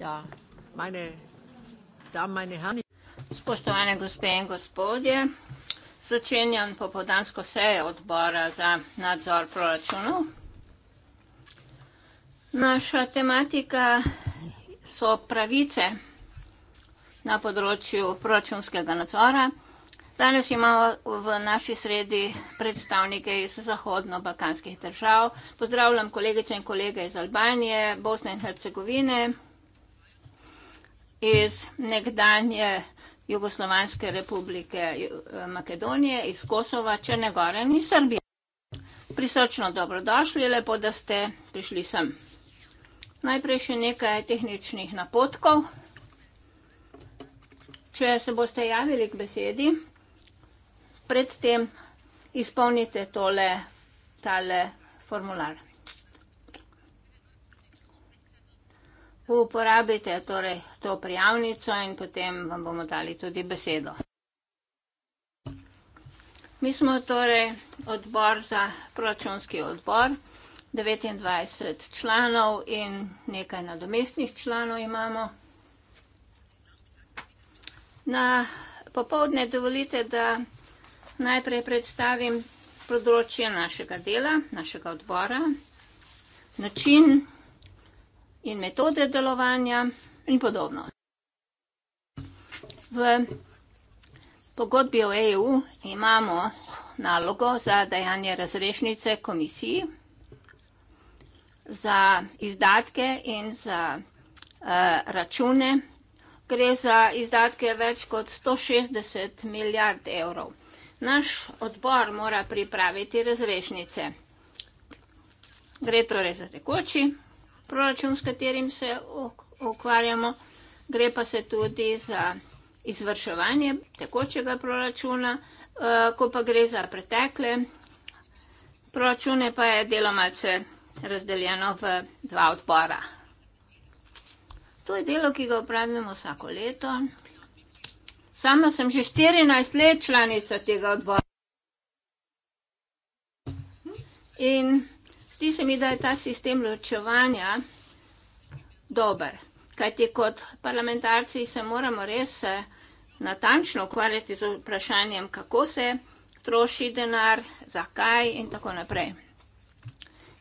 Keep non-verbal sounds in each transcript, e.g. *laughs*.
Ja, meine Damen, meine Herren. Spoštovane gospe in gospodje, začenjam popodansko sejo odbora za nadzor proračunov. Naša tematika so pravice na področju proračunskega nadzora. Danes imamo v naši sredi predstavnike iz zahodno-balkanskih držav. Pozdravljam kolegice in kolege iz Albanije, Bosne in Hercegovine, iz nekdanje Jugoslovanske republike eh, Makedonije, iz Kosova, Črne Gore in Srbije. Prisrčno dobrodošli, lepo, da ste prišli sem. Najprej še nekaj tehničnih napotkov. Če se boste javili k besedi, predtem izpolnite tole, tale formular. uporabite torej to prijavnico in potem vam bomo dali tudi besedo. Mi smo torej odbor za proračunski odbor, 29 članov in nekaj nadomestnih članov imamo. Na popovdne dovolite, da najprej predstavim področje našega dela, našega odbora, način, in metode delovanja in podobno. V pogodbi o EU imamo nalogo za dajanje razrešnice komisiji za izdatke in za uh, račune. Gre za izdatke več kot 160 milijard evrov. Naš odbor mora pripraviti razrešnice. Gre torej za tekoči proračun, s katerim se ukvarjamo, gre pa se tudi za izvrševanje tekočega proračuna, eh, ko pa gre za pretekle proračune, pa je delomalce razdeljeno v dva odbora. To je delo, ki ga upravimo vsako leto. Sama sem že 14 let članica tega odbora. In zdi se mi, da je ta sistem ločevanja dober. Kajti kot parlamentarci se moramo res eh, natančno ukvarjati z vprašanjem, kako se troši denar, zakaj in tako naprej.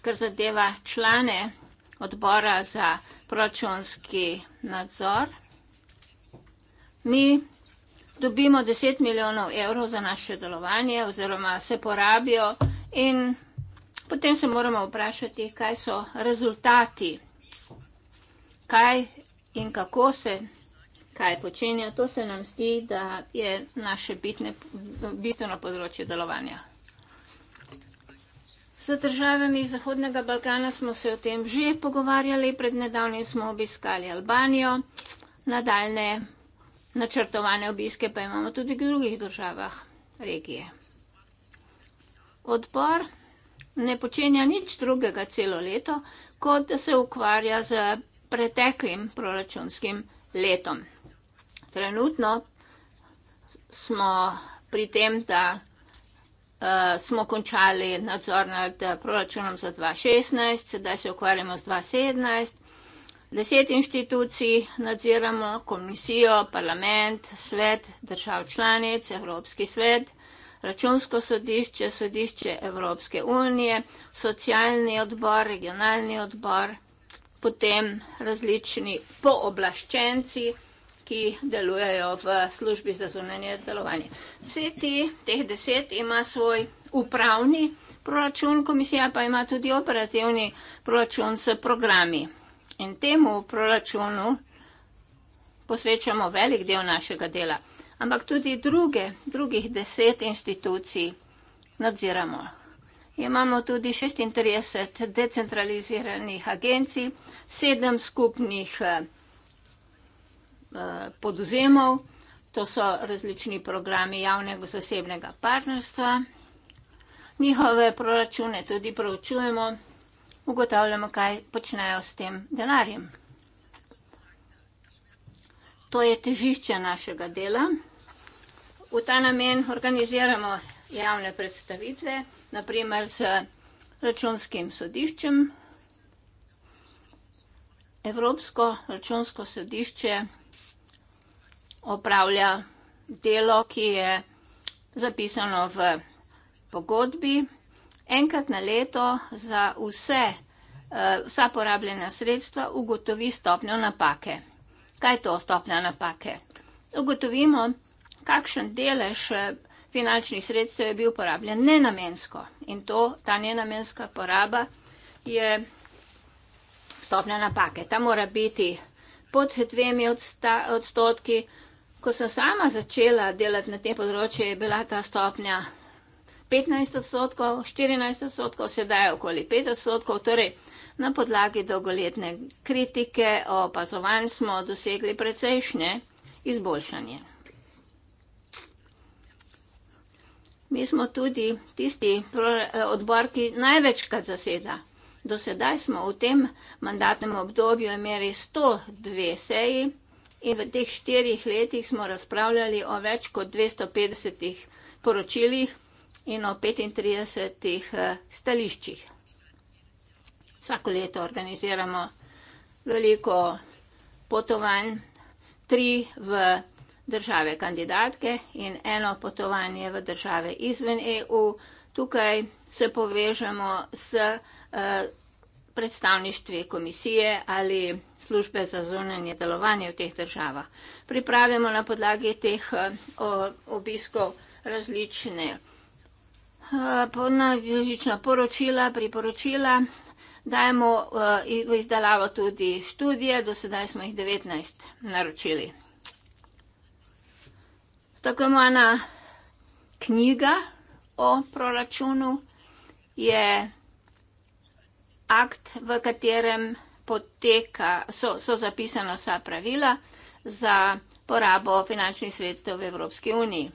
Ker zadeva člane odbora za proračunski nadzor, mi dobimo 10 milijonov evrov za naše delovanje oziroma se porabijo in Potem se moramo vprašati, kaj so rezultati, kaj in kako se kaj počenja. To se nam zdi, da je naše bitne, bistveno področje delovanja. S državami Zahodnega Balkana smo se o tem že pogovarjali, pred nedavnim smo obiskali Albanijo, nadaljne načrtovane obiske pa imamo tudi v drugih državah regije. Odbor ne počenja nič drugega celo leto, kot da se ukvarja z preteklim proračunskim letom. Trenutno smo pri tem, da uh, smo končali nadzor nad eh, proračunom za 2016, sedaj se ukvarjamo z 2017. Deset inštitucij nadziramo, komisijo, parlament, svet, držav članic, Evropski svet računsko sodišče, sodišče Evropske unije, socialni odbor, regionalni odbor, potem različni pooblaščenci, ki delujejo v službi za zunanje delovanje. Vse ti, teh deset ima svoj upravni proračun, komisija pa ima tudi operativni proračun s programi. In temu proračunu posvečamo velik del našega dela ampak tudi druge, drugih deset inštitucij nadziramo. Imamo tudi 36 decentraliziranih agencij, sedem skupnih eh, eh, podozemov, to so različni programi javnega zasebnega partnerstva. Njihove proračune tudi proučujemo, ugotavljamo, kaj počnejo s tem denarjem. To je težišče našega dela v ta namen organiziramo javne predstavitve, naprimer z računskim sodiščem. Evropsko računsko sodišče opravlja delo, ki je zapisano v pogodbi. Enkrat na leto za vse, eh, vsa porabljena sredstva ugotovi stopnjo napake. Kaj je to stopnja napake? Ugotovimo, kakšen delež eh, finančnih sredstev je bil porabljen nenamensko. In to, ta nenamenska poraba je stopnja napake. Ta mora biti pod dvemi odstotki. Ko sem sama začela delati na tem področju, je bila ta stopnja 15 odstotkov, 14 odstotkov, sedaj je okoli 5 odstotkov. Torej, na podlagi dolgoletne kritike opazovanj smo dosegli precejšnje izboljšanje. Mi smo tudi tisti eh, odbor, ki največkrat zaseda. Do sedaj smo v tem mandatnem obdobju imeli 102 seji in v teh štirih letih smo razpravljali o več kot 250 poročilih in o 35 eh, stališčih. Vsako leto organiziramo veliko potovanj, tri v države kandidatke in eno potovanje v države izven EU. Tukaj se povežemo s eh, predstavništvi komisije ali službe za zunanje delovanje v teh državah. Pripravimo na podlagi teh eh, obiskov različne različna eh, poročila, priporočila, dajemo v izdelavo tudi študije, do sedaj smo jih 19 naročili tako imena knjiga o proračunu je akt, v katerem poteka, so, so zapisana vsa pravila za porabo finančnih sredstev v Evropski uniji.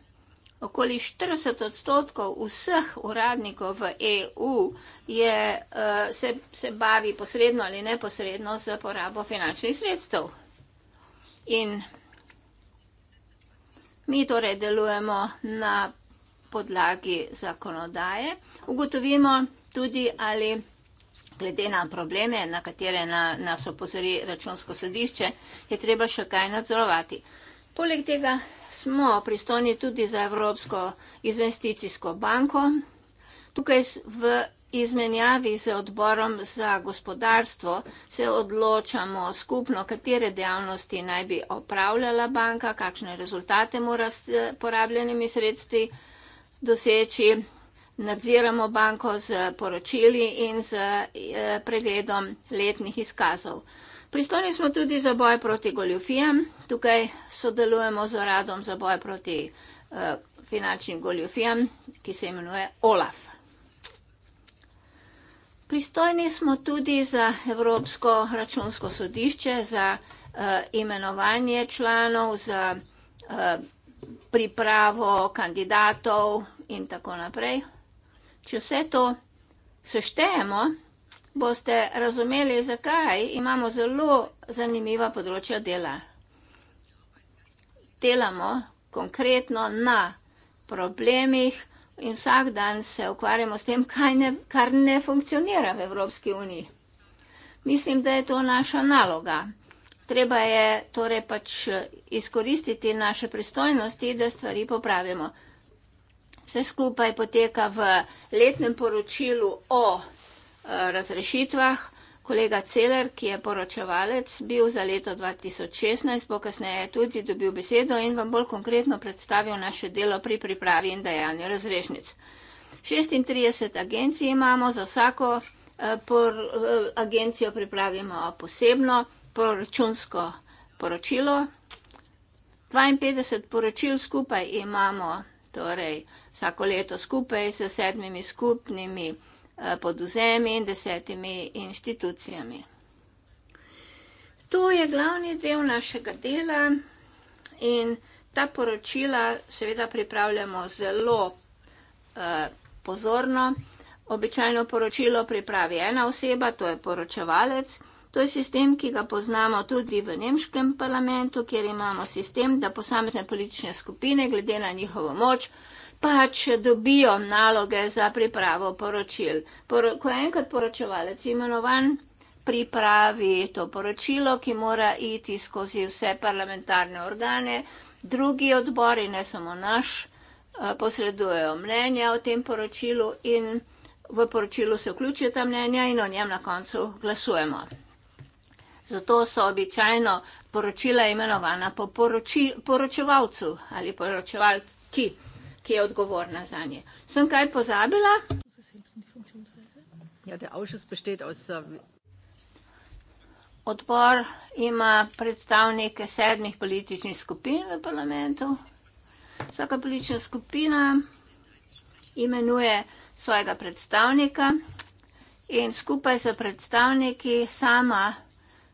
Okoli 40 odstotkov vseh uradnikov v EU je, eh, se, se bavi posredno ali neposredno z porabo finančnih sredstev. In Mi torej delujemo na podlagi zakonodaje. Ugotovimo tudi, ali glede na probleme, na katere nas opozori računsko sodišče, je treba še kaj nadzorovati. Poleg tega smo pristojni tudi za Evropsko investicijsko banko, Tukaj v izmenjavi z odborom za gospodarstvo se odločamo skupno, katere dejavnosti naj bi opravljala banka, kakšne rezultate mora s porabljenimi sredstvi doseči. Nadziramo banko z poročili in z e, pregledom letnih izkazov. Pristojni smo tudi za boj proti goljofijam. Tukaj sodelujemo z uradom za boj proti e, finančnim goljofijam, ki se imenuje OLAF. Pristojni smo tudi za Evropsko računsko sodišče, za uh, imenovanje članov, za uh, pripravo kandidatov in tako naprej. Če vse to seštejemo, boste razumeli, zakaj imamo zelo zanimiva področja dela. Delamo konkretno na problemih, in vsak dan se ukvarjamo s tem, ne, kar ne funkcionira v Evropski uniji. Mislim, da je to naša naloga. Treba je torej pač izkoristiti naše pristojnosti, da stvari popravimo. Vse skupaj poteka v letnem poročilu o eh, razrešitvah, kolega Celer, ki je poročevalec, bil za leto 2016, bo kasneje tudi dobil besedo in vam bolj konkretno predstavil naše delo pri pripravi in dajanju razrešnic. 36 agencij imamo, za vsako eh, por, eh, agencijo pripravimo posebno poročunsko poročilo. 52 poročil skupaj imamo, torej vsako leto skupaj s sedmimi skupnimi. Eh, podvzemi in desetimi inštitucijami. To je glavni del našega dela in ta poročila seveda pripravljamo zelo eh, pozorno. Običajno poročilo pripravi ena oseba, to je poročevalec. To je sistem, ki ga poznamo tudi v nemškem parlamentu, kjer imamo sistem, da posamezne politične skupine glede na njihovo moč pač dobijo naloge za pripravo poročil. Por, ko enkrat poročevalec imenovan pripravi to poročilo, ki mora iti skozi vse parlamentarne organe, drugi odbori, ne samo naš, eh, posredujejo mnenja o tem poročilu in v poročilu se vključijo ta mnenja in o njem na koncu glasujemo. Zato so običajno poročila imenovana po poroči, poročevalcu ali poročevalki ki je odgovorna za nje. Sem kaj pozabila? Ja, äh, Odbor ima predstavnike sedmih političnih skupin v parlamentu. Vsaka politična skupina imenuje svojega predstavnika in skupaj s predstavniki sama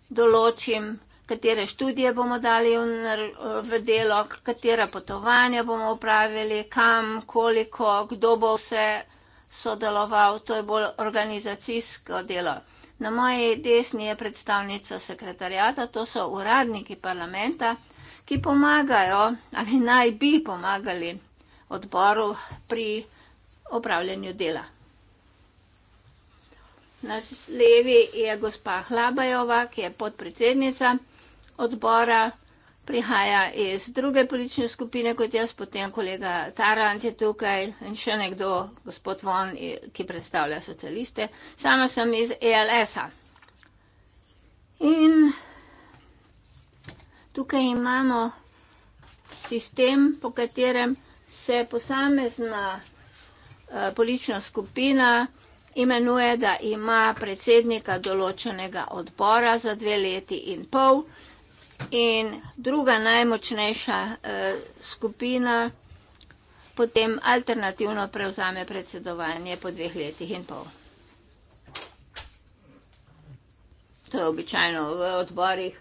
določim predstavnika katere študije bomo dali v, v delo, katera potovanja bomo upravili, kam, koliko, kdo bo vse sodeloval. To je bolj organizacijsko delo. Na moji desni je predstavnica sekretarjata, to so uradniki parlamenta, ki pomagajo ali naj bi pomagali odboru pri opravljanju dela. Na levi je gospa Hlabajova, ki je podpredsednica odbora prihaja iz druge politične skupine kot jaz, potem kolega Tarant je tukaj in še nekdo, gospod Von, ki predstavlja socialiste. Sama sem iz ELS-a. In tukaj imamo sistem, po katerem se posamezna eh, politična skupina imenuje, da ima predsednika določenega odbora za dve leti in pol. In druga najmočnejša eh, skupina potem alternativno prevzame predsedovanje po dveh letih in pol. To je običajno v odborih.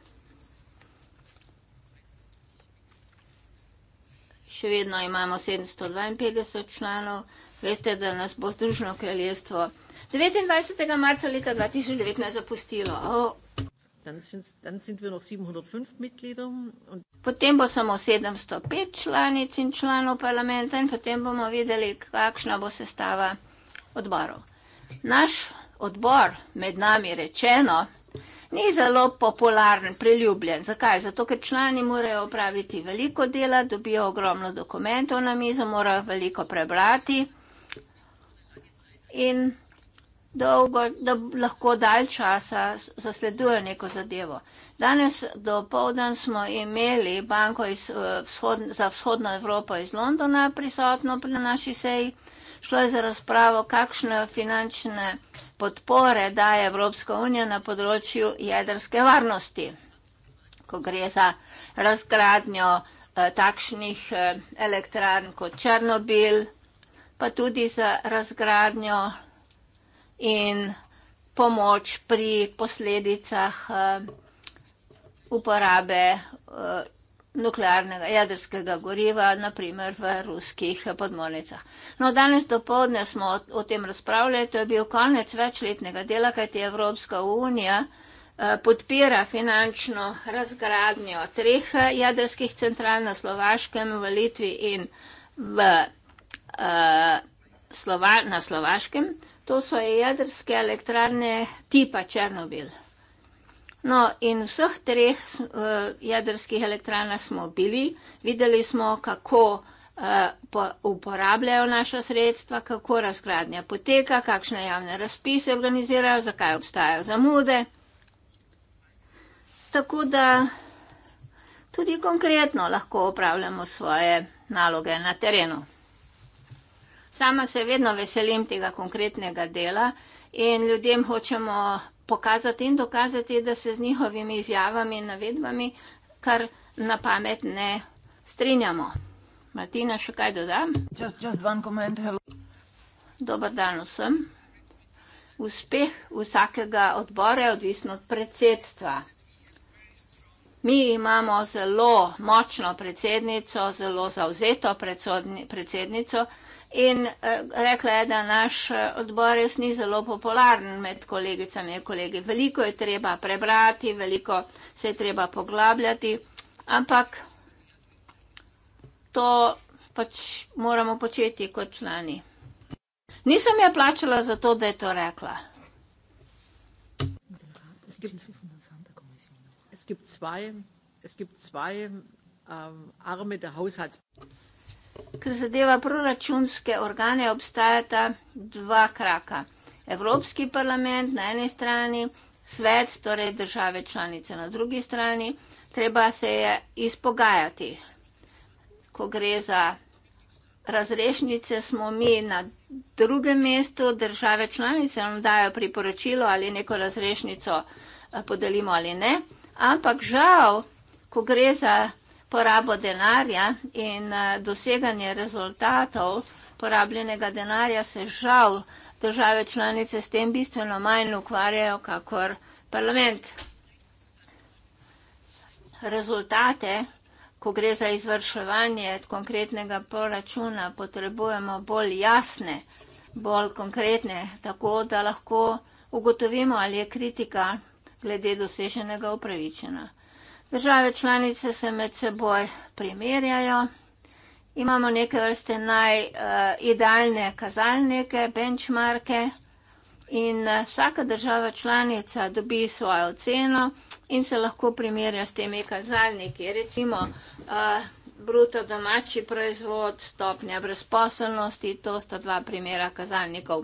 Še vedno imamo 752 članov. Veste, da nas bo Združno kraljestvo 29. marca leta 2019 zapustilo. Oh. Potem bo samo 705 članic in članov parlamenta in potem bomo videli, kakšna bo sestava odborov. Naš odbor, med nami rečeno, ni zelo popularen, priljubljen. Zakaj? Zato, ker člani morajo opraviti veliko dela, dobijo ogromno dokumentov na mizo, morajo veliko prebrati. In dolgo, da lahko dalj časa zasleduje neko zadevo. Danes do povdan smo imeli banko iz, eh, vzhod, za vzhodno Evropo iz Londona prisotno pri na naši seji. Šlo je za razpravo, kakšne finančne podpore daje Evropska unija na področju jedrske varnosti, ko gre za razgradnjo eh, takšnih eh, elektrarn kot Černobil, pa tudi za razgradnjo in pomoč pri posledicah eh, uporabe eh, nuklearnega jedrskega goriva, naprimer v ruskih podmornicah. No, danes do povdne smo o tem razpravljali, to je bil konec večletnega dela, kajti Evropska unija eh, podpira finančno razgradnjo treh jedrskih central na Slovaškem, v Litvi in v, uh, Slova na Slovaškem. To so jedrske elektrarne tipa Černobil. No, in vseh treh eh, jedrskih elektrarnah smo bili, videli smo, kako eh, uporabljajo naša sredstva, kako razgradnja poteka, kakšne javne razpise organizirajo, zakaj obstajajo zamude. Tako da tudi konkretno lahko upravljamo svoje naloge na terenu. Sama se vedno veselim tega konkretnega dela in ljudem hočemo pokazati in dokazati, da se z njihovimi izjavami in navedbami kar na pamet ne strinjamo. Martina, še kaj dodam? Just, just one comment, hello. Dobar dan vsem. Uspeh vsakega odbora je odvisno od predsedstva. Mi imamo zelo močno predsednico, zelo zauzeto predsednico, predsednico In eh, rekla je, da naš eh, odbor res ni zelo popularen med kolegicami in kolegi. Veliko je treba prebrati, veliko se je treba poglabljati, ampak to pač moramo početi kot člani. Nisem jo plačala za to, da je to rekla. Es gibt zwei, es gibt zwei ähm, Arme der Haushaltspolitik. Kar zadeva proračunske organe, obstajata dva kraka. Evropski parlament na eni strani, svet, torej države članice na drugi strani. Treba se je izpogajati. Ko gre za razrešnice, smo mi na drugem mestu, države članice nam dajo priporočilo ali neko razrešnico eh, podelimo ali ne. Ampak žal, ko gre za porabo denarja in eh, doseganje rezultatov porabljenega denarja se žal države članice s tem bistveno manj ukvarjajo, kakor parlament. Rezultate, ko gre za izvrševanje konkretnega poračuna, potrebujemo bolj jasne, bolj konkretne, tako da lahko ugotovimo, ali je kritika glede doseženega upravičena. Države članice se med seboj primerjajo, imamo neke vrste naj uh, idealne kazalnike, benchmarke, in eh, vsaka država članica dobi svojo oceno in se lahko primerja s temi kazalniki. Recimo uh, bruto domači proizvod, stopnja brezposelnosti, to sta dva primera kazalnikov.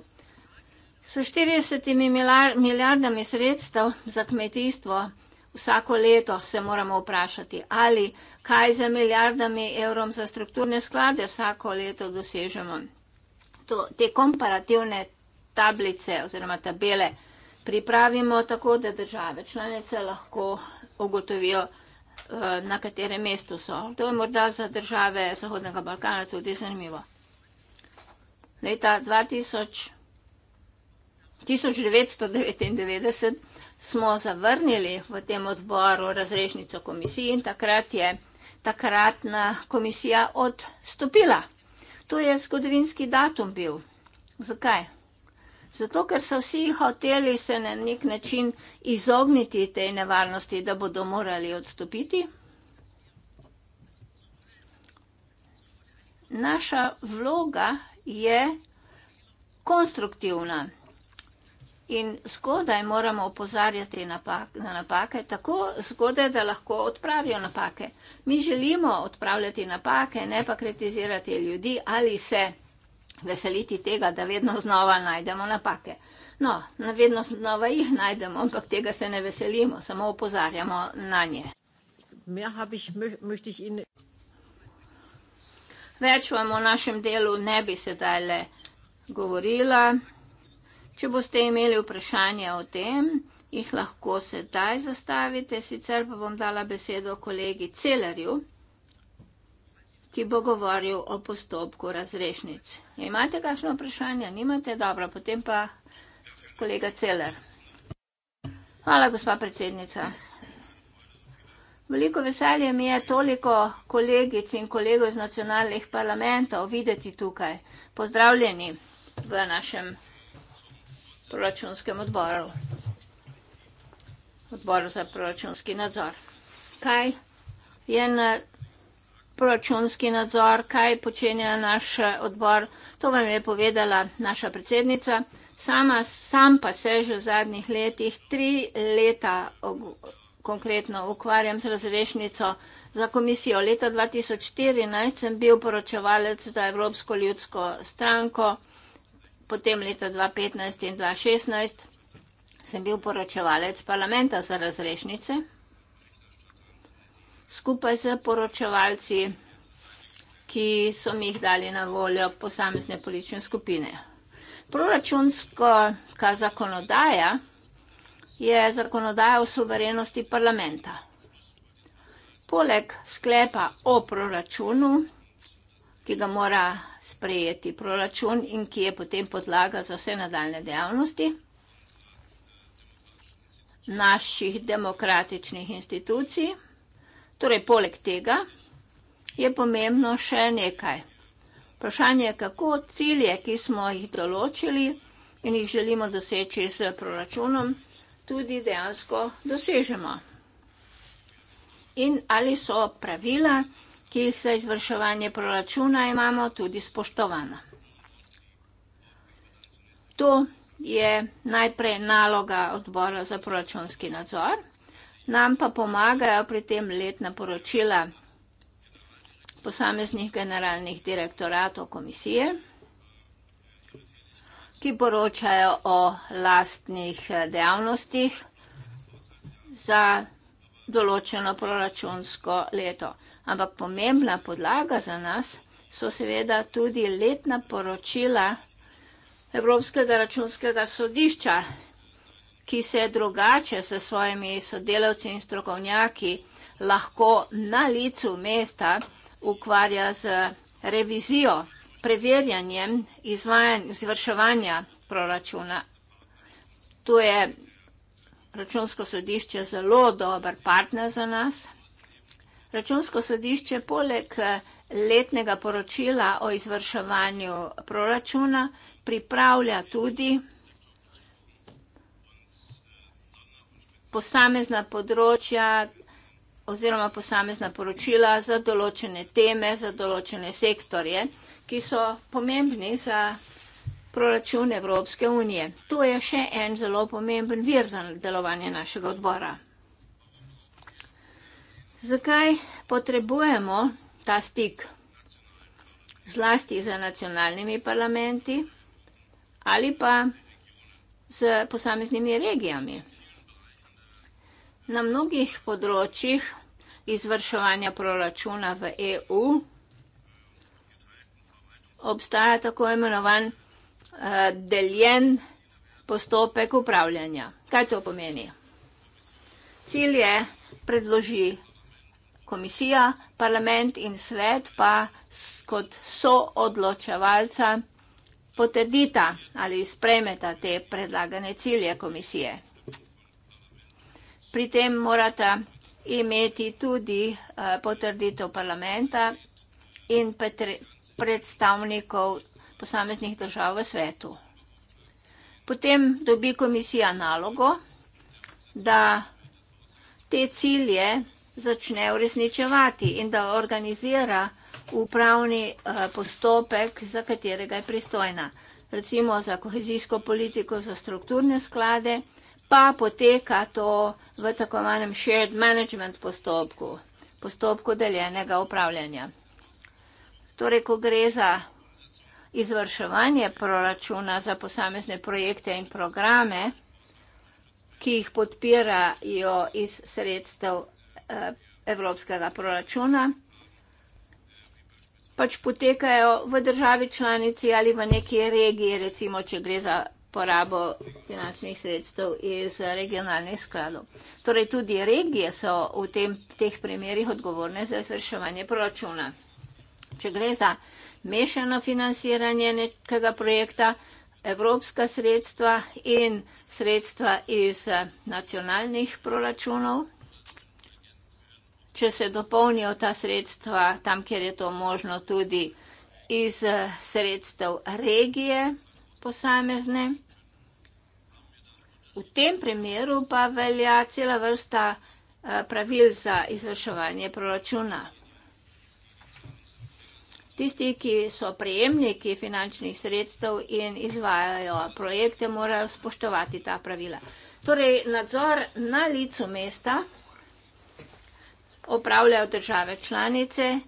S 40 milijardami sredstev za kmetijstvo vsako leto se moramo vprašati, ali kaj za milijardami evrov za strukturne sklade vsako leto dosežemo. To, te komparativne tablice oziroma tabele pripravimo tako, da države članice lahko ugotovijo, eh, na katerem mestu so. To je morda za države Zahodnega Balkana tudi zanimivo. Leta 2000, 1999 smo zavrnili v tem odboru razrešnico komisiji in takrat je takratna komisija odstopila. To je zgodovinski datum bil. Zakaj? Zato, ker so vsi hoteli se na nek način izogniti tej nevarnosti, da bodo morali odstopiti. Naša vloga je konstruktivna. In zgodaj moramo opozarjati napak, na napake, tako zgodaj, da lahko odpravijo napake. Mi želimo odpravljati napake, ne pa kritizirati ljudi ali se veseliti tega, da vedno znova najdemo napake. No, vedno znova jih najdemo, ampak tega se ne veselimo, samo opozarjamo na nje. Več vam o našem delu ne bi sedaj le govorila. Če boste imeli vprašanje o tem, jih lahko sedaj zastavite, sicer pa bom dala besedo kolegi Celerju, ki bo govoril o postopku razrešnic. Ja, imate kakšno vprašanje? Nimate? Dobro, potem pa kolega Celer. Hvala, gospa predsednica. Veliko veselje mi je toliko kolegic in kolegov iz nacionalnih parlamentov videti tukaj. Pozdravljeni v našem parlamentu proračunskem odboru. Odboru za proračunski nadzor. Kaj je na proračunski nadzor, kaj počenja naš odbor, to vam je povedala naša predsednica. Sama, sam pa se že v zadnjih letih tri leta konkretno ukvarjam z razrešnico za komisijo. Leta 2014 sem bil poročevalec za Evropsko ljudsko stranko. Potem leta 2015 in 2016 sem bil poročevalec parlamenta za razrešnice. Skupaj z poročevalci, ki so mi jih dali na voljo posamezne politične skupine. Proračunska zakonodaja je zakonodaja o suverenosti parlamenta. Poleg sklepa o proračunu, ki ga mora sprejeti proračun in ki je potem podlaga za vse nadaljne dejavnosti naših demokratičnih institucij. Torej, poleg tega je pomembno še nekaj. Vprašanje je, kako cilje, ki smo jih določili in jih želimo doseči s proračunom, tudi dejansko dosežemo. In ali so pravila, ki so pravila, ki jih za izvrševanje proračuna imamo tudi spoštovana. To je najprej naloga odbora za proračunski nadzor, nam pa pomagajo pri tem letna poročila posameznih generalnih direktoratov komisije, ki poročajo o lastnih eh, dejavnostih za določeno proračunsko leto ampak pomembna podlaga za nas so seveda tudi letna poročila Evropskega računskega sodišča, ki se drugače s svojimi sodelavci in strokovnjaki lahko na licu mesta ukvarja z revizijo, preverjanjem izvrševanja proračuna. Tu je računsko sodišče zelo dober partner za nas. Računsko sodišče poleg eh, letnega poročila o izvrševanju proračuna pripravlja tudi posamezna področja oziroma posamezna poročila za določene teme, za določene sektorje, ki so pomembni za proračun Evropske unije. To je še en zelo pomemben vir za delovanje našega odbora. Zakaj potrebujemo ta stik? Zlasti z nacionalnimi parlamenti ali pa z posameznimi regijami. Na mnogih področjih izvrševanja proračuna v EU obstaja tako imenovan eh, deljen postopek upravljanja. Kaj to pomeni? Cilj je predloži komisija, parlament in svet pa kot soodločevalca potrdita ali spremeta te predlagane cilje komisije. Pri tem morata imeti tudi eh, potrditev parlamenta in predstavnikov posameznih držav v svetu. Potem dobi komisija nalogo, da te cilje vsega, začne uresničevati in da organizira upravni eh, postopek, za katerega je pristojna. Recimo za kohezijsko politiko, za strukturne sklade, pa poteka to v tako manjem shared management postopku, postopku deljenega upravljanja. Torej, ko gre za izvrševanje proračuna za posamezne projekte in programe, ki jih podpirajo iz sredstev Eh, evropskega proračuna, pač potekajo v državi članici ali v neki regiji, recimo, če gre za porabo finančnih sredstev iz regionalnih skladov. Torej tudi regije so v tem, teh primerih odgovorne za izvrševanje proračuna. Če gre za mešano financiranje nekega projekta, evropska sredstva in sredstva iz eh, nacionalnih proračunov, če se dopolnijo ta sredstva tam, kjer je to možno tudi iz sredstev regije posamezne. V tem primeru pa velja cela vrsta eh, pravil za izvrševanje proračuna. Tisti, ki so prejemniki finančnih sredstev in izvajajo projekte, morajo spoštovati ta pravila. Torej, nadzor na licu mesta opravljajo države članice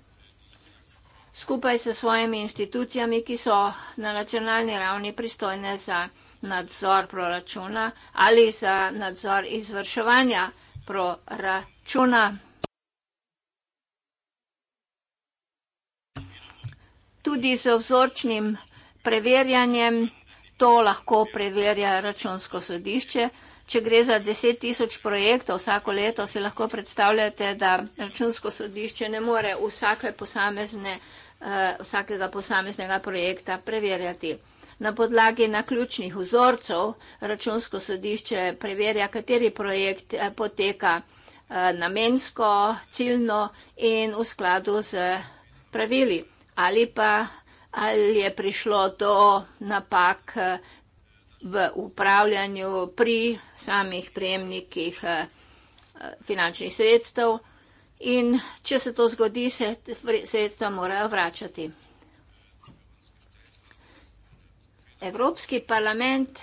skupaj s svojimi institucijami, ki so na nacionalni ravni pristojne za nadzor proračuna ali za nadzor izvrševanja proračuna. Tudi z vzorčnim preverjanjem to lahko preverja računsko sodišče. Če gre za 10 tisoč projektov vsako leto, si lahko predstavljate, da računsko sodišče ne more vsake posamezne, eh, vsakega posameznega projekta preverjati. Na podlagi naključnih vzorcev računsko sodišče preverja, kateri projekt eh, poteka eh, namensko, ciljno in v skladu z pravili. Ali pa ali je prišlo do napak v upravljanju pri samih prejemnikih eh, finančnih sredstev in če se to zgodi, se sredstva morajo vračati. Evropski parlament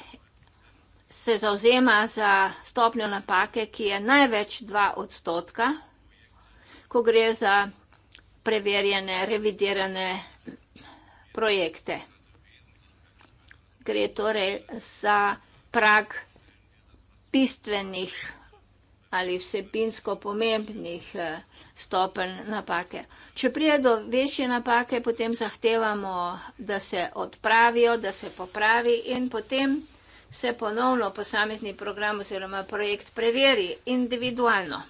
se zauzema za stopnjo napake, ki je največ 2 odstotka, ko gre za preverjene, revidirane projekte gre torej za prag bistvenih ali vsebinsko pomembnih eh, stopenj napake. Če prije do večje napake, potem zahtevamo, da se odpravijo, da se popravi in potem se ponovno posamezni program oziroma projekt preveri individualno.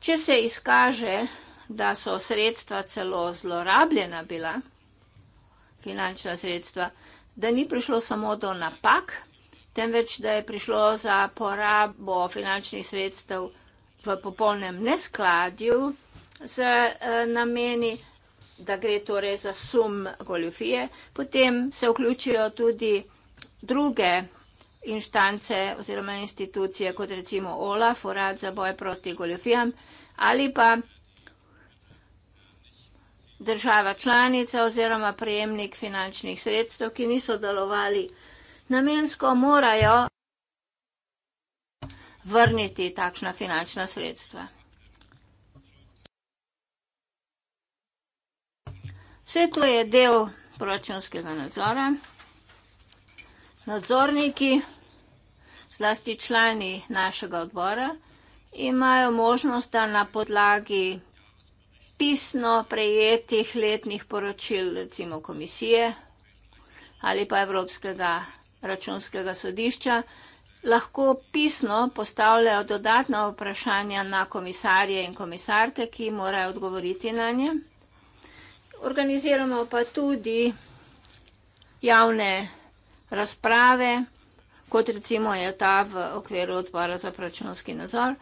Če se izkaže, da so sredstva celo zlorabljena bila, finančna sredstva, da ni prišlo samo do napak, temveč da je prišlo za porabo finančnih sredstev v popolnem neskladju z eh, nameni, da gre torej za sum goljofije, potem se vključijo tudi druge inštance oziroma institucije, kot recimo OLAF, Urad za boj proti goljofijam, ali pa država članica oziroma prejemnik finančnih sredstev, ki niso delovali namensko, morajo vrniti takšna finančna sredstva. Vse to je del proračunskega nadzora. Nadzorniki, zlasti člani našega odbora, imajo možnost, da na podlagi pisno prejetih letnih poročil, recimo komisije ali pa Evropskega računskega sodišča, lahko pisno postavljajo dodatna vprašanja na komisarje in komisarke, ki morajo odgovoriti na nje. Organiziramo pa tudi javne razprave, kot recimo je ta v okviru odbora za računski nadzor.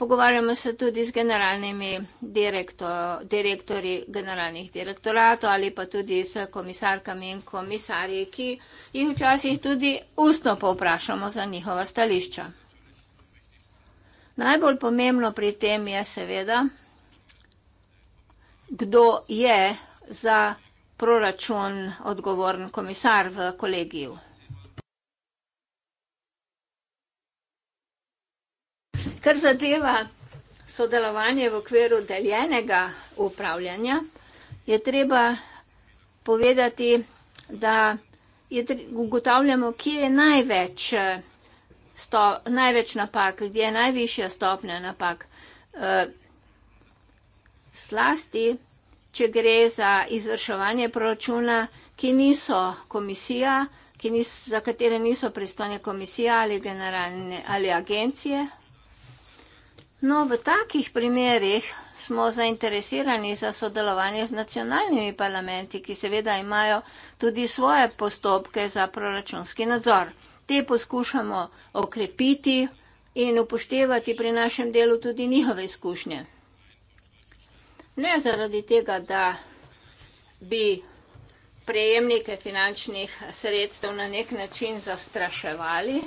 Pogovarjamo se tudi z generalnimi direktor, direktori generalnih direktoratov ali pa tudi s komisarkami in komisarji, ki jih včasih tudi ustno povprašamo za njihova stališča. Najbolj pomembno pri tem je seveda, kdo je za proračun odgovoren komisar v kolegiju. Kar zadeva sodelovanje v okviru deljenega upravljanja, je treba povedati, da je, ugotavljamo, kje je največ, eh, sto, največ napak, kje je najvišja stopnja napak. Slasti, eh, če gre za izvrševanje proračuna, ki niso komisija, ki niso, za katere niso pristojne komisija ali, generalne, ali agencije, No, v takih primerih smo zainteresirani za sodelovanje z nacionalnimi parlamenti, ki seveda imajo tudi svoje postopke za proračunski nadzor. Te poskušamo okrepiti in upoštevati pri našem delu tudi njihove izkušnje. Ne zaradi tega, da bi prejemnike finančnih sredstev na nek način zastraševali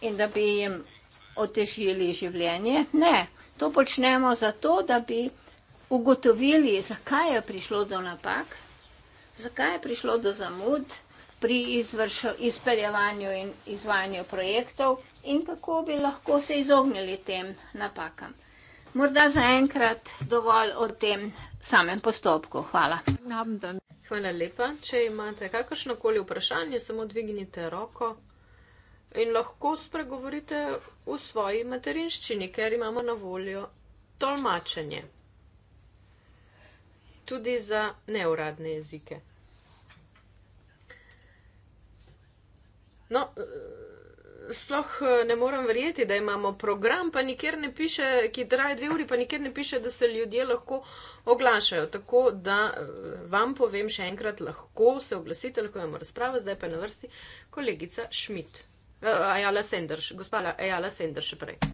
in da bi jim otežili življenje. Ne, to počnemo zato, da bi ugotovili, zakaj je prišlo do napak, zakaj je prišlo do zamud pri izpeljevanju in izvajanju projektov in kako bi lahko se izognili tem napakam. Morda zaenkrat dovolj o tem samem postopku. Hvala. Hvala lepa. Če imate kakršnokoli vprašanje, samo dvignite roko in lahko spregovorite v svoji materinščini, ker imamo na voljo tolmačenje. Tudi za neuradne jezike. No, sploh eh, ne moram verjeti, da imamo program, pa nikjer ne piše, ki traja dve uri, pa nikjer ne piše, da se ljudje lahko oglašajo. Tako da eh, vam povem še enkrat, lahko se oglasite, lahko imamo razpravo, zdaj pa je na vrsti kolegica Šmit. Eh, Ayala Sanders, gospa Ayala Sanders, še prej.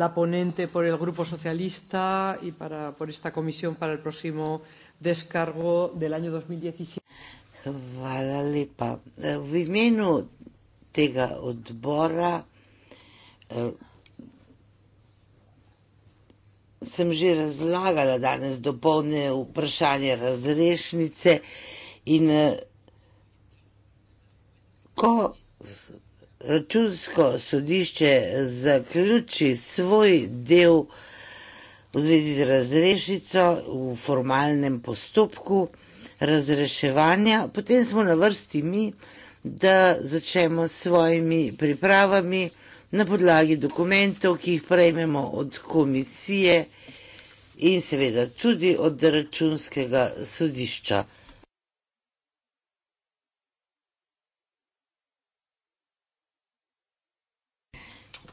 La ponente por el Grupo Socialista y para, por esta comisión para el próximo descargo del año 2017. Hvala lepa. Eh, v imenu tega odbora eh, sem že razlagala danes dopolne vprašanje razrešnice in eh, ko računsko sodišče zaključi svoj del v zvezi z razrešico v formalnem postopku razreševanja, potem smo na vrsti mi, da začnemo s svojimi pripravami na podlagi dokumentov, ki jih prejmemo od komisije in seveda tudi od računskega sodišča.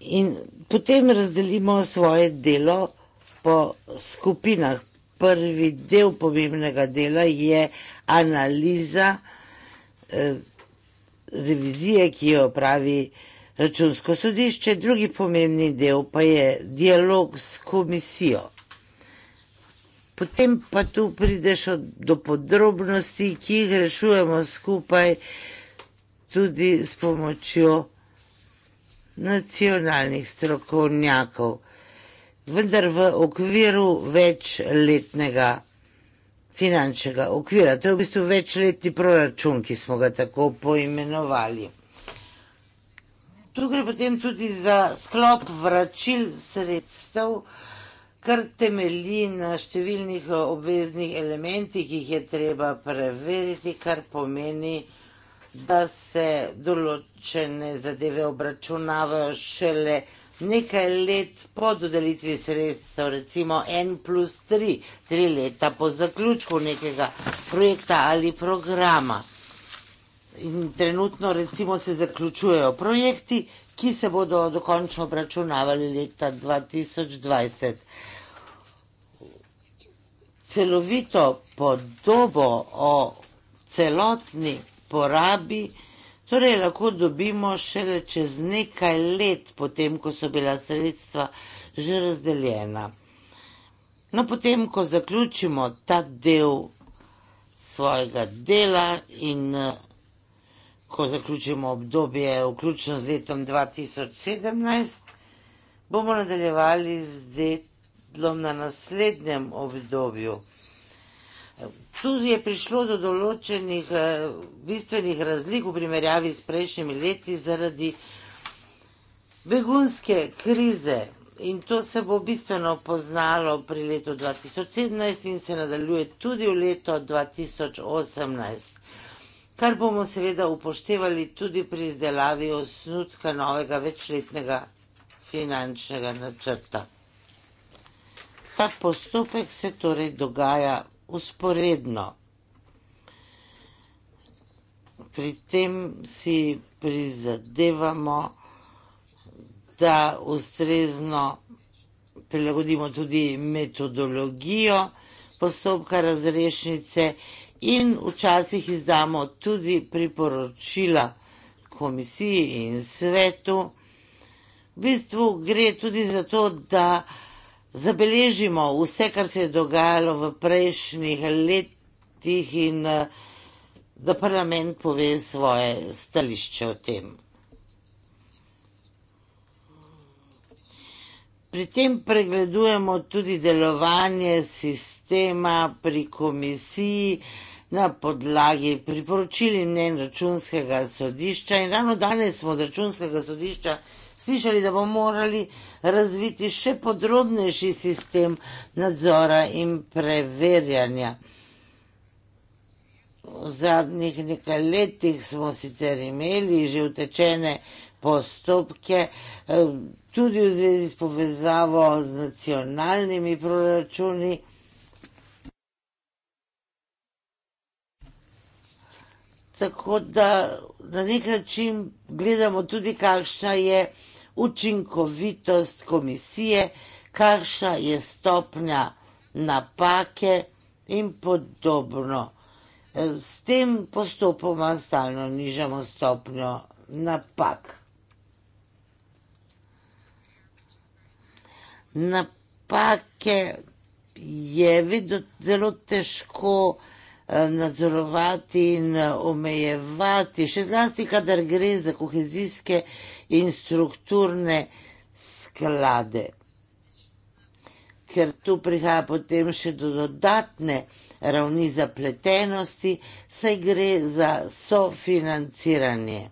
In potem razdelimo svoje delo po skupinah. Prvi del pomembnega dela je analiza eh, revizije, ki jo pravi računsko sodišče, drugi pomembni del pa je dialog s komisijo. Potem pa tu prideš do podrobnosti, ki jih rešujemo skupaj tudi s pomočjo nacionalnih strokovnjakov, vendar v okviru večletnega finančnega okvira. To je v bistvu večletni proračun, ki smo ga tako poimenovali. Tu gre potem tudi za sklop vračil sredstev, kar temelji na številnih obveznih elementih, ki jih je treba preveriti, kar pomeni, da da se določene zadeve obračunavajo šele nekaj let po dodelitvi sredstev, recimo en plus tri, tri leta po zaključku nekega projekta ali programa. In trenutno recimo se zaključujejo projekti, ki se bodo dokončno obračunavali leta 2020. Celovito podobo o celotni porabi, torej lahko dobimo šele čez nekaj let, potem ko so bila sredstva že razdeljena. No, potem, ko zaključimo ta del svojega dela in eh, ko zaključimo obdobje, vključno z letom 2017, bomo nadaljevali z delom na naslednjem obdobju. Tudi je prišlo do določenih eh, bistvenih razlik v primerjavi s prejšnjimi leti zaradi begunske krize in to se bo bistveno poznalo pri letu 2017 in se nadaljuje tudi v leto 2018, kar bomo seveda upoštevali tudi pri izdelavi osnutka novega večletnega finančnega načrta. Ta postopek se torej dogaja usporedno. Pri tem si prizadevamo, da ustrezno prilagodimo tudi metodologijo postopka razrešnice in včasih izdamo tudi priporočila komisiji in svetu. V bistvu gre tudi za to, da zabeležimo vse, kar se je dogajalo v prejšnjih letih in eh, da parlament pove svoje stališče o tem. Pri tem pregledujemo tudi delovanje sistema pri komisiji na podlagi priporočili mnen računskega sodišča in ravno danes smo od računskega sodišča slišali, da bomo morali razviti še podrobnejši sistem nadzora in preverjanja. V zadnjih nekaj letih smo sicer imeli že utečene postopke, eh, tudi v zvezi s povezavo z nacionalnimi proračuni. Tako da na nek način gledamo tudi, kakšna je učinkovitost komisije, kakšna je stopnja napake in podobno. S tem postopoma stalno nižamo stopnjo napak. Napake je vedno zelo težko. Eh, nadzorovati in eh, omejevati, še zlasti, kadar gre za kohezijske in strukturne sklade. Ker tu prihaja potem še do dodatne ravni zapletenosti, saj gre za sofinanciranje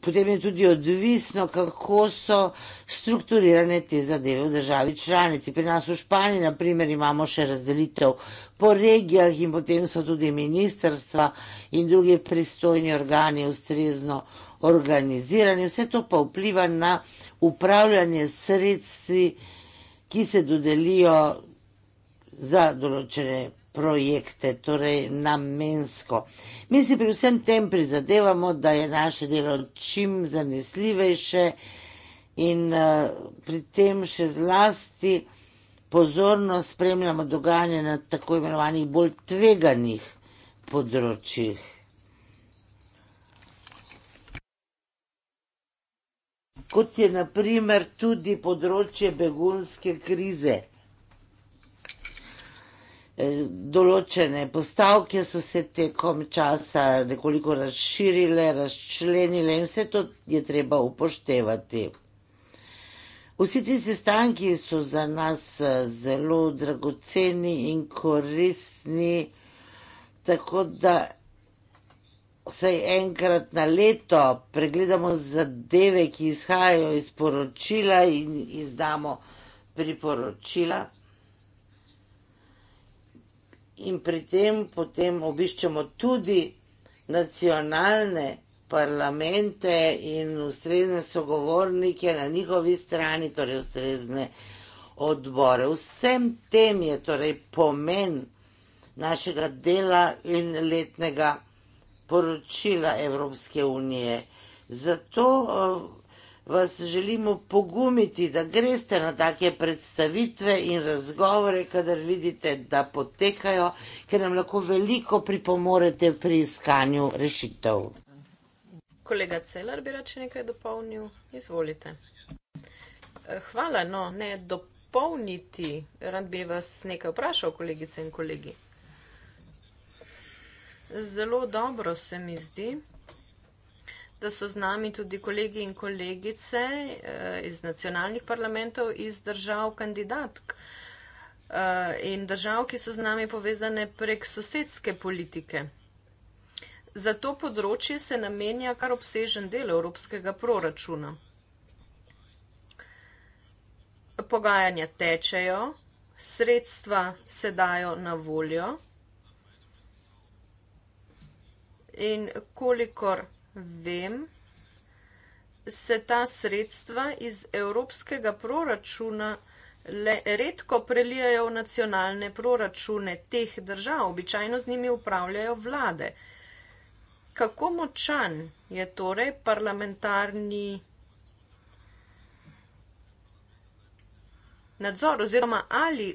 potem je tudi odvisno, kako so strukturirane te zadeve v državi članici. Pri nas v Španiji, na primer, imamo še razdelitev po regijah in potem so tudi ministerstva in druge pristojni organi ustrezno organizirani. Vse to pa vpliva na upravljanje sredstvi, ki se dodelijo za določene projekte, torej namensko. Mi si pri vsem tem prizadevamo, da je naše delo čim zanesljivejše in eh, pri tem še zlasti pozorno spremljamo dogajanje na tako imenovanih bolj tveganih področjih. kot je na primer tudi področje begunske krize. Eh, določene postavke so se tekom časa nekoliko razširile, razčlenile in vse to je treba upoštevati. Vsi ti sestanki so za nas eh, zelo dragoceni in koristni, tako da vsaj enkrat na leto pregledamo zadeve, ki izhajajo iz poročila in izdamo priporočila in pri tem potem obiščemo tudi nacionalne parlamente in ustrezne sogovornike na njihovi strani, torej ustrezne odbore. Vsem tem je torej pomen našega dela in letnega poročila Evropske unije. Zato uh, vas želimo pogumiti, da greste na take predstavitve in razgovore, kadar vidite, da potekajo, ker nam lahko veliko pripomorete pri iskanju rešitev. Kolega Celar bi rače nekaj dopolnil, izvolite. Eh, hvala, no, ne dopolniti, rad bi vas nekaj vprašal, kolegice in kolegi. Zelo dobro se mi zdi, da so z nami tudi kolegi in kolegice eh, iz nacionalnih parlamentov, iz držav kandidatk eh, in držav, ki so z nami povezane prek sosedske politike. Za to področje se namenja kar obsežen del evropskega proračuna. Pogajanja tečejo, sredstva se dajo na voljo in kolikor vem, se ta sredstva iz evropskega proračuna le redko prelijajo v nacionalne proračune teh držav, običajno z njimi upravljajo vlade. Kako močan je torej parlamentarni nadzor oziroma ali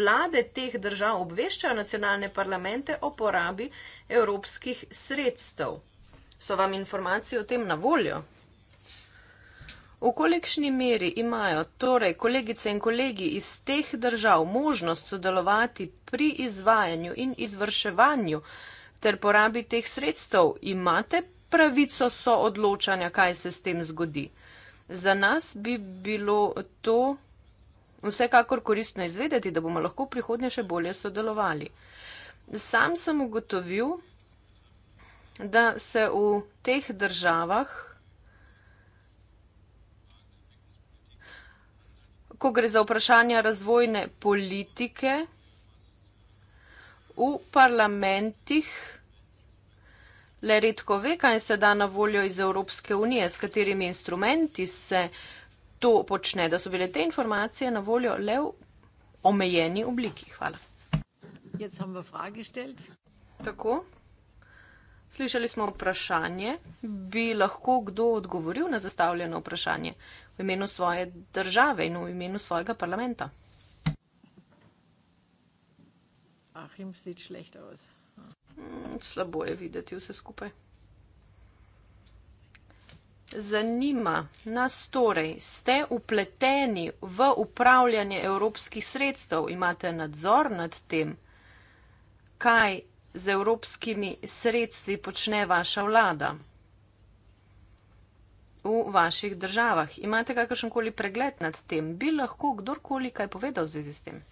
vlade teh držav obveščajo nacionalne parlamente o porabi evropskih sredstev? So vam informacije o tem na voljo? V kolikšni meri imajo torej kolegice in kolegi iz teh držav možnost sodelovati pri izvajanju in izvrševanju ter porabi teh sredstev? Imate pravico so odločanja, kaj se s tem zgodi? Za nas bi bilo to vsekakor koristno izvedeti, da bomo lahko v prihodnje še bolje sodelovali. Sam sem ugotovil, da se v teh državah, ko gre za vprašanja razvojne politike, v parlamentih le redko ve, kaj se da na voljo iz Evropske unije, s katerimi instrumenti se to počne, da so bile te informacije na voljo le v omejeni obliki. Hvala. Tako. Slišali smo vprašanje, bi lahko kdo odgovoril na zastavljeno vprašanje v imenu svoje države in v imenu svojega parlamenta? Achim, sieht schlecht aus. Mm, slabo je videti vse skupaj. Zanima nas torej, ste upleteni v upravljanje evropskih sredstev, imate nadzor nad tem, kaj z evropskimi sredstvi počne vaša vlada v vaših državah? Imate kakršenkoli pregled nad tem? Bi lahko kdorkoli kaj povedal v zvezi s tem?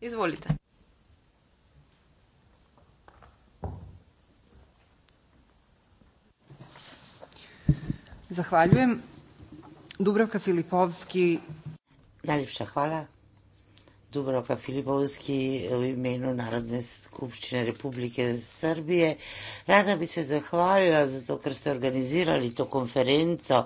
Izvolite. Zahvaljujem. Dubravka Filipovski. Najljepša hvala. Dubrovka Filipovski u imenu Narodne skupštine Republike Srbije. Rada bi se zahvalila za to kar ste organizirali to konferenco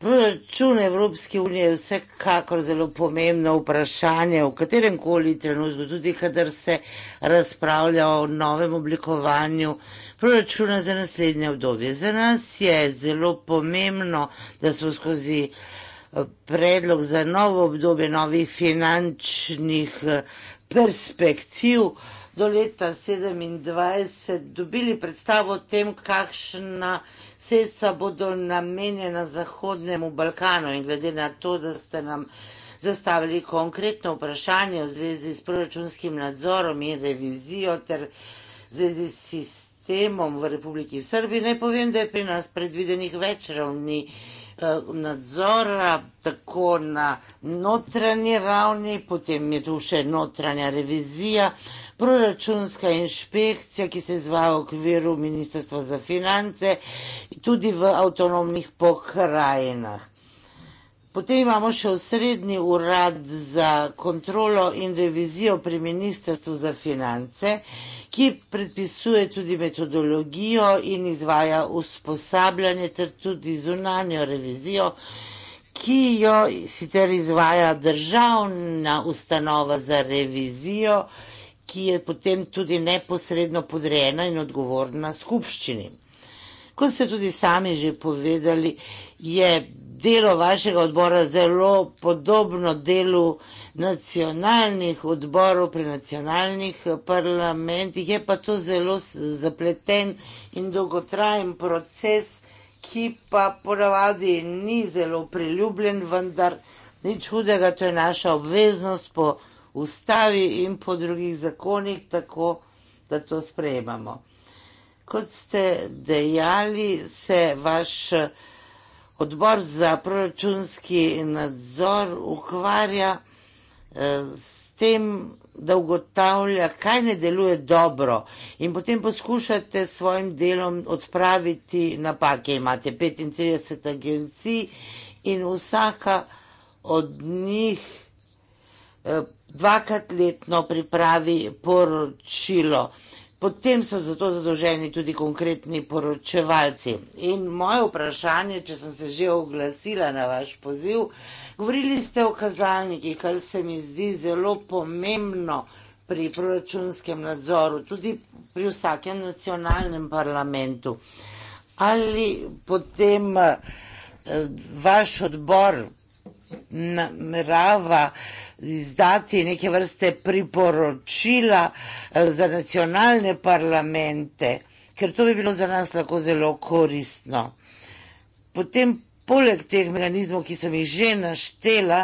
Proračun Evropske unije je vsekakor zelo pomembno vprašanje v katerem koli trenutku, tudi kadar se razpravlja o novem oblikovanju proračuna za naslednje obdobje. Za nas je zelo pomembno, da smo skozi eh, predlog za novo obdobje novih finančnih eh, perspektiv do leta 27 dobili predstavo o tem, kakšna sredstva bodo namenjena Zahodnemu Balkanu in glede na to, da ste nam zastavili konkretno vprašanje v zvezi s proračunskim nadzorom in revizijo ter v zvezi s sistemom v Republiki Srbiji, naj povem, da je pri nas predvidenih več ravni Eh, nadzora, tako na notranji ravni, potem je tu še notranja revizija, proračunska inšpekcija, ki se izvaja v okviru Ministrstva za finance, tudi v avtonomnih pokrajinah. Potem imamo še osrednji urad za kontrolo in revizijo pri Ministrstvu za finance, ki je ki predpisuje tudi metodologijo in izvaja usposabljanje ter tudi zunanjo revizijo, ki jo sicer izvaja državna ustanova za revizijo, ki je potem tudi neposredno podrejena in odgovorna skupščini. Kot ste tudi sami že povedali, je delo vašega odbora zelo podobno delu nacionalnih odborov pri nacionalnih eh, parlamentih, je pa to zelo zapleten in dolgotrajen proces, ki pa ponavadi ni zelo priljubljen, vendar nič hudega, to je naša obveznost po ustavi in po drugih zakonih, tako da to sprejemamo. Kot ste dejali, se vaš odbor za proračunski nadzor ukvarja eh, s tem, da ugotavlja, kaj ne deluje dobro in potem poskušate s svojim delom odpraviti napake. Imate 35 agencij in vsaka od njih eh, dvakrat letno pripravi poročilo. Potem so za to zadolženi tudi konkretni poročevalci. In moje vprašanje, če sem se že oglasila na vaš poziv, govorili ste o kazalnikih, kar se mi zdi zelo pomembno pri proračunskem nadzoru, tudi pri vsakem nacionalnem parlamentu. Ali potem eh, vaš odbor namerava izdati neke vrste priporočila eh, za nacionalne parlamente, ker to bi bilo za nas lahko zelo koristno. Potem, poleg teh mehanizmov, ki sem jih že naštela,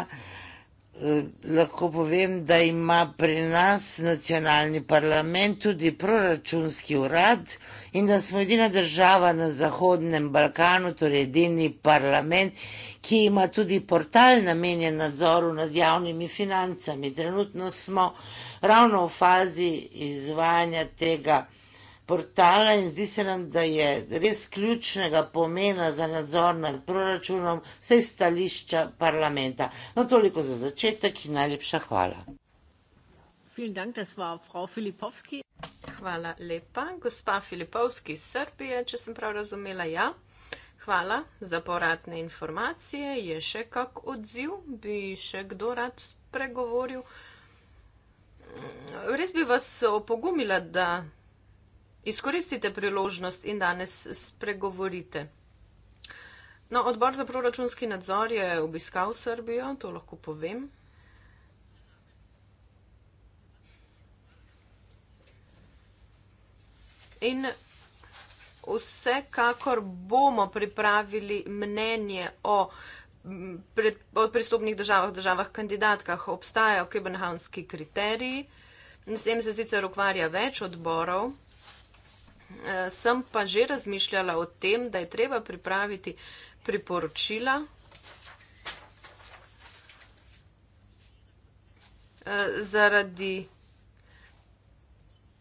lahko povem, da ima pri nas nacionalni parlament tudi proračunski urad in da smo edina država na Zahodnem Balkanu, torej edini parlament, ki ima tudi portal namenjen nadzoru nad javnimi financami. Trenutno smo ravno v fazi izvajanja tega portala in zdi se nam, da je res ključnega pomena za nadzor nad proračunom vse stališča parlamenta. No, toliko za začetek in najlepša hvala. Dank, hvala lepa, gospa Filipovski iz Srbije, če sem prav razumela, ja. Hvala za poradne informacije. Je še kak odziv? Bi še kdo rad spregovoril? Res bi vas opogumila, da izkoristite priložnost in danes spregovorite. No, odbor za proračunski nadzor je obiskal Srbijo, to lahko povem. In vsekakor bomo pripravili mnenje o, pred, o pristopnih državah, državah kandidatkah. Obstajajo kebenhavnski kriteriji, s tem se sicer ukvarja več odborov. Eh, sem pa že razmišljala o tem, da je treba pripraviti priporočila. Eh, zaradi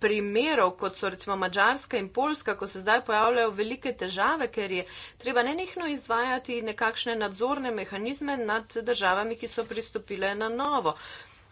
primerov, kot so recimo Mačarska in Poljska, ko se zdaj pojavljajo velike težave, ker je treba nenehno izvajati nekakšne nadzorne mehanizme nad državami, ki so pristopile na novo. Uh,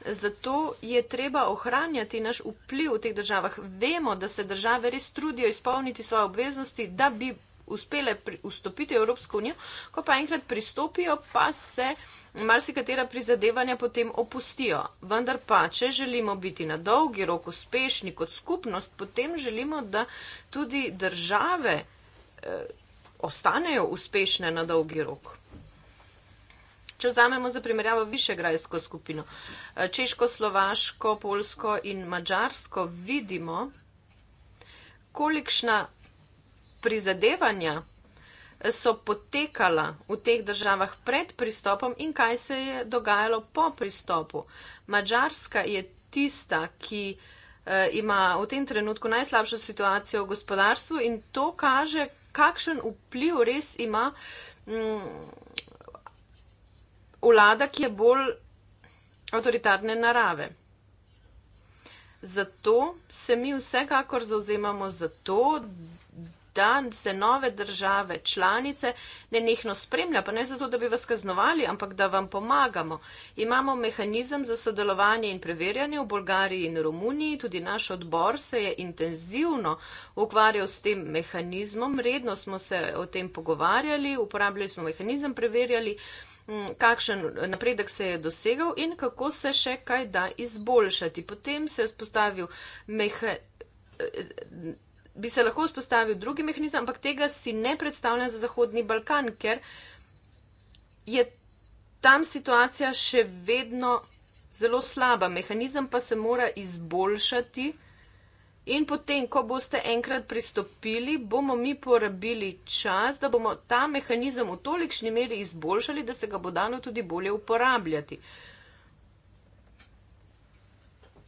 Zato je treba ohranjati naš vpliv v teh državah. Vemo, da se države res trudijo izpolniti svoje obveznosti, da bi uspele vstopiti v Evropsko unijo, ko pa enkrat pristopijo, pa se marsikatera prizadevanja potem opustijo. Vendar pa, če želimo biti na dolgi rok uspešni kot skupnost, potem želimo, da tudi države eh, ostanejo uspešne na dolgi rok če vzamemo za primerjavo višegrajsko skupino, eh, češko, slovaško, polsko in mačarsko, vidimo, kolikšna prizadevanja eh, so potekala v teh državah pred pristopom in kaj se je dogajalo po pristopu. Mačarska je tista, ki eh, ima v tem trenutku najslabšo situacijo v gospodarstvu in to kaže, kakšen vpliv res ima mm, vlada, ki je bolj avtoritarne narave. Zato se mi vsekakor zauzemamo za to, da se nove države, članice ne nehno spremlja, pa ne zato, da bi vas kaznovali, ampak da vam pomagamo. Imamo mehanizem za sodelovanje in preverjanje v Bolgariji in Romuniji, tudi naš odbor se je intenzivno ukvarjal s tem mehanizmom, redno smo se o tem pogovarjali, uporabljali smo mehanizem, preverjali. Uh, Mm, kakšen napredek se je dosegal in kako se še kaj da izboljšati. Potem se je vzpostavil meha. Bi se lahko vzpostavil drugi mehanizem, ampak tega si ne predstavljam za Zahodni Balkan, ker je tam situacija še vedno zelo slaba. Mehanizem pa se mora izboljšati, In potem, ko boste enkrat pristopili, bomo mi porabili čas, da bomo ta mehanizem v tolikšni meri izboljšali, da se ga bo dano tudi bolje uporabljati.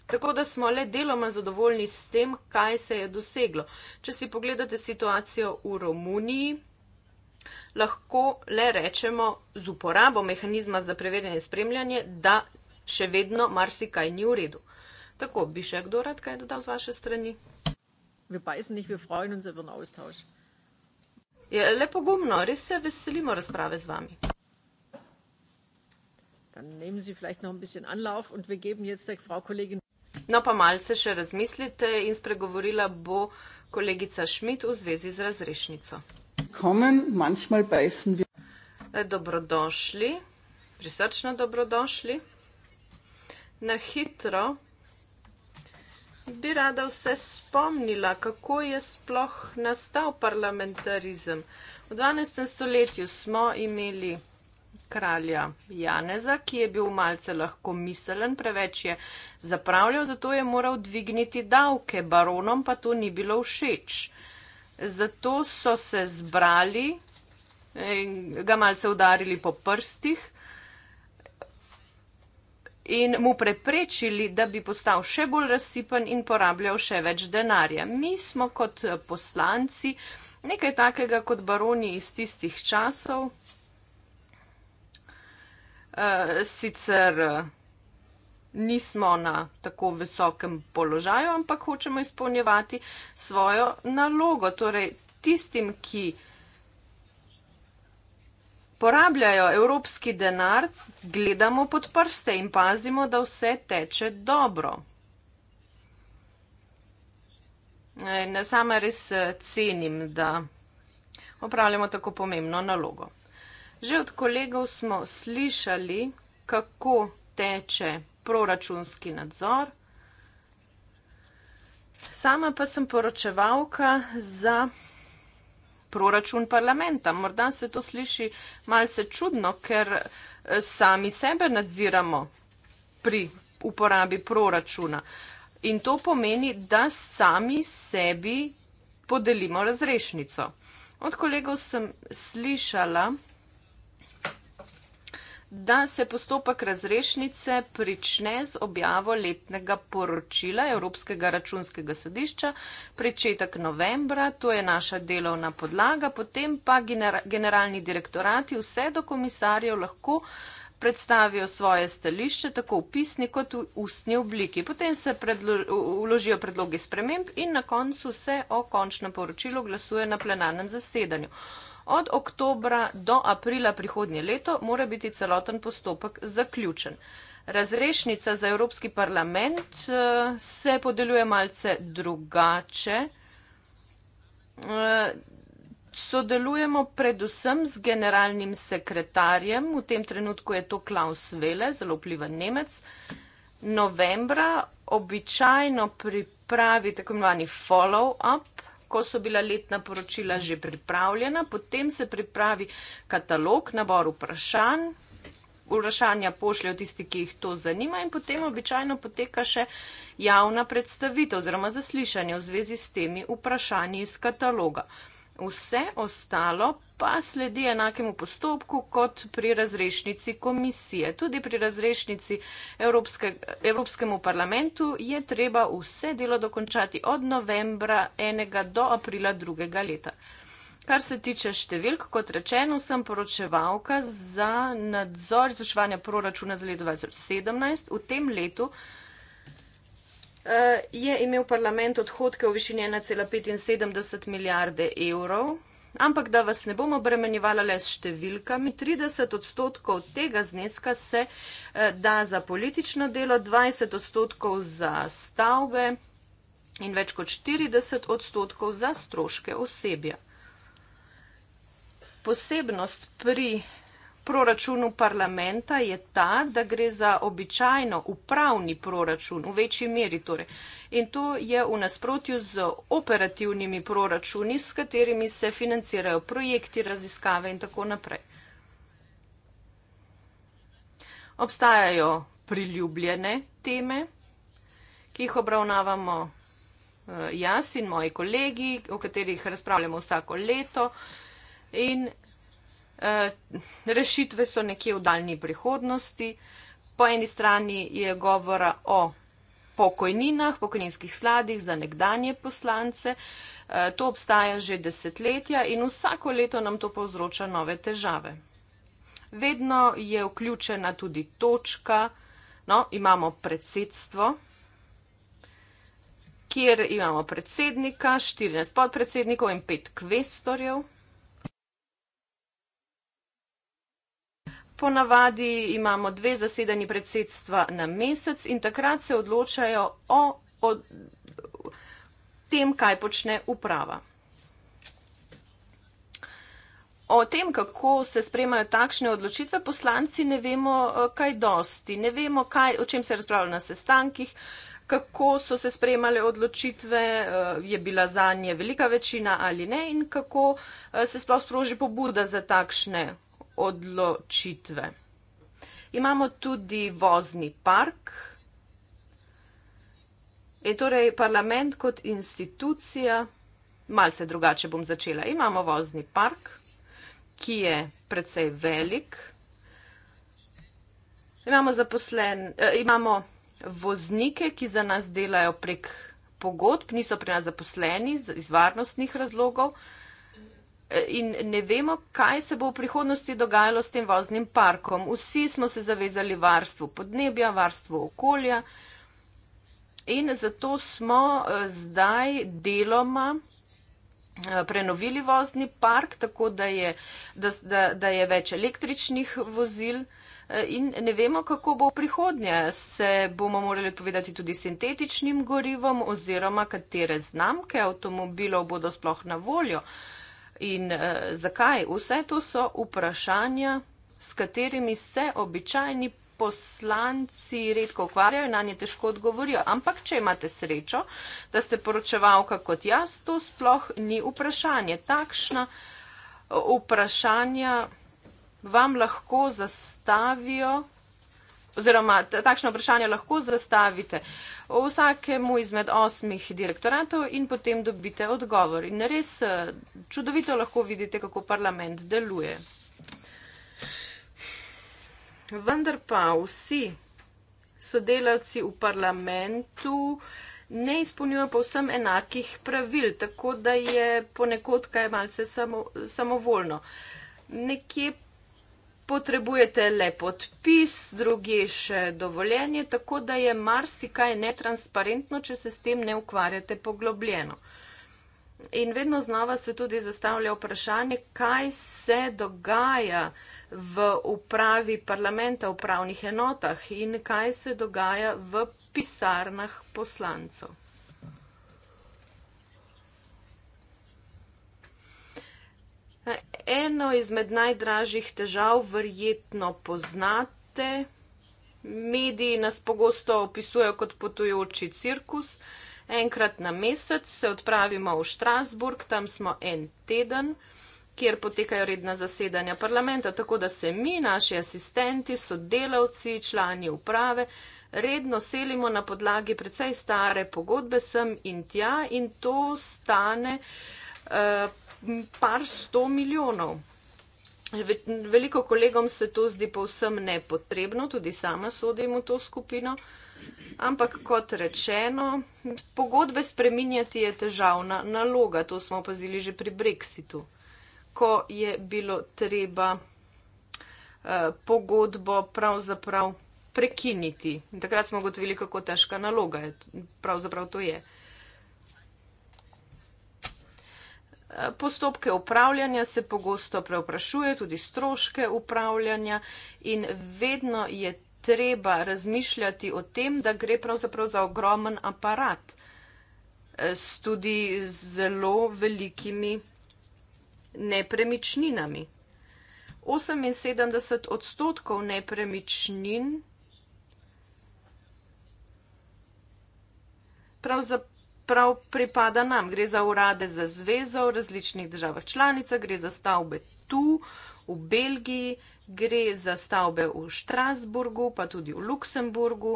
Tako da smo le deloma zadovoljni s tem, kaj se je doseglo. Če si pogledate situacijo v Romuniji, lahko le rečemo z uporabo mehanizma za preverjanje spremljanje, da še vedno marsikaj ni v redu. Tako, bi še kdo rad kaj dodal z vaše strani? Vi pa jaz njih, vi freuen uns über den Austausch. Je lepo gumno, res se veselimo razprave z vami. Dan nehmen Sie vielleicht noch ein bisschen Anlauf und wir geben jetzt der Frau Kollegin... No pa malce še razmislite in spregovorila bo kolegica Schmidt v zvezi z razrešnico. Kommen, manchmal beißen wir... E, dobrodošli, prisrčno dobrodošli. Na hitro bi rada vse spomnila, kako je sploh nastal parlamentarizem. V 12. stoletju smo imeli kralja Janeza, ki je bil malce lahko miselen, preveč je zapravljal, zato je moral dvigniti davke, baronom pa to ni bilo všeč. Zato so se zbrali, ga malce udarili po prstih in mu preprečili, da bi postal še bolj razsipen in porabljal še več denarja. Mi smo kot eh, poslanci nekaj takega kot baroni iz tistih časov. Eh, sicer eh, nismo na tako visokem položaju, ampak hočemo izpolnjevati svojo nalogo. Torej, tistim, ki porabljajo evropski denar, gledamo pod prste in pazimo, da vse teče dobro. In sama res eh, cenim, da opravljamo tako pomembno nalogo. Že od kolegov smo slišali, kako teče proračunski nadzor. Sama pa sem poročevalka za proračun parlamenta. Morda se to sliši malce čudno, ker eh, sami sebe nadziramo pri uporabi proračuna. In to pomeni, da sami sebi podelimo razrešnico. Od kolegov sem slišala, da se postopek razrešnice prične z objavo letnega poročila Evropskega računskega sodišča, prečetek novembra, to je naša delovna podlaga, potem pa gener generalni direktorati vse do komisarjev lahko predstavijo svoje stališče tako v pisni kot v ustni obliki. Potem se predlo vložijo predlogi sprememb in na koncu se o končnem poročilu glasuje na plenarnem zasedanju. Od oktobra do aprila prihodnje leto mora biti celoten postopek zaključen. Razrešnica za Evropski parlament eh, se podeljuje malce drugače. Eh, sodelujemo predvsem z generalnim sekretarjem, v tem trenutku je to Klaus Vele, zelo vpliven Nemec. Novembra običajno pripravi tako imenovani follow-up ko so bila letna poročila že pripravljena, potem se pripravi katalog, nabor vprašanj, vprašanja pošljajo tisti, ki jih to zanima in potem običajno poteka še javna predstavitev oziroma zaslišanje v zvezi s temi vprašanji iz kataloga. Vse ostalo pa sledi enakemu postopku kot pri razrešnici komisije. Tudi pri razrešnici Evropske, Evropskemu parlamentu je treba vse delo dokončati od novembra enega do aprila drugega leta. Kar se tiče številk, kot rečeno, sem poročevalka za nadzor izvrševanja proračuna za leto 2017. V tem letu Eh, je imel parlament odhodke v višini 1,75 milijarde evrov, ampak da vas ne bomo bremenjevali le s številkami, 30 odstotkov tega zneska se eh, da za politično delo, 20 odstotkov za stavbe in več kot 40 odstotkov za stroške osebja. Posebnost pri proračunu parlamenta je ta, da gre za običajno upravni proračun v večji meri. Torej. In to je v nasprotju z operativnimi proračuni, s katerimi se financirajo projekti, raziskave in tako naprej. Obstajajo priljubljene teme, ki jih obravnavamo eh, jaz in moji kolegi, o katerih razpravljamo vsako leto. In Eh, rešitve so nekje v daljni prihodnosti. Po eni strani je govora o pokojninah, pokojninskih sladih za nekdanje poslance. Eh, to obstaja že desetletja in vsako leto nam to povzroča nove težave. Vedno je vključena tudi točka, no, imamo predsedstvo, kjer imamo predsednika, 14 podpredsednikov in 5 kvestorjev. Ponavadi imamo dve zasedanji predsedstva na mesec in takrat se odločajo o, o tem, kaj počne uprava. O tem, kako se spremajo takšne odločitve, poslanci ne vemo eh, kaj dosti. Ne vemo, kaj, o čem se je razpravljalo na sestankih, kako so se spremale odločitve, eh, je bila za nje velika večina ali ne in kako eh, se sploh sproži pobuda za takšne odločitve. Imamo tudi vozni park. In torej parlament kot institucija, malce drugače bom začela, imamo vozni park, ki je precej velik. Imamo, zaposlen, eh, imamo voznike, ki za nas delajo prek pogodb, niso pri nas zaposleni iz varnostnih razlogov. Eh, In ne vemo, kaj se bo v prihodnosti dogajalo s tem voznim parkom. Vsi smo se zavezali varstvu podnebja, varstvu okolja in zato smo eh, zdaj deloma eh, prenovili vozni park, tako da je, da, da, da je več električnih vozil. Eh, in ne vemo, kako bo v prihodnje. Se bomo morali odpovedati tudi sintetičnim gorivom oziroma katere znamke avtomobilov bodo sploh na voljo. Uh, In uh, zakaj? Vse to so vprašanja, s katerimi se običajni poslanci redko ukvarjajo in na nje težko odgovorijo. Ampak, če imate srečo, da ste poročevalka kot jaz, to sploh ni vprašanje. Takšna eh, vprašanja vam lahko zastavijo oziroma takšno vprašanje lahko zastavite vsakemu izmed osmih direktoratov in potem dobite odgovor. In res eh, čudovito lahko vidite, kako parlament deluje. Vendar pa vsi sodelavci v parlamentu ne izpolnjujo povsem enakih pravil, tako da je ponekod kaj malce samo, samovoljno. Nekje potrebujete le podpis, druge še dovoljenje, tako da je marsikaj netransparentno, če se s tem ne ukvarjate poglobljeno. In vedno znova se tudi zastavlja vprašanje, kaj se dogaja v upravi parlamenta, v pravnih enotah in kaj se dogaja v pisarnah poslancov. Eno izmed najdražjih težav verjetno poznate. Mediji nas pogosto opisujejo kot potujoči cirkus. Enkrat na mesec se odpravimo v Štrasburg, tam smo en teden, kjer potekajo redna zasedanja parlamenta, tako da se mi, naši asistenti, sodelavci, člani uprave, redno selimo na podlagi precej stare pogodbe sem in tja in to stane. Uh, par sto milijonov. Veliko kolegom se to zdi povsem nepotrebno, tudi sama sodim v to skupino. Ampak kot rečeno, pogodbe spreminjati je težavna naloga, to smo opazili že pri Brexitu, ko je bilo treba eh, pogodbo pravzaprav prekiniti. Takrat smo ugotovili, kako težka naloga je. Pravzaprav to je. postopke upravljanja, se pogosto preoprašuje tudi stroške upravljanja in vedno je treba razmišljati o tem, da gre pravzaprav za ogromen aparat eh, s tudi zelo velikimi nepremičninami. 78 odstotkov nepremičnin pravzaprav prav pripada nam. Gre za urade za zvezo v različnih državah članicah, gre za stavbe tu, v Belgiji, gre za stavbe v Štrasburgu, pa tudi v Luksemburgu.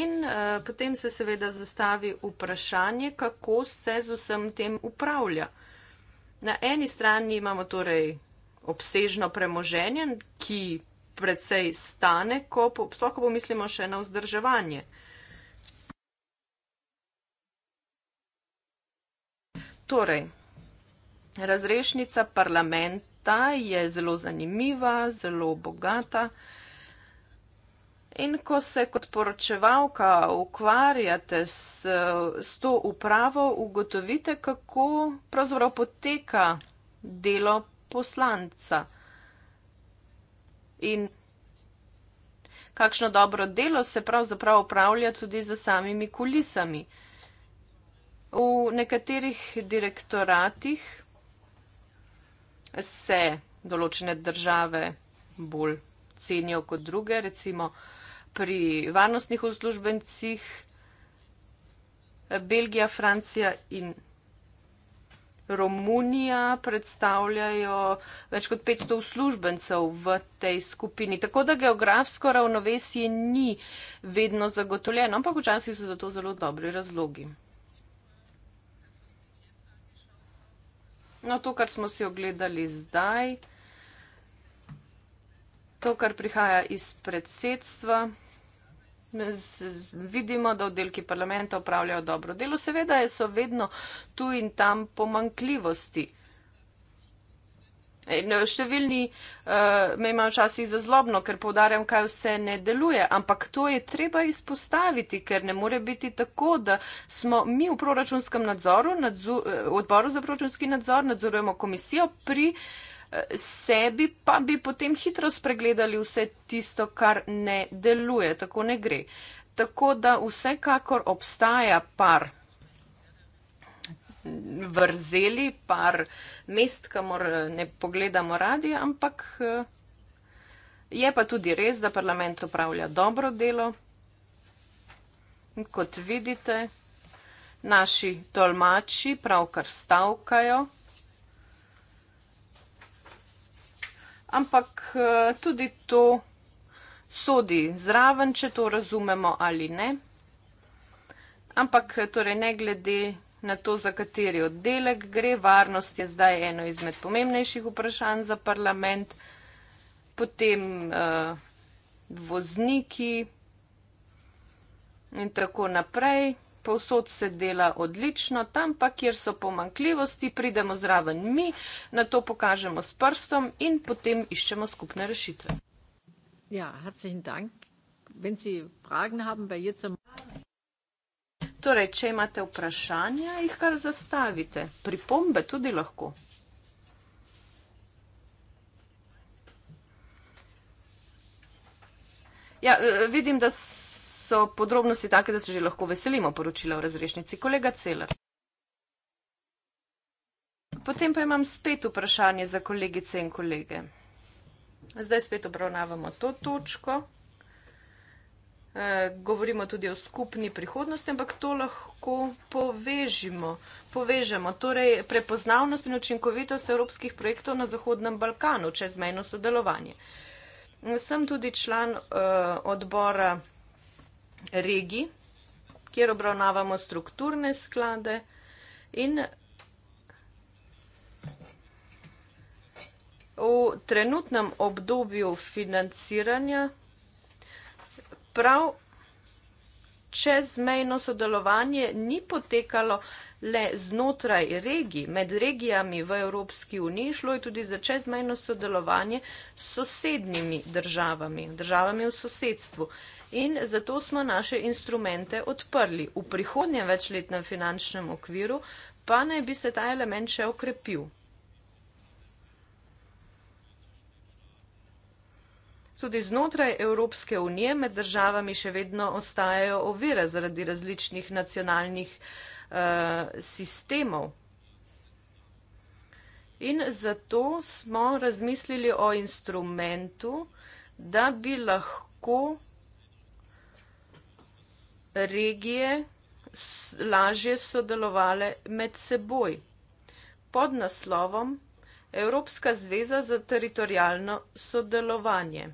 In uh, potem se seveda zastavi vprašanje, kako se z vsem tem upravlja. Na eni strani imamo torej obsežno premoženje, ki precej stane, ko, sploh ko pomislimo še na vzdrževanje. Uh, Torej, razrešnica parlamenta je zelo zanimiva, zelo bogata. In ko se kot poročevalka ukvarjate s, s to upravo, ugotovite, kako pravzaprav poteka delo poslanca. In kakšno dobro delo se pravzaprav upravlja tudi za samimi kulisami. V nekaterih direktoratih se določene države bolj cenijo kot druge, recimo pri varnostnih uslužbencih Belgija, Francija in Romunija predstavljajo več kot 500 uslužbencev v tej skupini. Tako da geografsko ravnovesje ni vedno zagotovljeno, ampak včasih so za to zelo dobri razlogi. No, to, kar smo si ogledali zdaj, to, kar prihaja iz predsedstva, z, z, vidimo, da oddelki parlamenta upravljajo dobro delo. Seveda so vedno tu in tam pomankljivosti. In no, številni uh, me imajo včasih za zlobno, ker povdarjam, kaj vse ne deluje, ampak to je treba izpostaviti, ker ne more biti tako, da smo mi v proračunskem nadzoru, nadzu, uh, odboru za proračunski nadzor, nadzorujemo komisijo pri eh, sebi pa bi potem hitro spregledali vse tisto, kar ne deluje, tako ne gre. Tako da vsekakor obstaja par vrzeli, par mest, kamor ne pogledamo radi, ampak eh, je pa tudi res, da parlament upravlja dobro delo. Kot vidite, naši tolmači pravkar stavkajo. Ampak eh, tudi to sodi zraven, če to razumemo ali ne. Ampak torej ne glede na to, za kateri oddelek gre. Varnost je zdaj eno izmed pomembnejših vprašanj za parlament, potem uh, vozniki in tako naprej. Povsod se dela odlično, tam pa, kjer so pomankljivosti, pridemo zraven mi, na to pokažemo s prstom in potem iščemo skupne rešitve. Ja, herzlichen dank. Wenn Sie Fragen haben, wer jetzt am Torej, če imate vprašanja, jih kar zastavite, pripombe tudi lahko. Ja, e, vidim, da so podrobnosti take, da se že lahko veselimo poročila v razrešnici. Kolega Celer. Potem pa imam spet vprašanje za kolegice in kolege. Zdaj spet obravnavamo to točko. Eh, govorimo tudi o skupni prihodnosti, ampak to lahko povežimo. povežemo. Torej, prepoznavnost in učinkovitost evropskih projektov na Zahodnem Balkanu, čezmejno sodelovanje. Sem tudi član uh, odbora regi, kjer obravnavamo strukturne sklade in v trenutnem obdobju financiranja prav čezmejno sodelovanje ni potekalo le znotraj regij, med regijami v Evropski uniji, šlo je tudi za čezmejno sodelovanje s sosednjimi državami, državami v sosedstvu. In zato smo naše instrumente odprli. V prihodnjem večletnem finančnem okviru pa naj bi se ta element še okrepil. Tudi znotraj Evropske unije med državami še vedno ostajajo ovire zaradi različnih nacionalnih uh, sistemov. In zato smo razmislili o instrumentu, da bi lahko regije lažje sodelovale med seboj pod naslovom Evropska zveza za teritorijalno sodelovanje.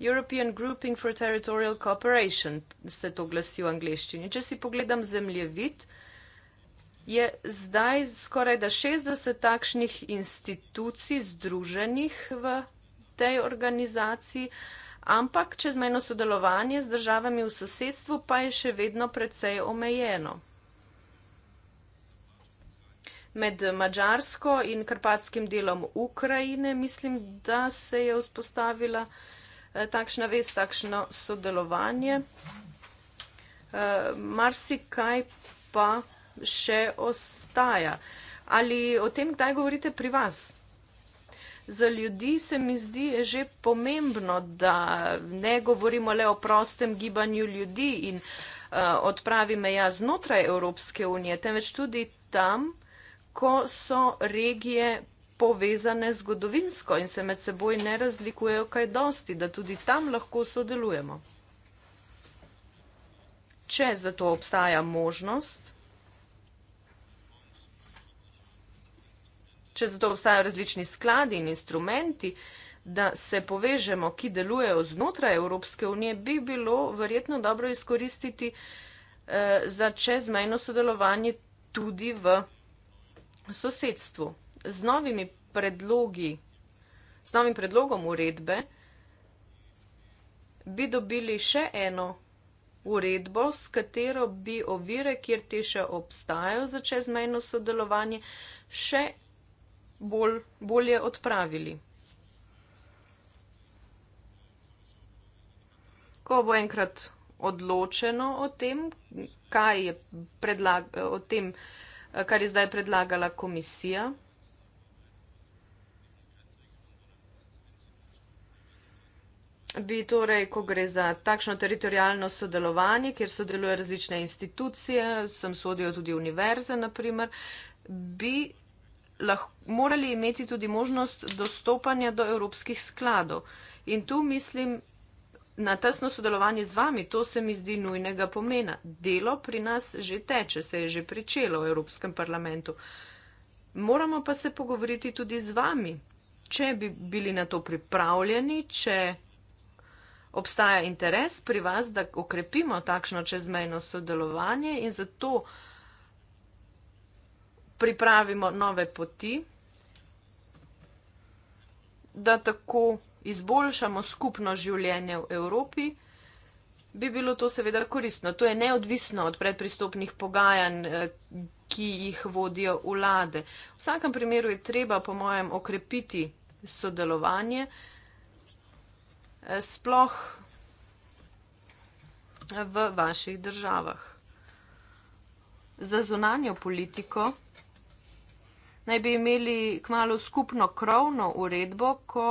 European Grouping for Territorial Cooperation se to glasi v angleščini. Če si pogledam zemljevid, je zdaj skoraj da 60 takšnih institucij združenih v tej organizaciji, ampak čezmejno sodelovanje z državami v sosedstvu pa je še vedno precej omejeno. Med mačarsko in karpatskim delom Ukrajine mislim, da se je vzpostavila. Eh, takšna vez, takšno sodelovanje. Eh, marsikaj pa še ostaja. Ali o tem, kdaj govorite pri vas? Za ljudi se mi zdi je že pomembno, da ne govorimo le o prostem gibanju ljudi in eh, odpravi meja znotraj Evropske unije, temveč tudi tam, ko so regije povezane zgodovinsko in se med seboj ne razlikujejo kaj dosti, da tudi tam lahko sodelujemo. Če zato obstaja možnost, če zato obstajajo različni skladi in instrumenti, da se povežemo, ki delujejo znotraj Evropske unije, bi bilo verjetno dobro izkoristiti eh, za čezmejno sodelovanje tudi v sosedstvu z novimi predlogi, z novim predlogom uredbe, bi dobili še eno uredbo, s katero bi ovire, kjer te še obstajajo za čezmejno sodelovanje, še bolj, bolje odpravili. Ko bo enkrat odločeno o tem, kaj je predlag, o tem, kar je zdaj predlagala komisija, bi torej, ko gre za takšno teritorijalno sodelovanje, kjer sodelujo različne institucije, sem sodijo tudi univerze, naprimer, bi lahko, morali imeti tudi možnost dostopanja do evropskih skladov. In tu mislim na tesno sodelovanje z vami, to se mi zdi nujnega pomena. Delo pri nas že teče, se je že pričelo v Evropskem parlamentu. Moramo pa se pogovoriti tudi z vami, če bi bili na to pripravljeni, če obstaja interes pri vas, da okrepimo takšno čezmejno sodelovanje in zato pripravimo nove poti, da tako izboljšamo skupno življenje v Evropi, bi bilo to seveda koristno. To je neodvisno od predpristopnih pogajanj, eh, ki jih vodijo vlade. V vsakem primeru je treba, po mojem, okrepiti sodelovanje. Eh, sploh v vaših državah. Za zunanjo politiko naj bi imeli kmalo skupno krovno uredbo, ko,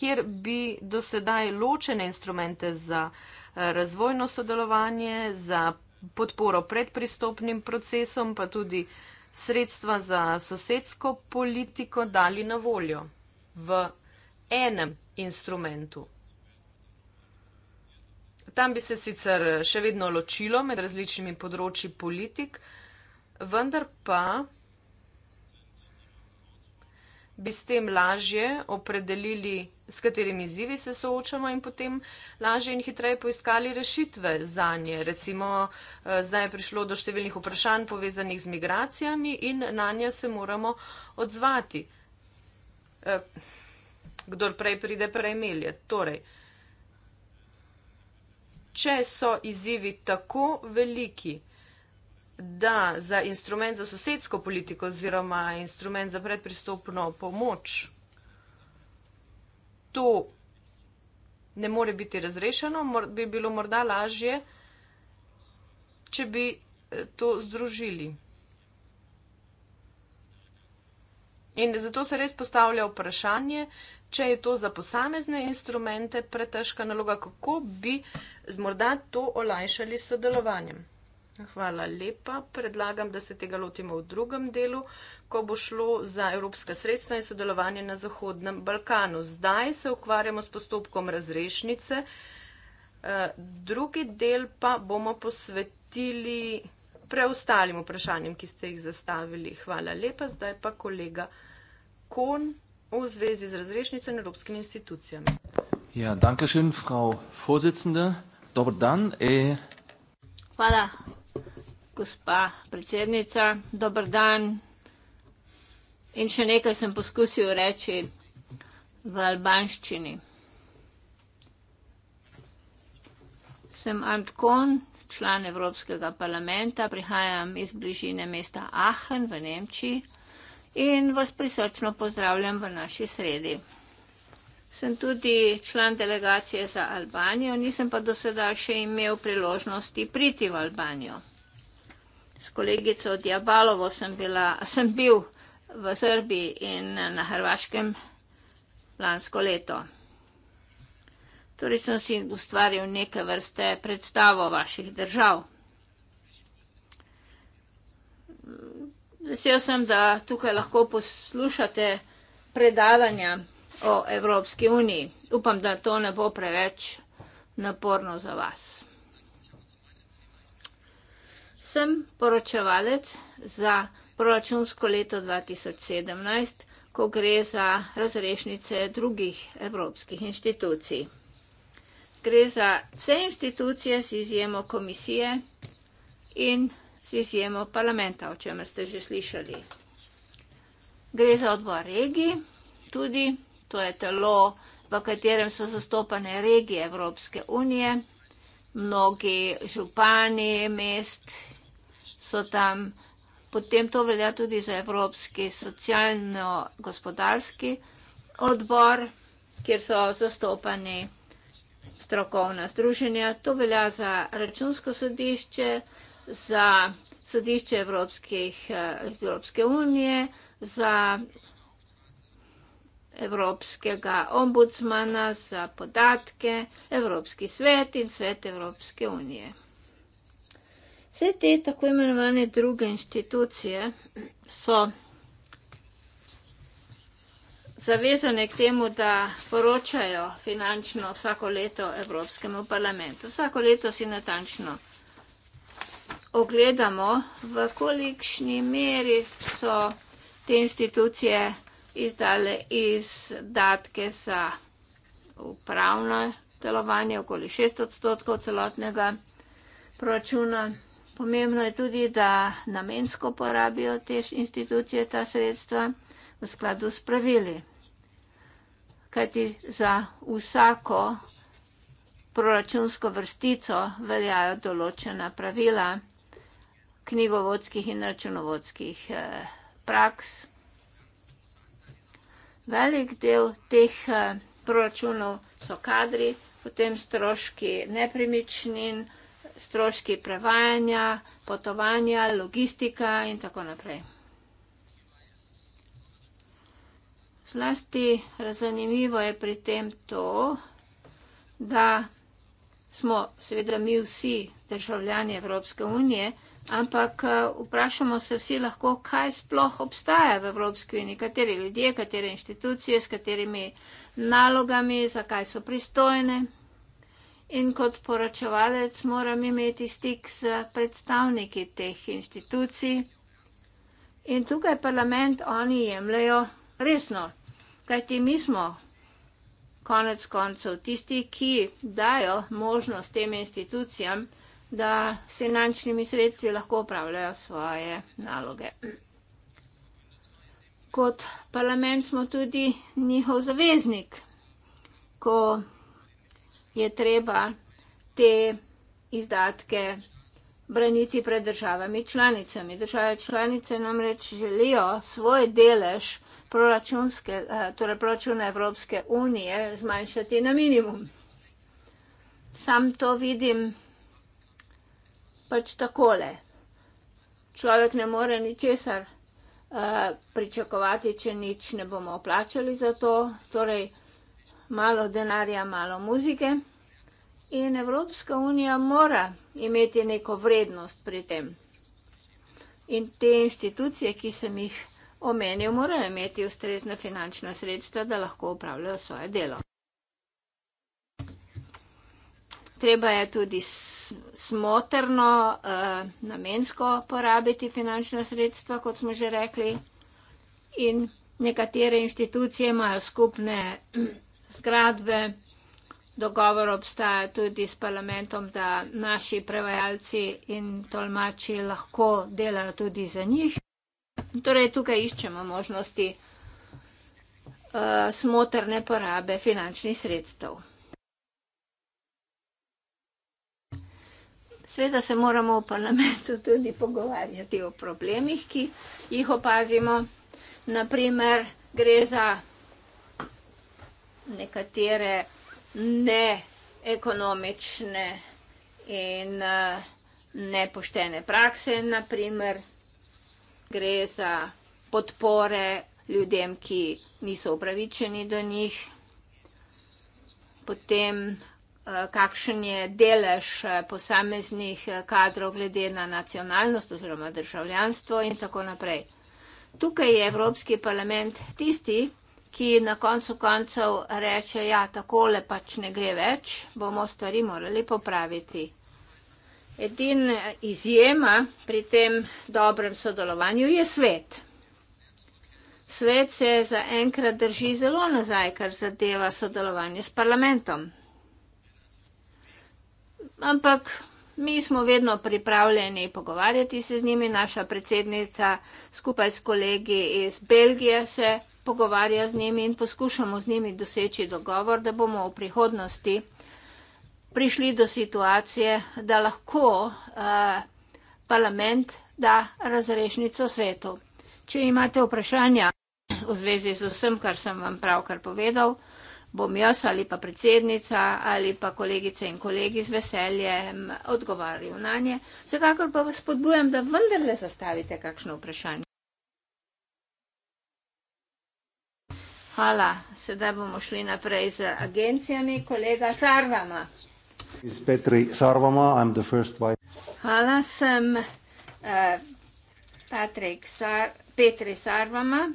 kjer bi dosedaj ločene instrumente za eh, razvojno sodelovanje, za podporo predpristopnim procesom, pa tudi sredstva za sosedsko politiko dali na voljo v enem instrumentu. Tam bi se sicer še vedno ločilo med različnimi področji politik, vendar pa bi s tem lažje opredelili, s katerimi izzivi se soočamo in potem lažje in hitreje poiskali rešitve za nje. Recimo, eh, zdaj je prišlo do številnih vprašanj povezanih z migracijami in na nje se moramo odzvati. Eh, kdor prej pride, prej melje. Torej, če so izzivi tako veliki, da za instrument za sosedsko politiko oziroma instrument za predpristopno pomoč to ne more biti razrešeno, bi bilo morda lažje, če bi eh, to združili. In zato se res postavlja vprašanje, če je to za posamezne instrumente pretežka naloga, kako bi morda to olajšali s sodelovanjem. Hvala lepa. Predlagam, da se tega lotimo v drugem delu, ko bo šlo za evropska sredstva in sodelovanje na Zahodnem Balkanu. Zdaj se ukvarjamo s postopkom razrešnice. Eh, drugi del pa bomo posvetili preostalim vprašanjem, ki ste jih zastavili. Hvala lepa. Zdaj pa kolega Kon v zvezi z razrešnico in evropskimi institucijami. Ja, danke schön, Frau Vorsitzende. Dober dan, e- Hvala, gospa predsednica. Dober dan. In še nekaj sem poskusil reči v albanščini. Sem Ant Kon, član Evropskega parlamenta, prihajam iz bližine mesta Aachen v Nemčiji in vas prisrčno pozdravljam v naši sredi. Sem tudi član delegacije za Albanijo, nisem pa do sedaj še imel priložnosti priti v Albanijo. S kolegico Diabalovo sem, bila, sem bil v Srbiji in na Hrvaškem lansko leto. Torej sem si ustvaril neke vrste predstavo vaših držav. Vesel sem, da tukaj lahko poslušate predavanja o Evropski uniji. Upam, da to ne bo preveč naporno za vas. Sem poročevalec za proračunsko leto 2017, ko gre za razrešnice drugih evropskih inštitucij. Gre za vse inštitucije z izjemo komisije in z izjemo parlamenta, o čemer ste že slišali. Gre za odbor regij, tudi to je telo, v katerem so zastopane regije Evropske unije, mnogi župani mest so tam, potem to velja tudi za Evropski socialno-gospodarski odbor, kjer so zastopani strokovna združenja, to velja za računsko sodišče, za sodišče Evropskih, eh, Evropske unije, za Evropskega ombudsmana, za podatke, Evropski svet in svet Evropske unije. Vse te tako imenovane druge inštitucije so zavezane k temu, da poročajo finančno vsako leto Evropskemu parlamentu. Vsako leto si natančno ogledamo, v kolikšni meri so te institucije izdale izdatke za upravno delovanje, okoli šest odstotkov celotnega proračuna. Pomembno je tudi, da namensko porabijo te institucije ta sredstva v skladu s pravili. Kajti za vsako proračunsko vrstico veljajo določena pravila knjigovodskih in računovodskih eh, praks. Velik del teh eh, proračunov so kadri, potem stroški nepremičnin, stroški prevajanja, potovanja, logistika in tako naprej. Zlasti zanimivo je pri tem to, da smo seveda mi vsi državljani Evropske unije, Ampak eh, vprašamo se vsi lahko, kaj sploh obstaja v Evropski uniji, kateri ljudje, katere inštitucije, s katerimi nalogami, zakaj so pristojne. In kot poročevalec moram imeti stik z predstavniki teh inštitucij. In tukaj parlament oni jemljajo resno, kajti mi smo konec koncev tisti, ki dajo možnost tem institucijam, da s finančnimi sredstvi lahko upravljajo svoje naloge. Kot parlament smo tudi njihov zaveznik, ko je treba te izdatke braniti pred državami članicami. Države članice namreč želijo svoj delež proračunske, eh, torej proračuna Evropske unije zmanjšati na minimum. Sam to vidim pač takole. Človek ne more ničesar uh, pričakovati, če nič ne bomo plačali za to. Torej, malo denarja, malo muzike. In Evropska unija mora imeti neko vrednost pri tem. In te inštitucije, ki sem jih omenil, morajo imeti ustrezna finančna sredstva, da lahko upravljajo svoje delo treba je tudi smotrno, uh, namensko porabiti finančna sredstva, kot smo že rekli. In nekatere inštitucije imajo skupne *clears throat* zgradbe, dogovor obstaja tudi s parlamentom, da naši prevajalci in tolmači lahko delajo tudi za njih. Torej, tukaj iščemo možnosti uh, smotrne porabe finančnih sredstev. Sveda se moramo v parlamentu *laughs* tudi pogovarjati o problemih, ki jih opazimo. Naprimer, gre za nekatere neekonomične in eh, nepoštene prakse, naprimer, gre za podpore ljudem, ki niso upravičeni do njih. Potem kakšen je delež eh, posameznih eh, kadrov glede na nacionalnost oziroma državljanstvo in tako naprej. Tukaj je Evropski parlament tisti, ki na koncu koncev reče, ja, takole pač ne gre več, bomo stvari morali popraviti. Edin izjema pri tem dobrem sodelovanju je svet. Svet se za enkrat drži zelo nazaj, kar zadeva sodelovanje s parlamentom ampak mi smo vedno pripravljeni pogovarjati se z njimi. Naša predsednica skupaj s kolegi iz Belgije se pogovarja z njimi in poskušamo z njimi doseči dogovor, da bomo v prihodnosti prišli do situacije, da lahko eh, parlament da razrešnico svetu. Če imate vprašanja v zvezi z vsem, kar sem vam pravkar povedal, bom jaz ali pa predsednica ali pa kolegice in kolegi z veseljem odgovarjal na nje. Vsekakor pa vas spodbujam, da vendarle zastavite kakšno vprašanje. Hvala. Sedaj bomo šli naprej z agencijami. Kolega Sarvama. Petri Sarvama, I'm the first wife. Hvala, sem uh, Patrik Sar Petri Sarvama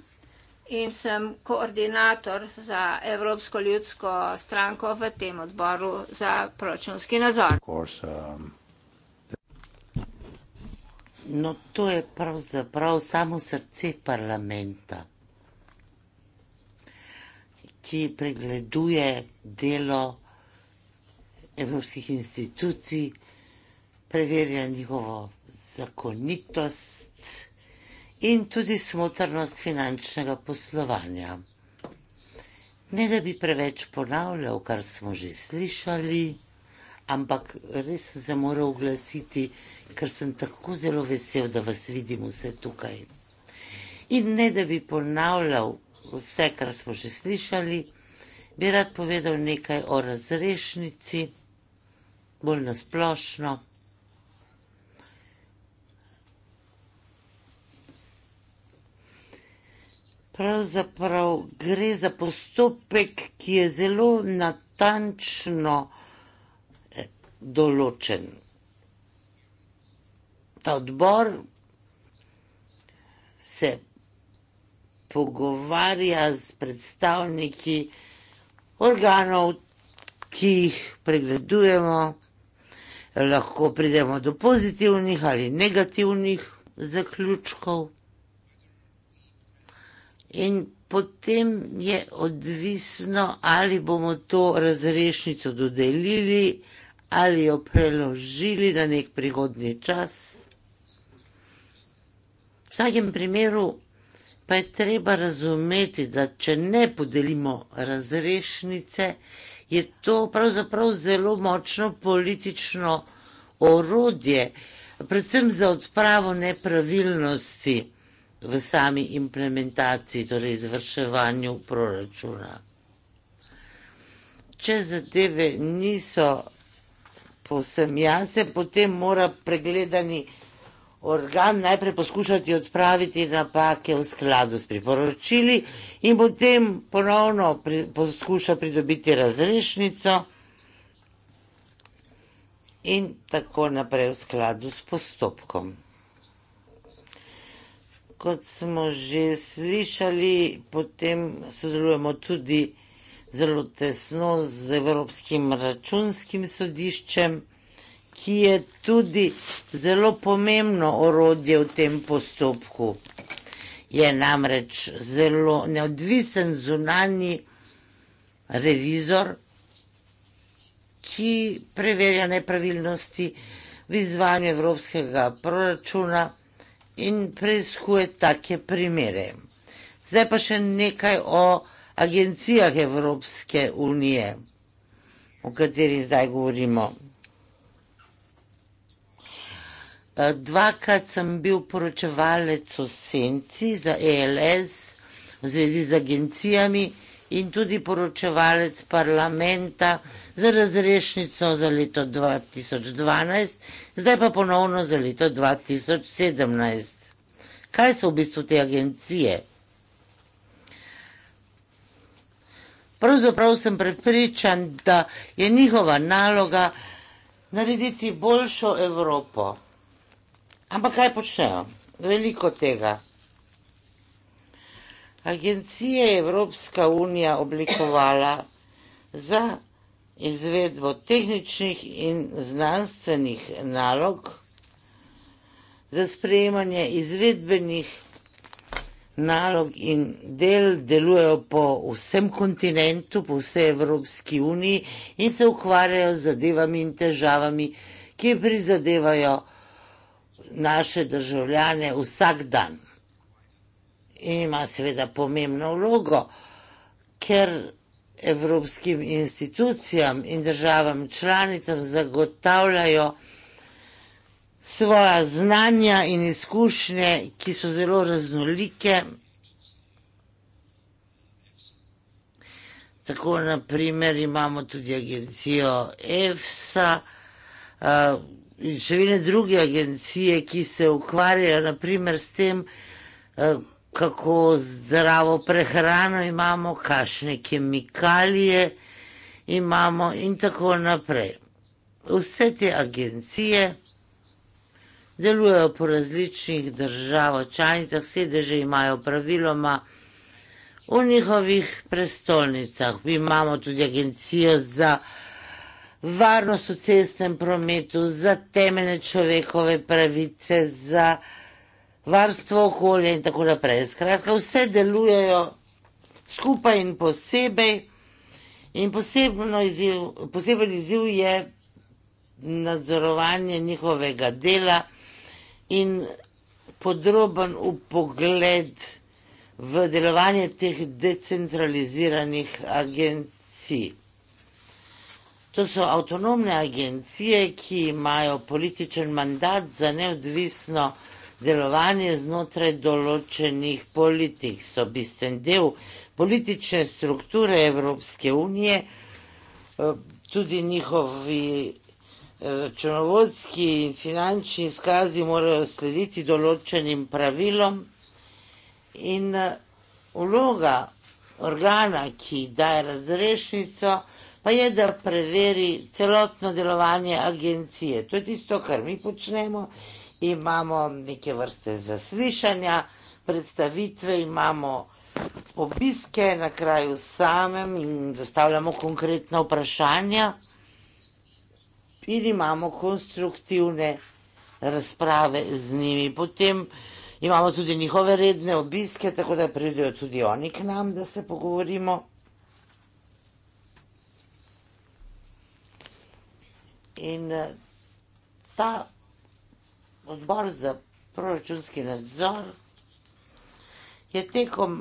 in sem koordinator za Evropsko ljudsko stranko v tem odboru za proračunski nazor. Um, no, to je pravzaprav samo srce parlamenta, ki pregleduje delo evropskih institucij, preverja njihovo zakonitost, in tudi smotrnost finančnega poslovanja. Ne da bi preveč ponavljal, kar smo že slišali, ampak res sem se moral oglasiti, ker sem tako zelo vesel, da vas vidim vse tukaj. In ne da bi ponavljal vse, kar smo že slišali, bi rad povedal nekaj o razrešnici, bolj nasplošno. Pravzaprav gre za postopek, ki je zelo natančno eh, določen. Ta odbor se pogovarja s predstavniki organov, ki jih pregledujemo, lahko pridemo do pozitivnih ali negativnih zaključkov. In potem je odvisno, ali bomo to razrešnico dodelili ali jo preložili na nek prihodni čas. V vsakem primeru pa je treba razumeti, da če ne podelimo razrešnice, je to pravzaprav zelo močno politično orodje, predvsem za odpravo nepravilnosti v sami implementaciji, torej izvrševanju proračuna. Če zadeve niso povsem jasne, potem mora pregledani organ najprej poskušati odpraviti napake v skladu s priporočili in potem ponovno pri, poskuša pridobiti razrešnico in tako naprej v skladu s postopkom kot smo že slišali, potem sodelujemo tudi zelo tesno z Evropskim računskim sodiščem, ki je tudi zelo pomembno orodje v tem postopku. Je namreč zelo neodvisen zunani revizor, ki preverja nepravilnosti v izvajanju evropskega proračuna in preizkuje take primere. Zdaj pa še nekaj o agencijah Evropske unije, o katerih zdaj govorimo. E, dvakrat sem bil poročevalec o senci za ELS v zvezi z agencijami in tudi poročevalec parlamenta za razrešnico za leto 2012, zdaj pa ponovno za leto 2017. Kaj so v bistvu te agencije? Pravzaprav sem prepričan, da je njihova naloga narediti boljšo Evropo. Ampak kaj počnejo? Veliko tega. Agencije je Evropska unija oblikovala za izvedbo tehničnih in znanstvenih nalog, za sprejemanje izvedbenih nalog in del delujejo po vsem kontinentu, po vsej Evropski uniji in se ukvarjajo z zadevami in težavami, ki prizadevajo naše državljane vsak dan. In ima seveda pomembno vlogo, ker evropskim institucijam in državam članicam zagotavljajo svoja znanja in izkušnje, ki so zelo raznolike. Tako naprimer imamo tudi agencijo EFSA in še vene druge agencije, ki se ukvarjajo naprimer s tem, kako zdravo prehrano imamo, kakšne kemikalije imamo in tako naprej. Vse te agencije delujejo po različnih državah, članicah, sedeže imajo praviloma v njihovih prestolnicah. Mi imamo tudi agencijo za varnost v cestnem prometu, za temeljne človekove pravice, za varstvo okolja in tako naprej. Skratka, vse delujejo skupaj in posebej. In izziv, poseben izziv je nadzorovanje njihovega dela in podroben upogled v delovanje teh decentraliziranih agencij. To so avtonomne agencije, ki imajo političen mandat za neodvisno delovanje znotraj določenih politik, so bistven del politične strukture Evropske unije, eh, tudi njihovi eh, računovodski in finančni izkazi morajo slediti določenim pravilom in eh, vloga organa, ki daje razrešnico, pa je, da preveri celotno delovanje agencije. To je tisto, kar mi počnemo imamo neke vrste zaslišanja, predstavitve, imamo obiske na kraju samem in zastavljamo konkretna vprašanja in imamo konstruktivne razprave z njimi. Potem imamo tudi njihove redne obiske, tako da pridejo tudi oni k nam, da se pogovorimo. In eh, ta odbor za proračunski nadzor je tekom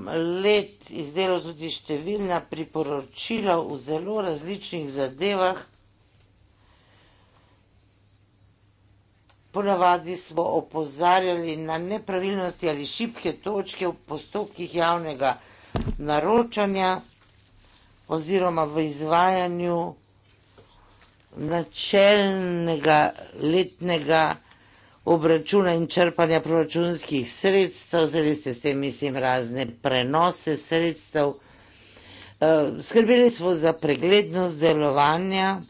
let izdelal tudi številna priporočila v zelo različnih zadevah. Ponavadi smo opozarjali na nepravilnosti ali šibke točke v postopkih javnega naročanja oziroma v izvajanju načelnega letnega naročanja obračuna in črpanja proračunskih sredstev, zdaj veste, s tem mislim razne prenose sredstev. Eh, skrbeli smo za preglednost delovanja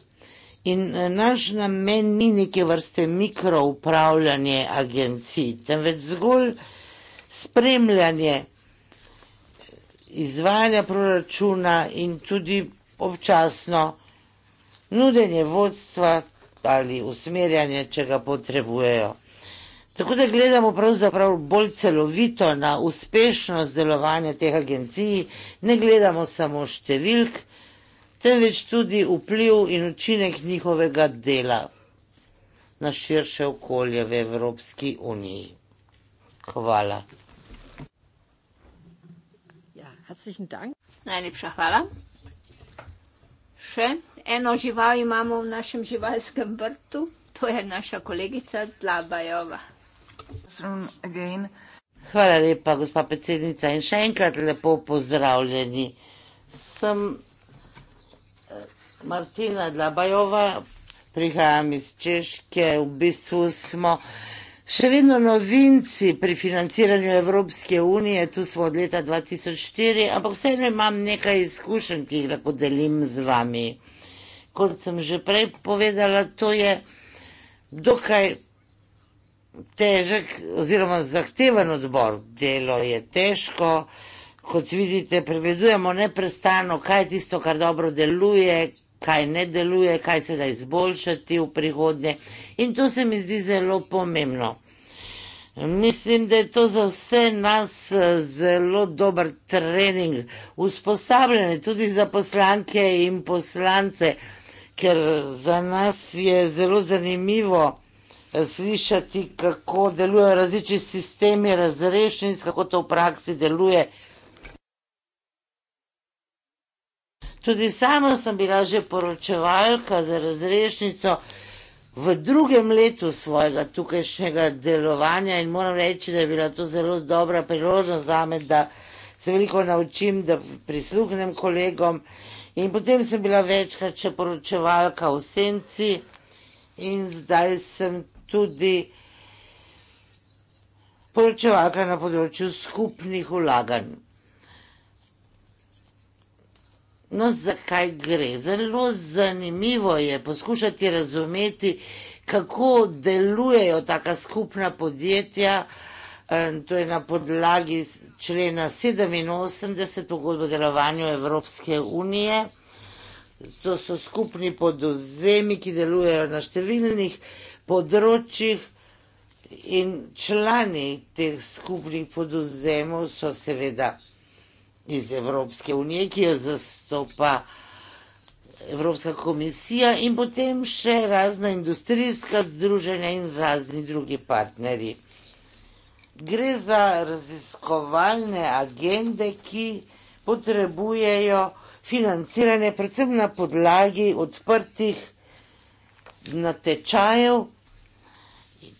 in eh, naš namen ni neke vrste mikroupravljanje agencij, temveč zgolj spremljanje izvajanja proračuna in tudi občasno nudenje vodstva ali usmerjanje, če ga potrebujejo. Tako da gledamo pravzaprav bolj celovito na uspešnost delovanja teh agencij, ne gledamo samo številk, temveč tudi vpliv in učinek njihovega dela na širše okolje v Evropski uniji. Hvala. Ja, Najlepša hvala. Še eno žival imamo v našem živalskem vrtu, to je naša kolegica Dlabajova afternoon again. Hvala lepa, gospa predsednica, in še enkrat lepo pozdravljeni. Sem eh, Martina Dlabajova, prihajam iz Češke, v bistvu smo še vedno novinci pri financiranju Evropske unije, tu smo od leta 2004, ampak vseeno imam nekaj izkušenj, ki jih lahko delim z vami. Kot sem že prej povedala, to je dokaj težek oziroma zahteven odbor. Delo je težko, kot vidite, prevedujemo neprestano, kaj je tisto, kar dobro deluje, kaj ne deluje, kaj se da izboljšati v prihodnje. In to se mi zdi zelo pomembno. Mislim, da je to za vse nas eh, zelo dober trening, usposabljanje tudi za poslanke in poslance, ker za nas je zelo zanimivo, slišati, kako delujejo različni sistemi razrešenih, kako to v praksi deluje. Tudi sama sem bila že poročevalka za razrešnico v drugem letu svojega tukajšnjega delovanja in moram reči, da je bila to zelo dobra priložnost za me, da se veliko naučim, da prisluhnem kolegom. In potem sem bila večkrat še poročevalka v senci in zdaj sem tudi poročevalka na področju skupnih vlaganj. No, zakaj gre? Zelo zanimivo je poskušati razumeti, kako delujejo taka skupna podjetja, eh, to je na podlagi člena 87 pogodbe o delovanju Evropske unije. To so skupni podozemi, ki delujejo na številnih področjih področjih in člani teh skupnih podozemov so seveda iz Evropske unije, ki jo zastopa Evropska komisija in potem še razna industrijska združenja in razni drugi partnerji. Gre za raziskovalne agende, ki potrebujejo financiranje predvsem na podlagi odprtih natečajev,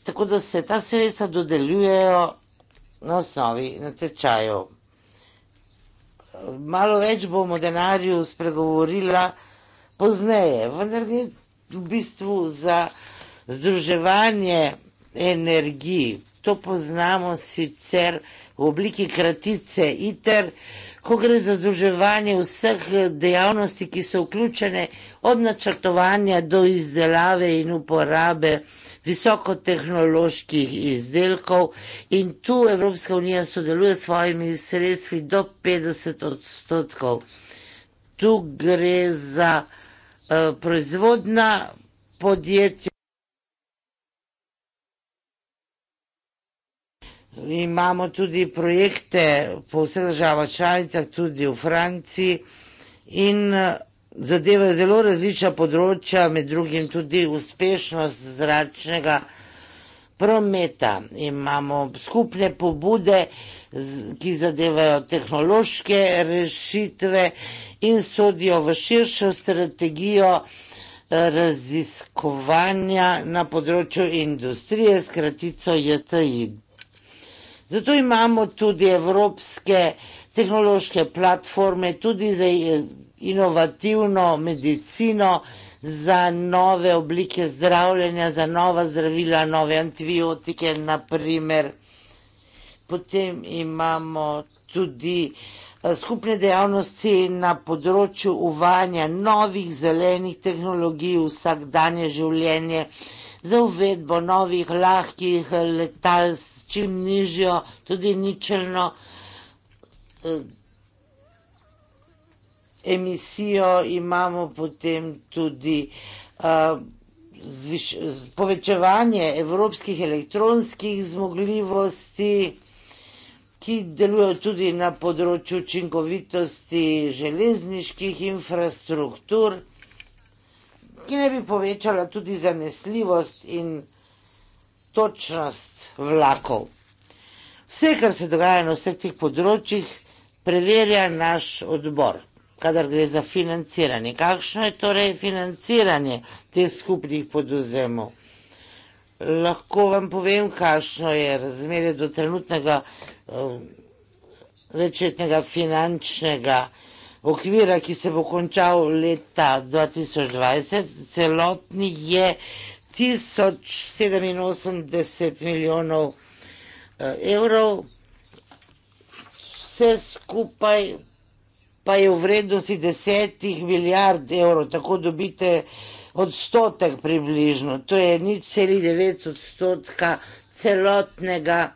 tako da se ta sredstva dodeljujejo na osnovi natečajev. Malo več bom o denarju spregovorila pozneje, vendar gre v bistvu za združevanje energij. To poznamo sicer v obliki kratice ITER, ko gre za združevanje vseh dejavnosti, ki so vključene od načrtovanja do izdelave in uporabe visokotehnoloških izdelkov in tu Evropska unija sodeluje s svojimi sredstvi do 50 odstotkov. Tu gre za uh, proizvodna podjetja. Imamo tudi projekte po vseh državah članicah, tudi v Franciji in uh, zadevajo zelo različna področja, med drugim tudi uspešnost zračnega prometa. Imamo skupne pobude, ki zadevajo tehnološke rešitve in sodijo v širšo strategijo eh, raziskovanja na področju industrije s kratico JTI. Zato imamo tudi evropske tehnološke platforme, tudi za eh, inovativno medicino, za nove oblike zdravljenja, za nova zdravila, nove antibiotike, naprimer. Potem imamo tudi eh, skupne dejavnosti na področju uvajanja novih zelenih tehnologij v vsakdanje življenje za uvedbo novih lahkih letal s čim nižjo, tudi ničelno eh, emisijo imamo potem tudi uh, povečevanje evropskih elektronskih zmogljivosti, ki delujejo tudi na področju učinkovitosti železniških infrastruktur, ki ne bi povečala tudi zanesljivost in točnost vlakov. Vse, kar se dogaja na vseh teh področjih, preverja naš odbor kadar gre za financiranje. Kakšno je torej financiranje teh skupnih podozemov? Lahko vam povem, kakšno je razmerje do trenutnega eh, večetnega finančnega okvira, ki se bo končal leta 2020. Celotni je 1087 milijonov eh, evrov. Vse skupaj pa je v vrednosti desetih milijard evrov, tako dobite odstotek približno. To je nič celi devet odstotka celotnega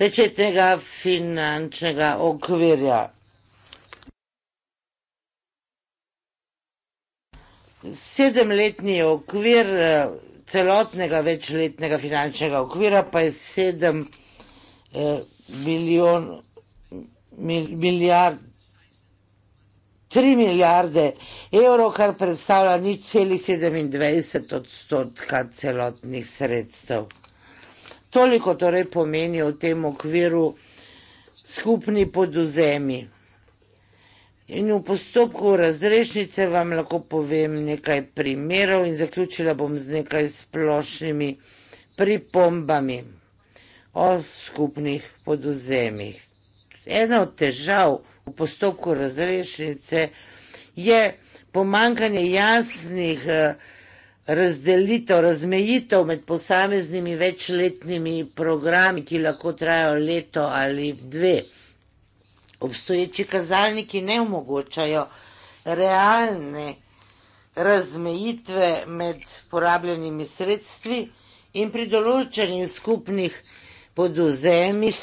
večetnega finančnega okvirja. Sedemletni okvir eh, celotnega večletnega finančnega okvira pa je sedem eh, milijon mil, milijard 3 milijarde evrov, kar predstavlja nič celi 27 odstotka celotnih sredstev. Toliko torej pomeni v tem okviru skupni poduzemi. In v postopku razrešnice vam lahko povem nekaj primerov in zaključila bom z nekaj splošnimi pripombami o skupnih poduzemih. Ena od težav, ki je, v postopku razrešnice, je pomankanje jasnih eh, razdelitev, razmejitev med posameznimi večletnimi programi, ki lahko trajajo leto ali dve. Obstoječi kazalniki ne omogočajo realne razmejitve med porabljenimi sredstvi in pri določenih skupnih podozemih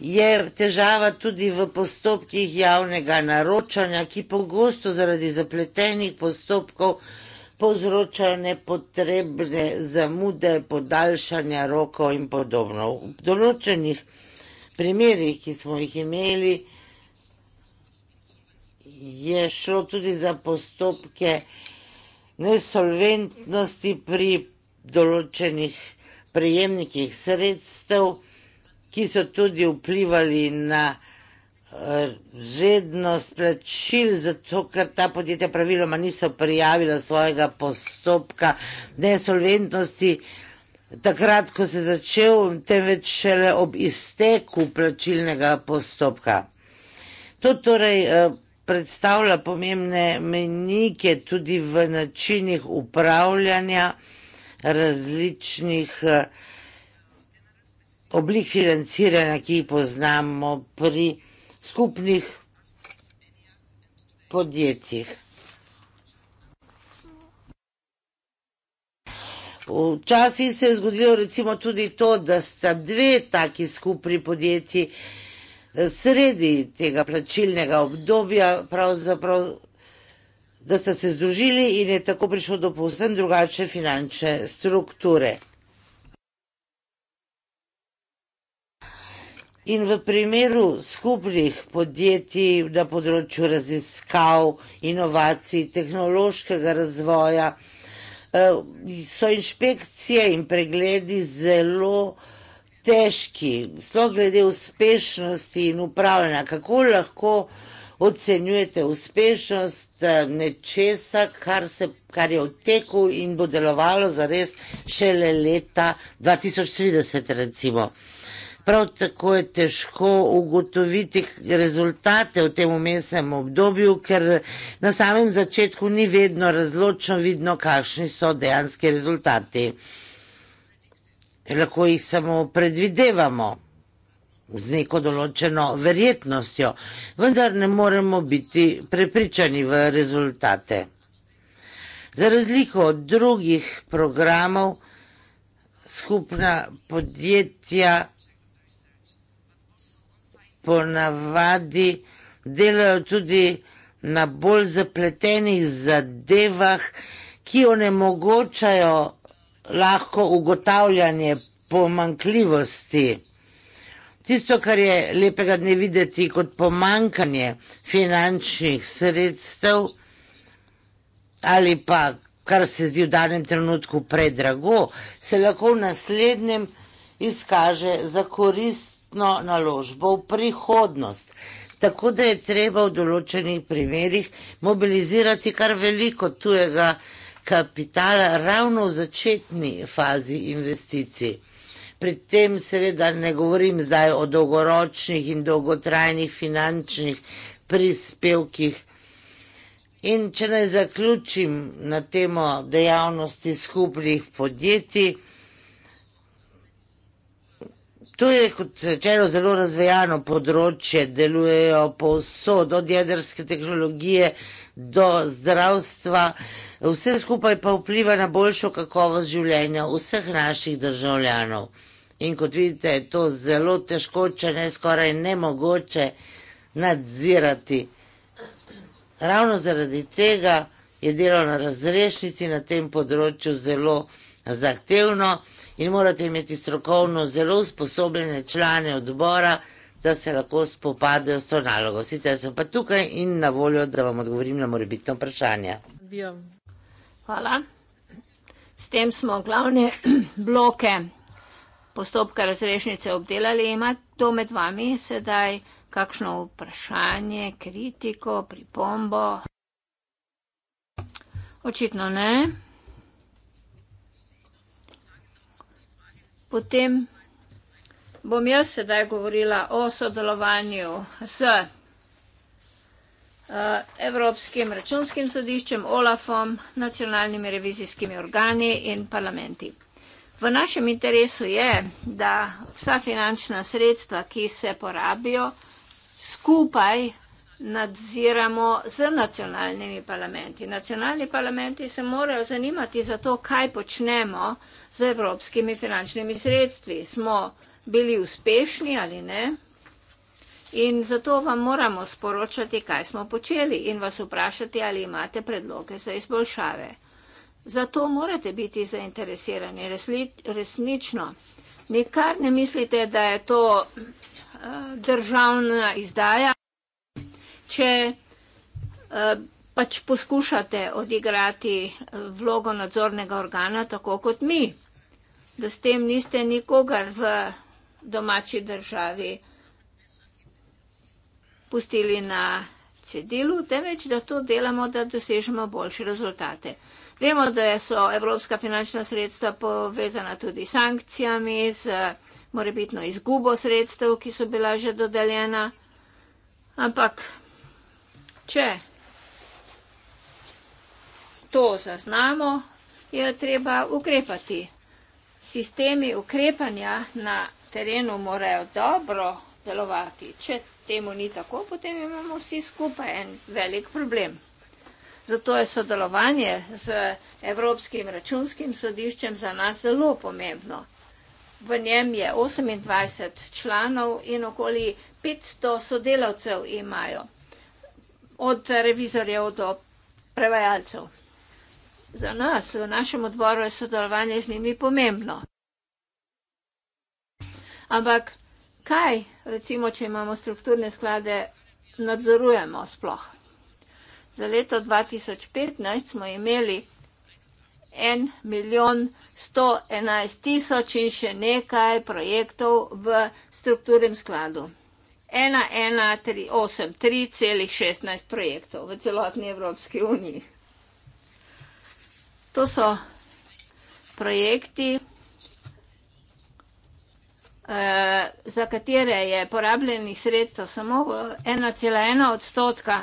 je težava tudi v postopkih javnega naročanja, ki pogosto zaradi zapletenih postopkov povzročajo nepotrebne zamude, podaljšanja rokov in podobno. V določenih primerih, ki smo jih imeli, je šlo tudi za postopke nesolventnosti pri določenih prejemnikih sredstev, ki so tudi vplivali na vrednost eh, plačil, zato ker ta podjetja praviloma niso prijavila svojega postopka nesolventnosti takrat, ko se je začel, temveč šele ob izteku plačilnega postopka. To torej eh, predstavlja pomembne menike tudi v načinih upravljanja različnih uh, oblik financiranja, ki jih poznamo pri skupnih podjetjih. Včasih se je zgodilo recimo tudi to, da sta dve taki skupni podjetji eh, sredi tega plačilnega obdobja pravzaprav, da sta se združili in je tako prišlo do povsem drugače finančne strukture. In v primeru skupnih podjetij na področju raziskav, inovacij, tehnološkega razvoja eh, so inšpekcije in pregledi zelo težki, sploh glede uspešnosti in upravljanja. Kako lahko ocenjujete uspešnost eh, nečesa, kar, se, kar je v teku in bo delovalo za res šele leta 2030, recimo? Prav tako je težko ugotoviti rezultate v tem umestnem obdobju, ker na samem začetku ni vedno razločno vidno, kakšni so dejanski rezultati. Lahko jih samo predvidevamo z neko določeno verjetnostjo, vendar ne moremo biti prepričani v rezultate. Za razliko od drugih programov, skupna podjetja, ponavadi delajo tudi na bolj zapletenih zadevah, ki onemogočajo lahko ugotavljanje pomankljivosti. Tisto, kar je lepega dne videti kot pomankanje finančnih sredstev ali pa kar se zdi v danem trenutku predrago, se lahko v naslednjem izkaže za korist skupno naložbo v prihodnost. Tako da je treba v določenih primerjih mobilizirati kar veliko tujega kapitala ravno v začetni fazi investicij. Pri tem seveda ne govorim zdaj o dolgoročnih in dolgotrajnih finančnih prispevkih. In če naj zaključim na temo dejavnosti skupnih podjetij, To je kot rečeno zelo razvejano področje, delujejo povsod, od jedrske tehnologije do zdravstva. Vse skupaj pa vpliva na boljšo kakovost življenja vseh naših državljanov. In kot vidite, je to zelo težko, če ne skoraj nemogoče nadzirati. Ravno zaradi tega je delo na razrešnici na tem področju zelo zahtevno in morate imeti strokovno zelo usposobljene člane odbora, da se lahko spopadajo s to nalogo. Sicer sem pa tukaj in na voljo, da vam odgovorim na morebitno vprašanje. Hvala. S tem smo glavne *clears throat* bloke postopka razrešnice obdelali. Ima to med vami sedaj kakšno vprašanje, kritiko, pripombo? Očitno ne. Potem bom jaz sedaj govorila o sodelovanju z eh, Evropskim računskim sodiščem, OLAFom, nacionalnimi revizijskimi organi in parlamenti. V našem interesu je, da vsa finančna sredstva, ki se porabijo, skupaj nadziramo z nacionalnimi parlamenti. Nacionalni parlamenti se morajo zanimati za to, kaj počnemo z evropskimi finančnimi sredstvi. Smo bili uspešni ali ne? In zato vam moramo sporočati, kaj smo počeli in vas vprašati, ali imate predloge za izboljšave. Zato morate biti zainteresirani resli, resnično. Nikar ne mislite, da je to uh, državna izdaja če uh, pač poskušate odigrati eh, vlogo nadzornega organa, tako kot mi, da s tem niste nikogar v domači državi pustili na cedilu, temveč da to delamo, da dosežemo boljše rezultate. Vemo, da so evropska finančna sredstva povezana tudi s sankcijami, z eh, morebitno izgubo sredstev, ki so bila že dodeljena, ampak Če to zaznamo, je treba ukrepati. Sistemi ukrepanja na terenu morajo dobro delovati. Če temu ni tako, potem imamo vsi skupaj en velik problem. Zato je sodelovanje z Evropskim računskim sodiščem za nas zelo pomembno. V njem je 28 članov in okoli 500 sodelavcev imajo od revizorjev do prevajalcev. Za nas v našem odboru je sodelovanje z njimi pomembno. Ampak kaj, recimo, če imamo strukturne sklade, nadzorujemo sploh? Za leto 2015 smo imeli 1 milijon 111 tisoč in še nekaj projektov v strukturnem skladu. 1,183,16 projektov v celotni Evropski uniji. To so projekti, eh, za katere je porabljenih sredstev samo 1,1 odstotka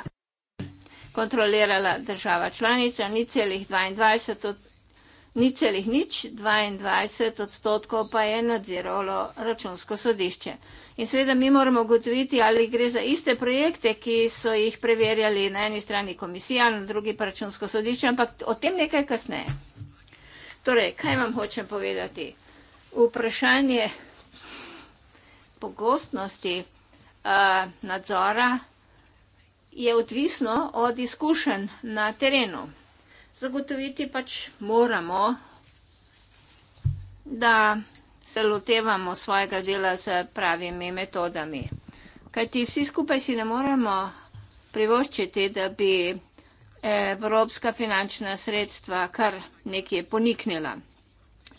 kontrolirala država članica, ni celih 22 odstotka nič celih nič, 22 odstotkov pa je nadziralo računsko sodišče. In seveda mi moramo ugotoviti, ali gre za iste projekte, ki so jih preverjali na eni strani komisija, na drugi pa računsko sodišče, ampak o tem nekaj kasneje. Torej, kaj vam hočem povedati? Vprašanje pogostnosti uh, nadzora je odvisno od izkušenj na terenu zagotoviti pač moramo, da se lotevamo svojega dela z pravimi metodami. Kajti vsi skupaj si ne moremo privoščiti, da bi evropska finančna sredstva kar nekje poniknila.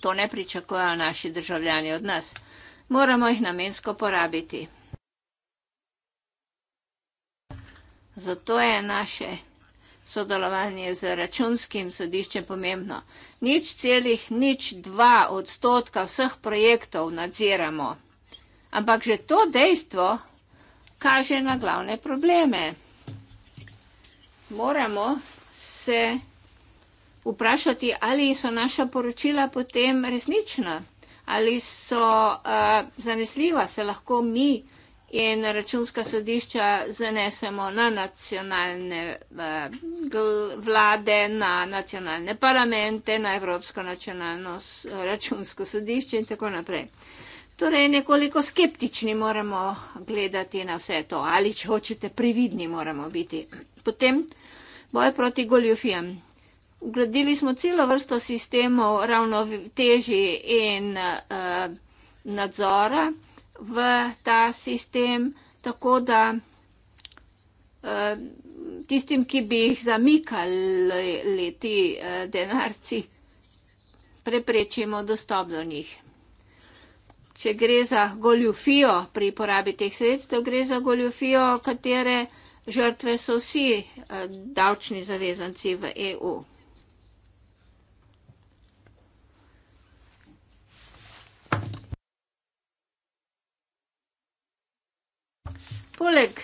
To ne pričakujejo naši državljani od nas. Moramo jih namensko porabiti. Zato je naše sodelovanje z računskim sodiščem pomembno. Nič celih, nič dva odstotka vseh projektov nadziramo. Ampak že to dejstvo kaže na glavne probleme. Moramo se vprašati, ali so naša poročila potem resnična, ali so uh, zanesljiva, se lahko mi in računska sodišča zanesemo na nacionalne eh, vlade, na nacionalne parlamente, na Evropsko nacionalno računsko sodišče in tako naprej. Torej, nekoliko skeptični moramo gledati na vse to ali, če hočete, prividni moramo biti. Potem boje proti goljufijam. Ugradili smo celo vrsto sistemov ravnoteži in uh, nadzora v ta sistem, tako da eh, tistim, ki bi jih zamikali ti eh, denarci, preprečimo dostop do njih. Če gre za goljufijo pri porabi teh sredstev, gre za goljufijo, katere žrtve so vsi eh, davčni zavezanci v EU. Poleg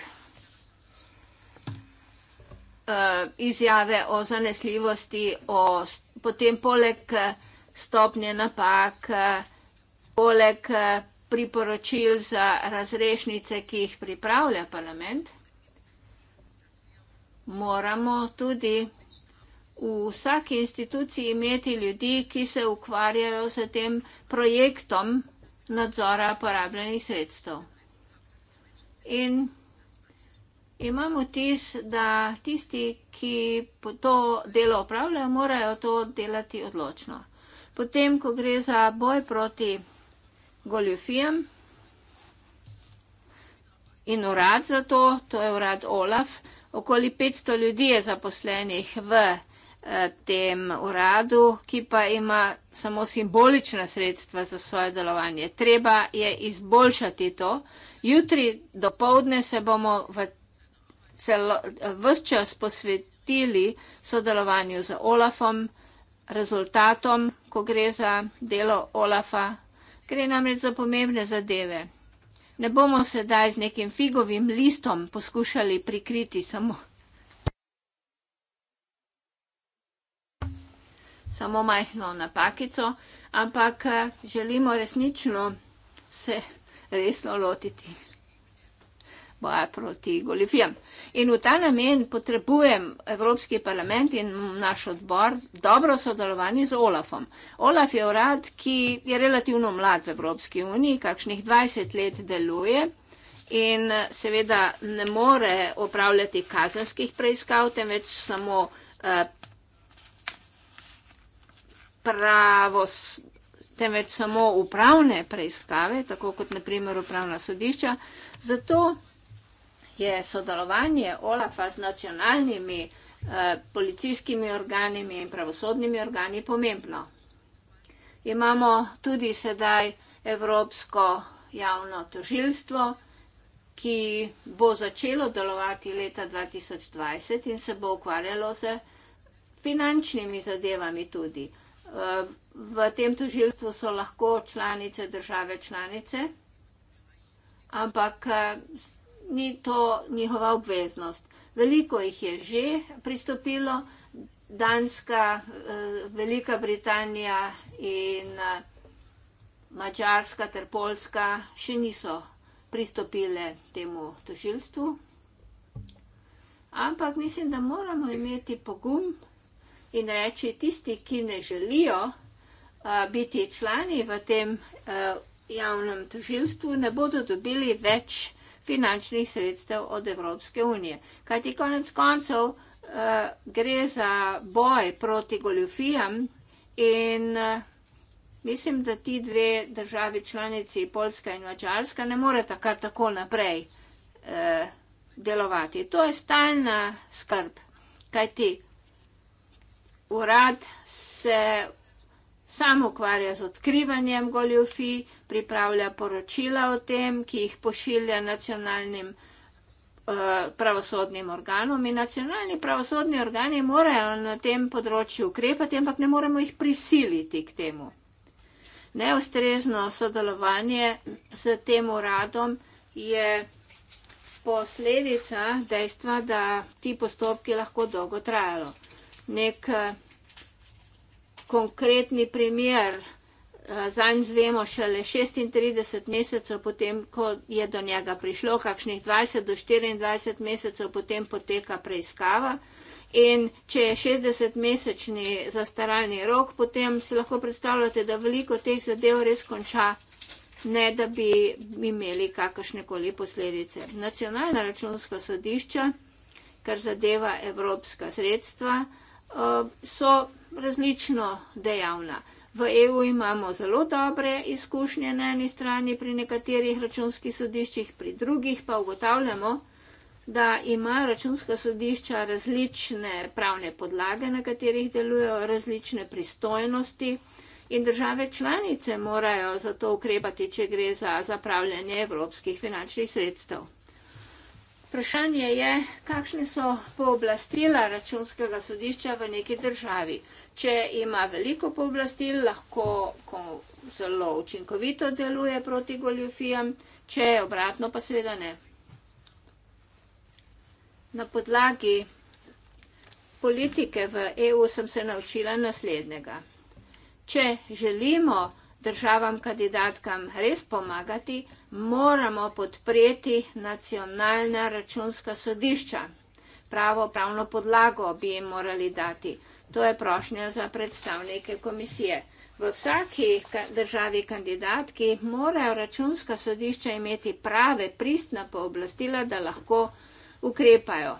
uh, izjave o zanesljivosti, o, potem poleg eh, stopnje napak, eh, poleg priporočil za razrešnice, ki jih pripravlja parlament, moramo tudi v vsaki instituciji imeti ljudi, ki se ukvarjajo s tem projektom nadzora porabljenih sredstev. In imam vtis, da tisti, ki to delo opravljajo, morajo to delati odločno. Potem, ko gre za boj proti goljufijem in urad za to, to je urad OLAF, okoli 500 ljudi je zaposlenih v Hrvatskoj, Eh, tem uradu, ki pa ima samo simbolična sredstva za svoje delovanje. Treba je izboljšati to. Jutri do povdne se bomo v celo, vse čas posvetili sodelovanju z Olafom, rezultatom, ko gre za delo Olafa. Gre namreč za pomembne zadeve. Ne bomo sedaj z nekim figovim listom poskušali prikriti samo samo majhno napakico, ampak eh, želimo resnično se resno lotiti boja proti goljofijam. In v ta namen potrebujem Evropski parlament in naš odbor dobro sodelovanje z Olafom. Olaf je urad, ki je relativno mlad v Evropski uniji, kakšnih 20 let deluje in seveda ne more opravljati kazanskih preiskav, temveč samo eh, pravo, temveč samo upravne preiskave, tako kot naprimer upravna sodišča. Zato je sodelovanje OLAF-a z nacionalnimi eh, policijskimi organi in pravosodnimi organi pomembno. Imamo tudi sedaj Evropsko javno tožilstvo, ki bo začelo delovati leta 2020 in se bo ukvarjalo z finančnimi zadevami tudi v tem tožilstvu so lahko članice države članice, ampak ni to njihova obveznost. Veliko jih je že pristopilo, Danska, Velika Britanija in Mačarska ter Poljska še niso pristopile temu tožilstvu. Ampak mislim, da moramo imeti pogum, in reči, tisti, ki ne želijo biti člani v tem javnem tožilstvu, ne bodo dobili več finančnih sredstev od Evropske unije. Kajti konec koncev gre za boj proti goljofijam in mislim, da ti dve državi članici, Poljska in Mačarska, ne more takar tako naprej delovati. To je stalna skrb, kajti urad se sam ukvarja z odkrivanjem goljufij, pripravlja poročila o tem, ki jih pošilja nacionalnim eh, pravosodnim organom in nacionalni pravosodni organi morajo na tem področju ukrepati, ampak ne moremo jih prisiliti k temu. Neustrezno sodelovanje z tem uradom je posledica dejstva, da ti postopki lahko dolgo trajalo nek eh, konkretni primer. Eh, zanj zvemo šele 36 mesecev potem, ko je do njega prišlo, kakšnih 20 do 24 mesecev potem poteka preiskava. In če je 60-mesečni zastaralni rok, potem si lahko predstavljate, da veliko teh zadev res konča, ne da bi imeli kakršne koli posledice. Nacionalna računska sodišča, kar zadeva evropska sredstva, Eh, so različno dejavna. V EU imamo zelo dobre izkušnje na eni strani pri nekaterih računskih sodiščih, pri drugih pa ugotavljamo, da imajo računska sodišča različne pravne podlage, na katerih delujejo različne pristojnosti in države članice morajo zato ukrepati, če gre za zapravljanje evropskih finančnih sredstev. Vprašanje je, kakšne so pooblastila računskega sodišča v neki državi. Če ima veliko pooblastil, lahko zelo učinkovito deluje proti goljofijam, če je obratno, pa seveda ne. Na podlagi politike v EU sem se naučila naslednjega. Če želimo, državam kandidatkam res pomagati, moramo podpreti nacionalna računska sodišča. Pravo pravno podlago bi jim morali dati. To je prošnja za predstavnike komisije. V vsaki državi kandidatki morajo računska sodišča imeti prave pristna pooblastila, da lahko ukrepajo.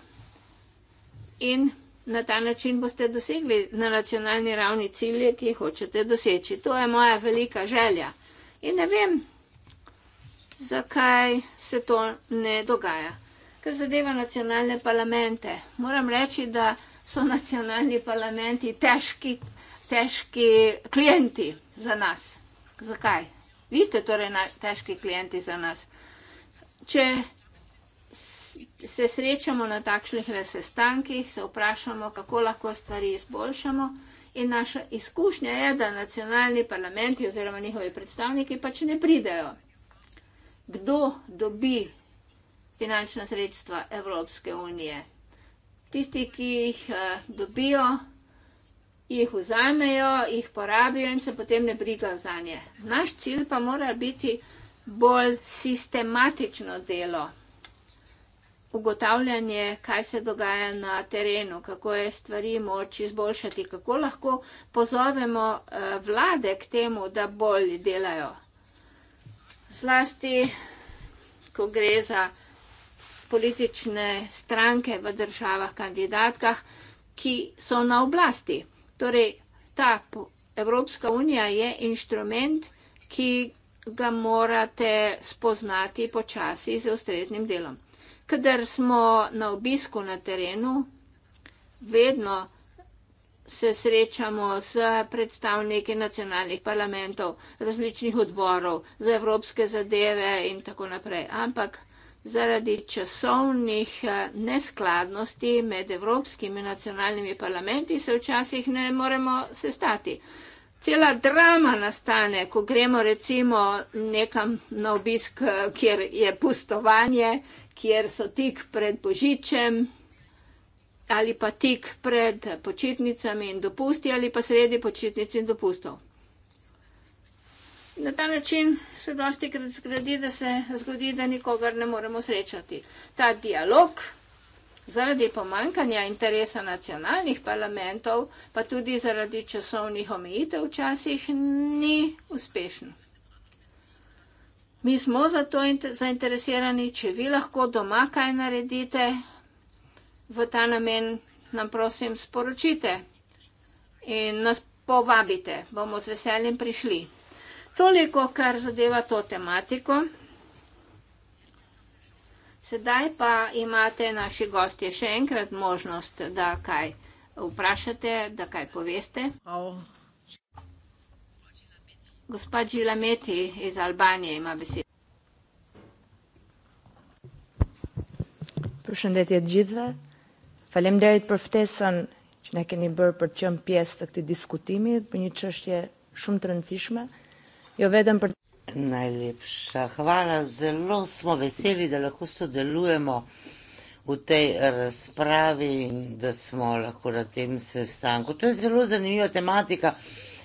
In na ta način boste dosegli na nacionalni ravni cilje, ki jih hočete doseči. To je moja velika želja. In ne vem, zakaj se to ne dogaja. Ker zadeva nacionalne parlamente. Moram reči, da so nacionalni parlamenti težki, težki klienti za nas. Zakaj? Vi ste torej težki klienti za nas. Če se srečamo na takšnih sestankih, se vprašamo, kako lahko stvari izboljšamo. In naša izkušnja je, da nacionalni parlamenti oziroma njihovi predstavniki pač ne pridejo. Kdo dobi finančna sredstva Evropske unije? Tisti, ki jih eh, dobijo, jih vzamejo, jih porabijo in se potem ne brigajo za nje. Naš cilj pa mora biti bolj sistematično delo ugotavljanje, kaj se dogaja na terenu, kako je stvari moč izboljšati, kako lahko pozovemo eh, vlade k temu, da bolj delajo. Zlasti, ko gre za politične stranke v državah kandidatkah, ki so na oblasti. Torej, ta Evropska unija je inštrument, ki ga morate spoznati počasi z ustreznim delom kadar smo na obisku na terenu, vedno se srečamo s predstavniki nacionalnih parlamentov, različnih odborov za evropske zadeve in tako naprej. Ampak zaradi časovnih eh, neskladnosti med evropskimi in nacionalnimi parlamenti se včasih ne moremo sestati. Cela drama nastane, ko gremo recimo nekam na obisk, eh, kjer je pustovanje, kjer so tik pred božičem ali pa tik pred počitnicami in dopusti ali pa sredi počitnic in dopustov. Na ta način se dosti krat zgodi, da se zgodi, da nikogar ne moremo srečati. Ta dialog zaradi pomankanja interesa nacionalnih parlamentov, pa tudi zaradi časovnih omejitev včasih ni uspešen. Mi smo za to zainteresirani, če vi lahko doma kaj naredite v ta namen, nam prosim sporočite in nas povabite, bomo z veseljem prišli. Toliko, kar zadeva to tematiko. Sedaj pa imate naši gostje še enkrat možnost, da kaj vprašate, da kaj poveste. Hvala. Gospa Džila Meti iz Albanije ima besedo. Përshëndetje të gjithve. Faleminderit për ftesën që ne keni bërë për të qenë pjesë të këtij diskutimi për një çështje shumë të rëndësishme, jo vetëm për Najlepša hvala, zelo smo veseli, da lahko sodelujemo v tej razpravi in da smo lahko na tem sestanku. To je zelo zanimiva tematika.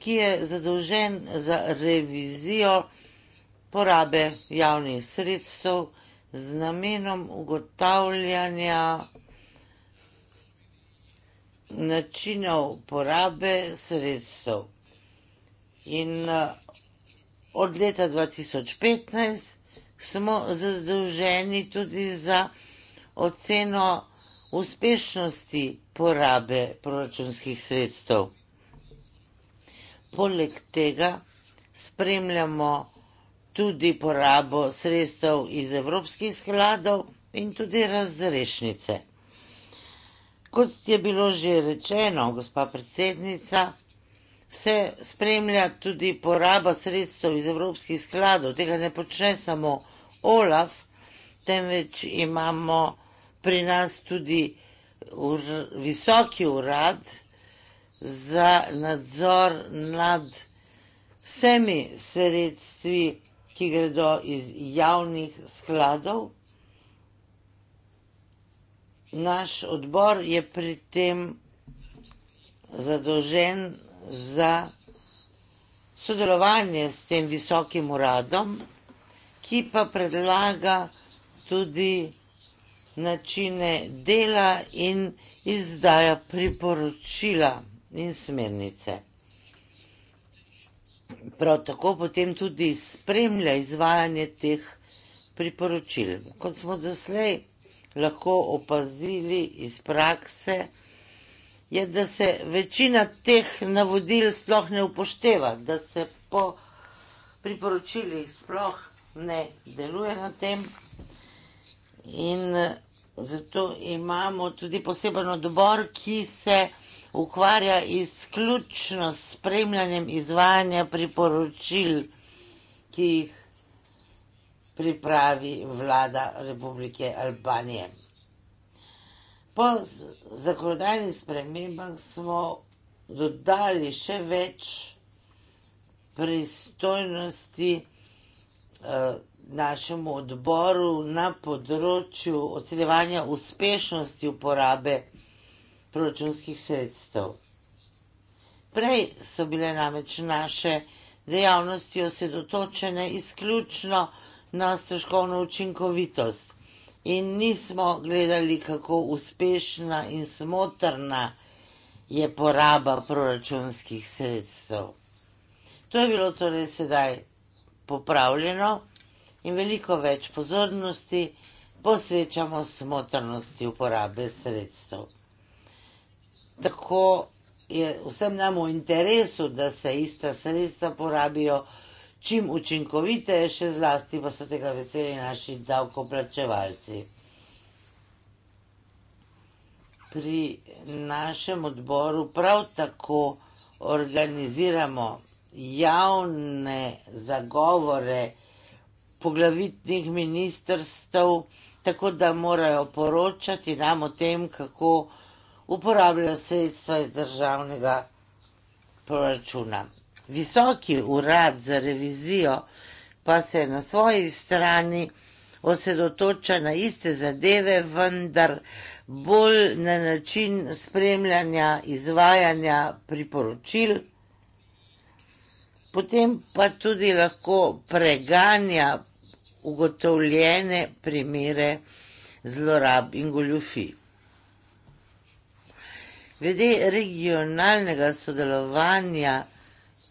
ki je zadolžen za revizijo porabe javnih sredstev z namenom ugotavljanja načinov porabe sredstev. In eh, od leta 2015 smo zadolženi tudi za oceno uspešnosti porabe proračunskih sredstev. Poleg tega spremljamo tudi porabo sredstev iz evropskih skladov in tudi razrešnice. Kot je bilo že rečeno, gospa predsednica, se spremlja tudi poraba sredstev iz evropskih skladov. Tega ne počne samo OLAF, temveč imamo pri nas tudi ur, visoki urad, za nadzor nad vsemi sredstvi, ki gredo iz javnih skladov. Naš odbor je pri tem zadolžen za sodelovanje s tem visokim uradom, ki pa predlaga tudi načine dela in izdaja priporočila in smernice. Prav tako potem tudi spremlja izvajanje teh priporočil. Kot smo doslej lahko opazili iz prakse, je, da se večina teh navodil sploh ne upošteva, da se po priporočilih sploh ne deluje na tem in zato imamo tudi poseben odbor, ki se vsega, ukvarja izključno s spremljanjem izvajanja priporočil, ki jih pripravi vlada Republike Albanije. Po zakonodajnih spremembah smo dodali še več pristojnosti eh, našemu odboru na področju ocenjevanja uspešnosti uporabe proračunskih sredstev. Prej so bile namreč naše dejavnosti osredotočene izključno na stroškovno učinkovitost in nismo gledali, kako uspešna in smotrna je poraba proračunskih sredstev. To je bilo torej sedaj popravljeno in veliko več pozornosti posvečamo smotrnosti uporabe sredstev tako je vsem nam v interesu, da se ista sredstva porabijo čim učinkoviteje, še zlasti pa so tega veseli naši davkoplačevalci. Pri našem odboru prav tako organiziramo javne zagovore poglavitnih ministrstv, tako da morajo poročati nam o tem, kako vsega, uporabljajo sredstva iz državnega proračuna. Visoki urad za revizijo pa se na svoji strani osredotoča na iste zadeve, vendar bolj na način spremljanja izvajanja priporočil, potem pa tudi lahko preganja ugotovljene primere zlorab in goljufij. Glede regionalnega sodelovanja,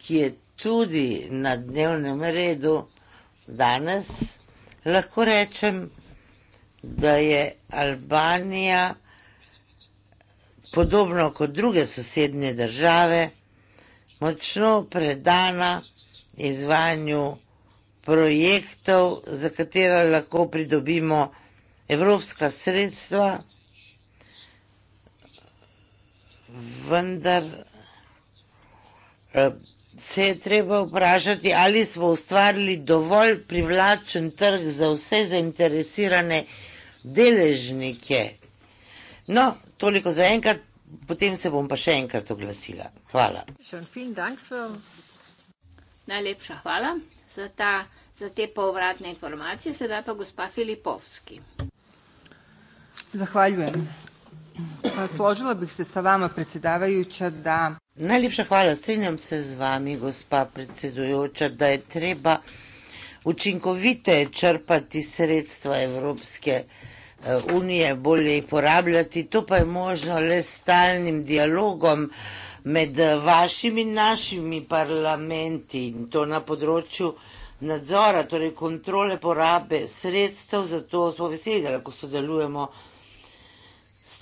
ki je tudi na dnevnem redu danes, lahko rečem, da je Albanija, podobno kot druge sosednje države, močno predana izvajanju projektov, za katera lahko pridobimo evropska sredstva vendar eh, se je treba vprašati, ali smo ustvarili dovolj privlačen trg za vse zainteresirane deležnike. No, toliko za enkrat, potem se bom pa še enkrat oglasila. Hvala. Najlepša hvala za, ta, za te povratne informacije. Sedaj pa gospa Filipovski. Zahvaljujem. Složila bih se sa vama, predsedavajuća, da... Najljepša hvala, strinjam se s vami, gospa predsedujuća, da je treba učinkovite črpati sredstva Evropske eh, unije, bolje ih porabljati. To pa je možno le s stalnim dialogom med vašimi in našimi parlamenti in to na področju nadzora, torej kontrole porabe sredstev, zato smo veseli, da lahko sodelujemo s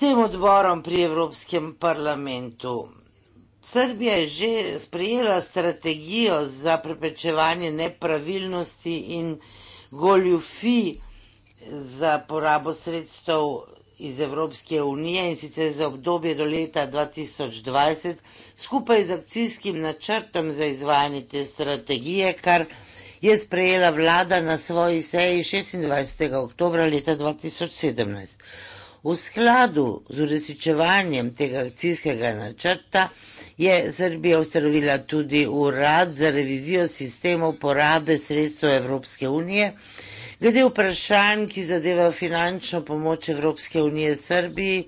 tem odborom pri Evropskem parlamentu? Srbija je že sprejela strategijo za preprečevanje nepravilnosti in goljufi za porabo sredstev iz Evropske unije in sicer za obdobje do leta 2020 skupaj z akcijskim načrtom za izvajanje te strategije, kar je sprejela vlada na svoji seji 26. oktobra leta 2017. V skladu z uresničevanjem tega akcijskega načrta je Srbija ustanovila tudi urad za revizijo sistemov porabe sredstev Evropske unije. Glede vprašanj, ki zadeva finančno pomoč Evropske unije Srbiji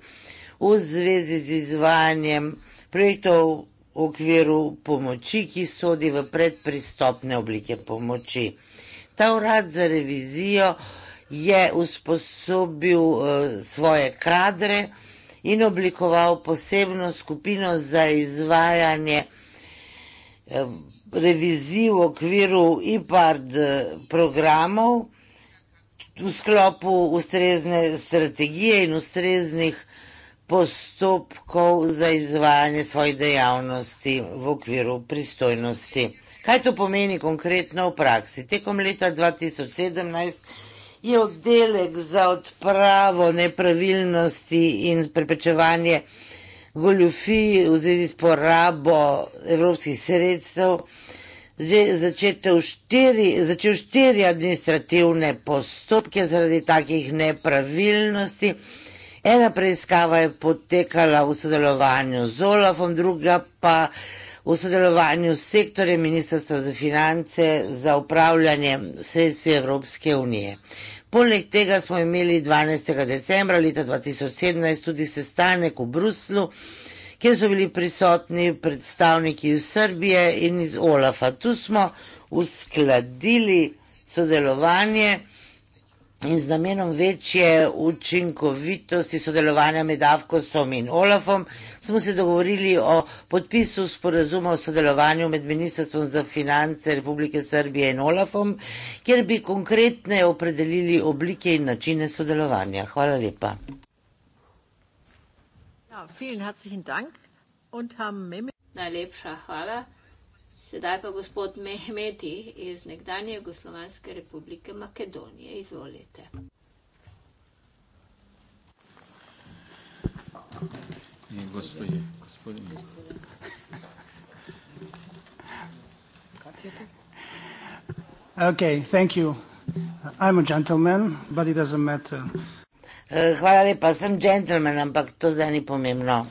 v zvezi z izvajanjem projektov v okviru pomoči, ki sodi v predpristopne oblike pomoči. Ta urad za revizijo je usposobil eh, svoje kadre in oblikoval posebno skupino za izvajanje eh, revizij v okviru IPARD eh, programov v sklopu ustrezne strategije in ustreznih postopkov za izvajanje svoje dejavnosti v okviru pristojnosti. Kaj to pomeni konkretno v praksi? Tekom leta 2017 je oddelek za odpravo nepravilnosti in preprečevanje goljufij v zvezi s porabo evropskih sredstev že štiri, začel štiri administrativne postopke zaradi takih nepravilnosti. Ena preiskava je potekala v sodelovanju z Olafom, druga pa je v sodelovanju s sektorjem Ministrstva za finance za upravljanje sredstvi Evropske unije. Poleg tega smo imeli 12. decembra leta 2017 tudi sestanek v Bruslu, kjer so bili prisotni predstavniki iz Srbije in iz OLAF-a. Tu smo uskladili sodelovanje in z namenom večje učinkovitosti sodelovanja med Avkosom in Olafom smo se dogovorili o podpisu sporazuma o sodelovanju med Ministrstvom za finance Republike Srbije in Olafom, kjer bi konkretne opredelili oblike in načine sodelovanja. Hvala lepa. Ja, Najlepša hvala. Sedaj pa gospod Mehmeti iz nekdanje Jugoslovanske republike Makedonije. Izvolite. Ja, je, gospodje, gospodje. Okay, thank you. I'm a gentleman, but it doesn't matter. Uh, hvala lepa, sem gentleman, ampak to zdaj ni pomembno.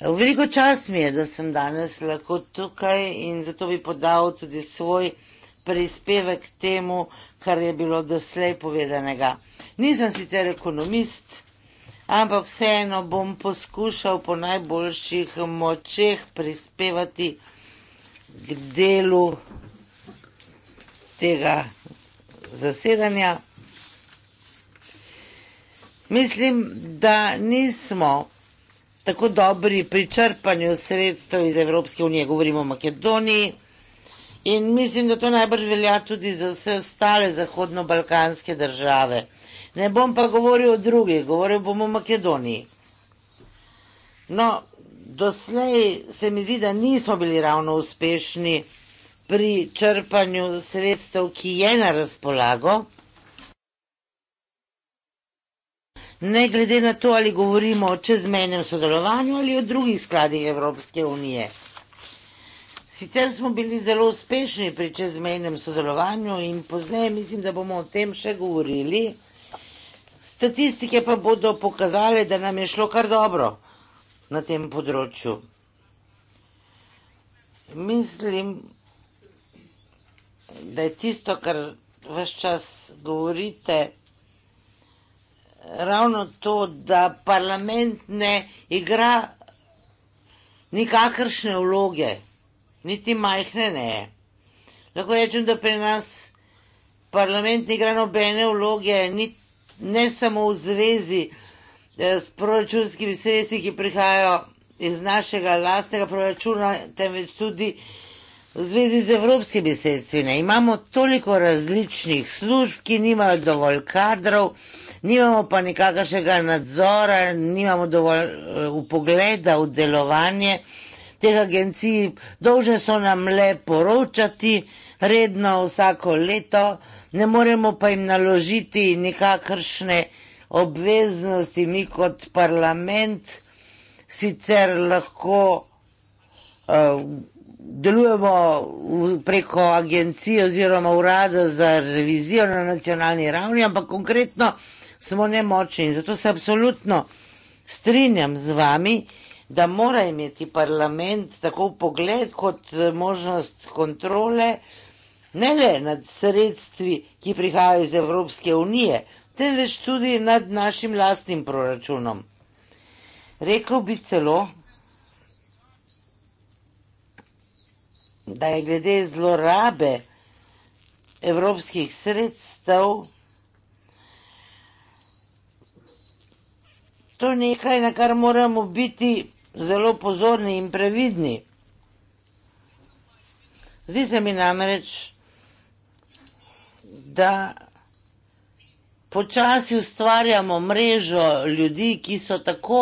Veliko čast mi je, da sem danes lahko tukaj in zato bi podal tudi svoj prispevek k temu, kar je bilo doslej povedanega. Nisem sicer ekonomist, ampak vseeno bom poskušal po najboljših močeh prispevati k delu tega zasedanja. Mislim, da nismo tako dobri pri črpanju sredstev iz Evropske unije, govorimo o Makedoniji. In mislim, da to najbrž velja tudi za vse ostale zahodno-balkanske države. Ne bom pa govoril o drugih, govoril bom o Makedoniji. No, doslej se mi zdi, da nismo bili ravno uspešni pri črpanju sredstev, ki je na razpolago. ne glede na to, ali govorimo o čezmenem sodelovanju ali o drugih skladih Evropske unije. Sicer smo bili zelo uspešni pri čezmenem sodelovanju in pozneje mislim, da bomo o tem še govorili. Statistike pa bodo pokazale, da nam je šlo kar dobro na tem področju. Mislim, da je tisto, kar vse čas govorite, ravno to, da parlament ne igra nikakršne vloge, niti majhne ne. Lahko rečem, da pri nas parlament ne igra nobene vloge, ne samo v zvezi eh, s proračunskimi sredstvi, ki prihajajo iz našega lastnega proračuna, temveč tudi v zvezi z evropskimi sredstvi. Imamo toliko različnih služb, ki nimajo dovolj kadrov, nimamo pa nikakršnega nadzora, nimamo dovolj upogleda eh, v delovanje teh agencij. Dolže so nam le poročati redno vsako leto, ne moremo pa jim naložiti nikakršne obveznosti, mi kot parlament sicer lahko eh, delujemo preko agencije oziroma urada za revizijo na nacionalni ravni, ampak konkretno smo nemočni in zato se absolutno strinjam z vami, da mora imeti parlament tako pogled kot eh, možnost kontrole, ne le nad sredstvi, ki prihajajo iz Evropske unije, temveč tudi nad našim lastnim proračunom. Rekl bi celo, da je glede zlorabe evropskih sredstev To je nekaj, na kar moramo biti zelo pozorni in previdni. Zdi se mi namreč, da počasi ustvarjamo mrežo ljudi, ki so tako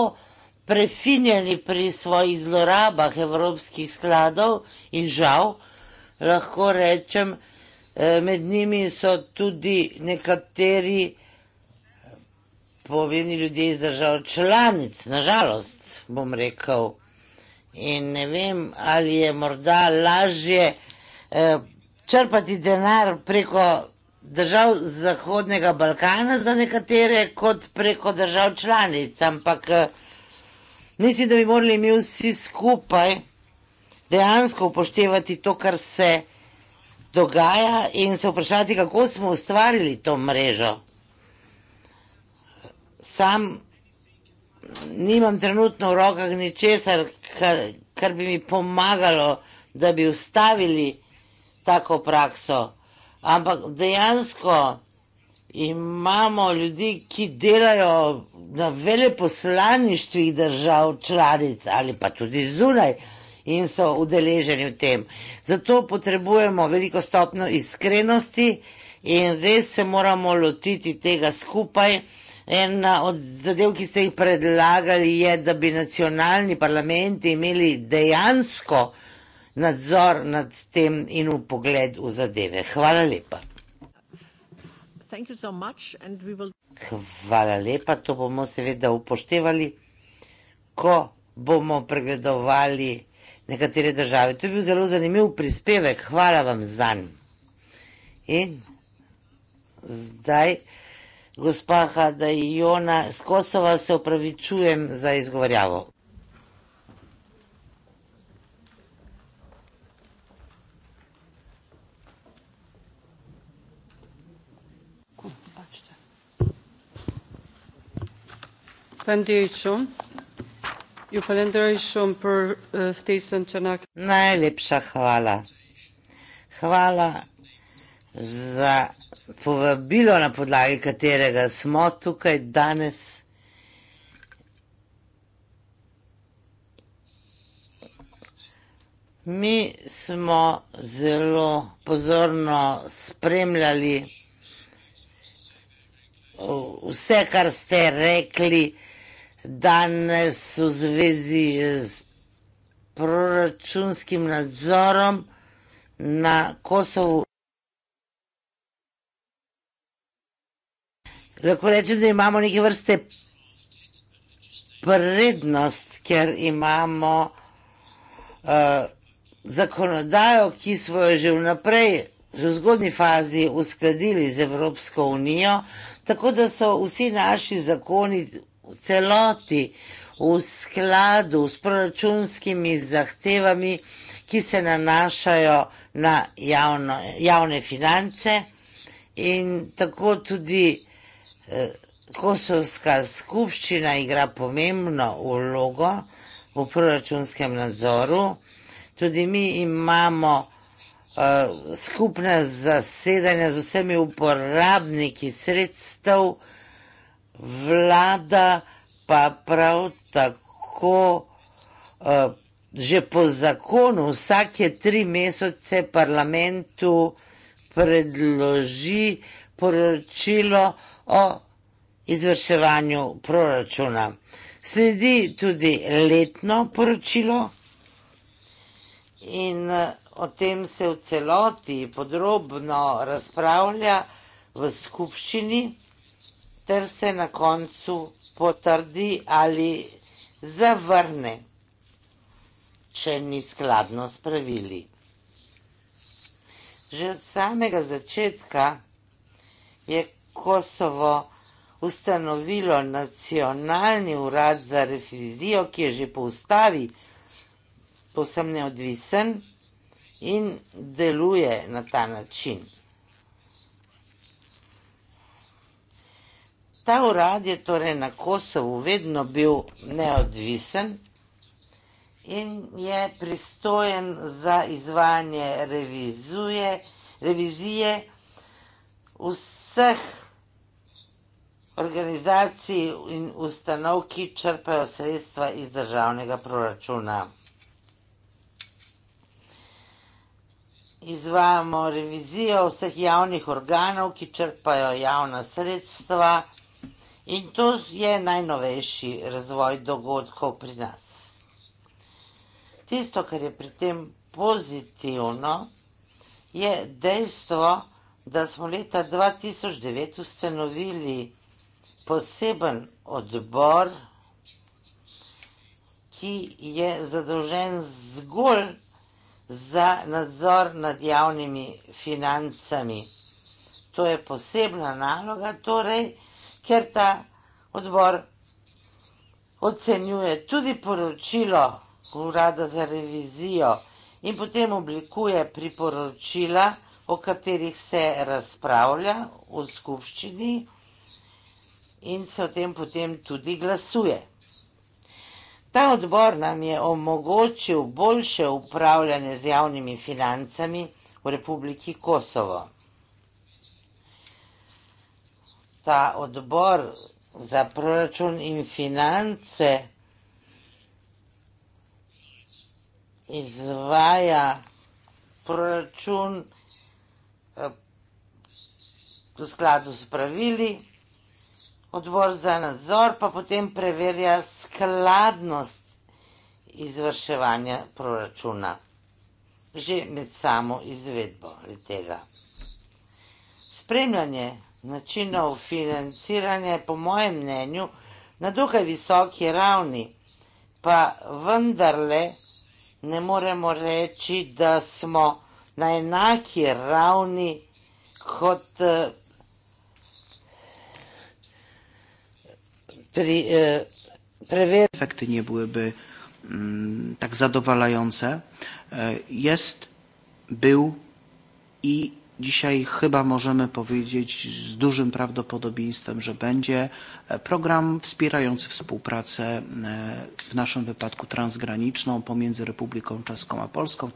prefinjeni pri svojih zlorabah evropskih skladov in žal, lahko rečem, eh, med njimi so tudi nekateri, ki so tako prefinjeni pri svojih zlorabah evropskih skladov in žal, lahko rečem, med njimi so tudi nekateri, pomeni ljudje iz držav članic, nažalost, bom rekel. In ne vem, ali je morda lažje eh, črpati denar preko držav Zahodnega Balkana za nekatere, kot preko držav članic. Ampak eh, mislim, da bi morali mi vsi skupaj dejansko upoštevati to, kar se dogaja in se vprašati, kako smo ustvarili to mrežo sam nimam trenutno v rokah ničesar, kar, kar bi mi pomagalo, da bi ustavili tako prakso. Ampak dejansko imamo ljudi, ki delajo na veleposlaništvih držav članic ali pa tudi zunaj in so udeleženi v tem. Zato potrebujemo veliko stopno iskrenosti in res se moramo lotiti tega skupaj. Ena od zadev, ki ste jih predlagali, je, da bi nacionalni parlamenti imeli dejansko nadzor nad tem in v pogled v zadeve. Hvala lepa. So will... Hvala lepa, to bomo seveda upoštevali, ko bomo pregledovali nekatere države. To je bil zelo zanimiv prispevek, hvala vam za njim. In zdaj gospa Hadajona z Kosova, se opravičujem za izgovorjavo. Eh, Najlepša hvala. Hvala za povabilo, na podlagi katerega smo tukaj danes. Mi smo zelo pozorno spremljali vse, kar ste rekli danes v zvezi z proračunskim nadzorom na Kosovu. lahko rečem, da imamo neke vrste prednost, ker imamo uh, zakonodajo, ki smo jo že vnaprej, že v zgodni fazi, uskladili z Evropsko unijo, tako da so vsi naši zakoni v celoti v skladu s proračunskimi zahtevami, ki se nanašajo na javno, javne finance in tako tudi Kosovska skupščina igra pomembno vlogo v proračunskem nadzoru. Tudi mi imamo uh, skupna zasedanja z vsemi uporabniki sredstev, vlada pa prav tako uh, že po zakonu vsake tri mesece parlamentu predloži poročilo, o izvrševanju proračuna. Sledi tudi letno poročilo in eh, o tem se v celoti podrobno razpravlja v skupščini ter se na koncu potrdi ali zavrne, če ni skladno s pravili. Že od samega začetka je Kosovo ustanovilo nacionalni urad za revizijo, ki je že po ustavi povsem neodvisen in deluje na ta način. Ta urad je torej na Kosovu vedno bil neodvisen in je pristojen za izvajanje revizuje, revizije vseh organizacij in ustanov, ki črpajo sredstva iz državnega proračuna. Izvajamo revizijo vseh javnih organov, ki črpajo javna sredstva in to je najnovejši razvoj dogodkov pri nas. Tisto, kar je pri tem pozitivno, je dejstvo, da smo leta 2009 ustanovili vsega, poseben odbor, ki je zadolžen zgolj za nadzor nad javnimi financami. To je posebna naloga, torej, ker ta odbor ocenjuje tudi poročilo urada za revizijo in potem oblikuje priporočila, o katerih se razpravlja v skupščini, in se o tem potem tudi glasuje. Ta odbor nam je omogočil boljše upravljanje z javnimi financami v Republiki Kosovo. Ta odbor za proračun in finance izvaja proračun eh, v skladu s pravili odbor za nadzor pa potem preverja skladnost izvrševanja proračuna, že med samo izvedbo tega. Spremljanje načinov financiranja je po mojem mnenju na dokaj visoki ravni, pa vendarle ne moremo reči, da smo na enaki ravni kot eh, pri, e, prever- efekty nie byłyby mm, tak zadowalające. E, jest, był i dzisiaj chyba możemy powiedzieć z dużym prawdopodobieństwem, że będzie program wspierający współpracę e, w naszym wypadku transgraniczną pomiędzy Republiką Czeską a Polską.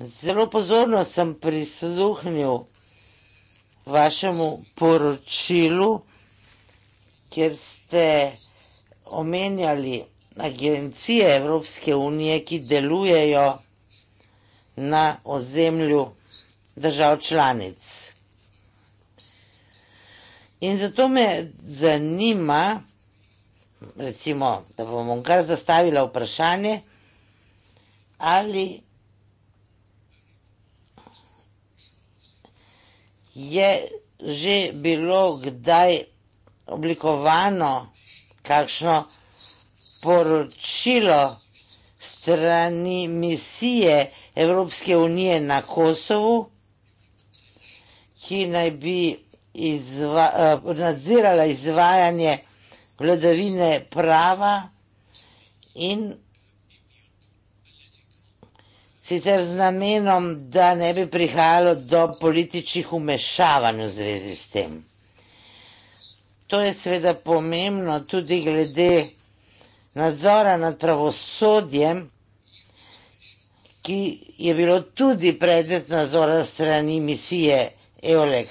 Zelo pozorno sam prisluhnil vašemu poročilu kjer ste omenjali agencije Evropske unije, ki delujejo na ozemlju držav članic. In zato me zanima, recimo, da bom kar zastavila vprašanje, ali je že bilo kdaj oblikovano kakšno poročilo strani misije Evropske unije na Kosovu, ki naj bi izva, eh, nadzirala izvajanje vladavine prava in sicer z namenom, da ne bi prihajalo do političnih umešavanj v zvezi s tem. To je seveda pomembno tudi glede nadzora nad pravosodjem, ki je bilo tudi predmet nadzora strani misije EOLEX.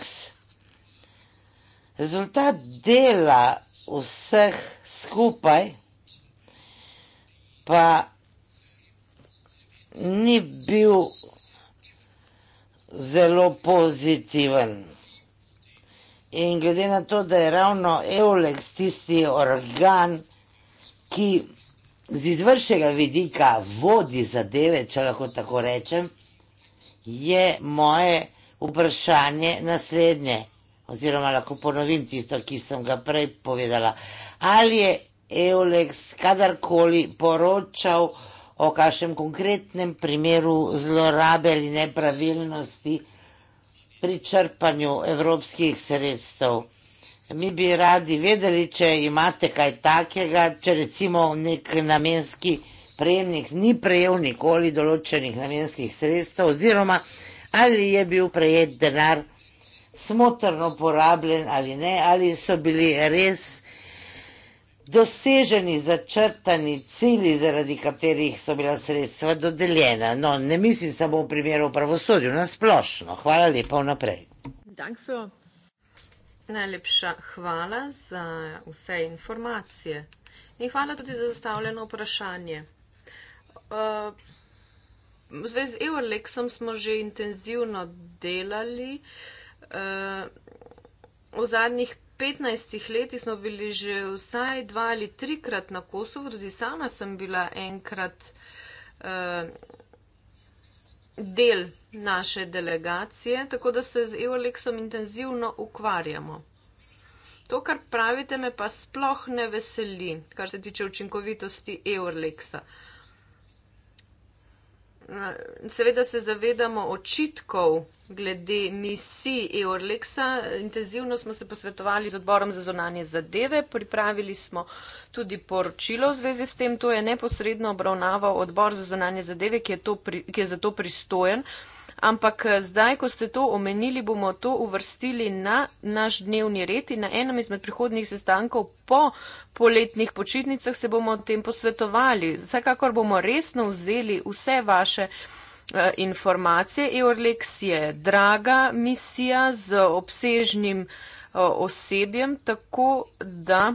Rezultat dela vseh skupaj pa ni bil zelo pozitiven. In glede na to, da je ravno Eulex tisti organ, ki z izvršnega vidika vodi zadeve, če lahko tako rečem, je moje vprašanje naslednje, oziroma lahko ponovim tisto, ki sem ga prej povedala. Ali je Eulex kadarkoli poročal o kakšnem konkretnem primeru zlorabe ali nepravilnosti? pri črpanju evropskih sredstev. Mi bi radi vedeli, če imate kaj takega, če recimo nek namenski prejemnik ni prejel nikoli določenih namenskih sredstev oziroma ali je bil prejet denar smotrno porabljen ali ne, ali so bili res doseženi, začrtani cilji, zaradi katerih so bila sredstva dodeljena. No, ne mislim samo v primeru pravosodju, nasplošno. Hvala lepa vnaprej. Najlepša hvala za vse informacije in hvala tudi za zastavljeno vprašanje. Uh, v zvezi z Euroleksom smo že intenzivno delali. Uh, v zadnjih 15 letih smo bili že vsaj dva ali trikrat na Kosovo, tudi sama sem bila enkrat uh, del naše delegacije, tako da se z Eoleksom intenzivno ukvarjamo. To, kar pravite, me pa sploh ne veseli, kar se tiče učinkovitosti Eoleksa. Uh, Seveda se zavedamo očitkov glede misij EOR-Lexa. Intenzivno smo se posvetovali z odborom za zonanje zadeve, pripravili smo tudi poročilo v zvezi s tem. To je neposredno obravnaval odbor za zonanje zadeve, ki je, pri, ki je za to pristojen. Ampak eh, zdaj, ko ste to omenili, bomo to uvrstili na naš dnevni red in na enem izmed prihodnih sestankov po poletnih počitnicah se bomo o tem posvetovali. Vsekakor bomo resno vzeli vse vaše eh, informacije. Eurlex je draga misija z obsežnim eh, osebjem, tako da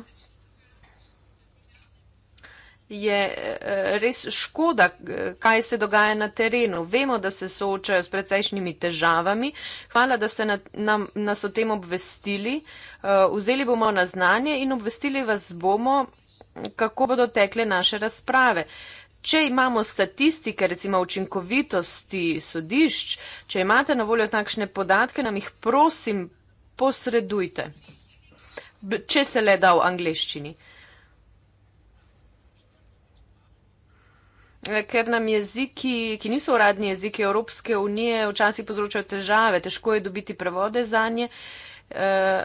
je eh, res škoda, eh, kaj se dogaja na terenu. Vemo, da se soočajo s precejšnjimi težavami. Hvala, da ste na, nam, nas o tem obvestili. Eh, vzeli bomo na znanje in obvestili vas bomo, kako bodo tekle naše razprave. Če imamo statistike, recimo učinkovitosti sodišč, če imate na voljo takšne podatke, nam jih prosim posredujte. Če se le da v angleščini. ker nam jeziki, ki niso uradni jeziki Evropske unije, včasih povzročajo težave, težko je dobiti prevode za nje. E, eh,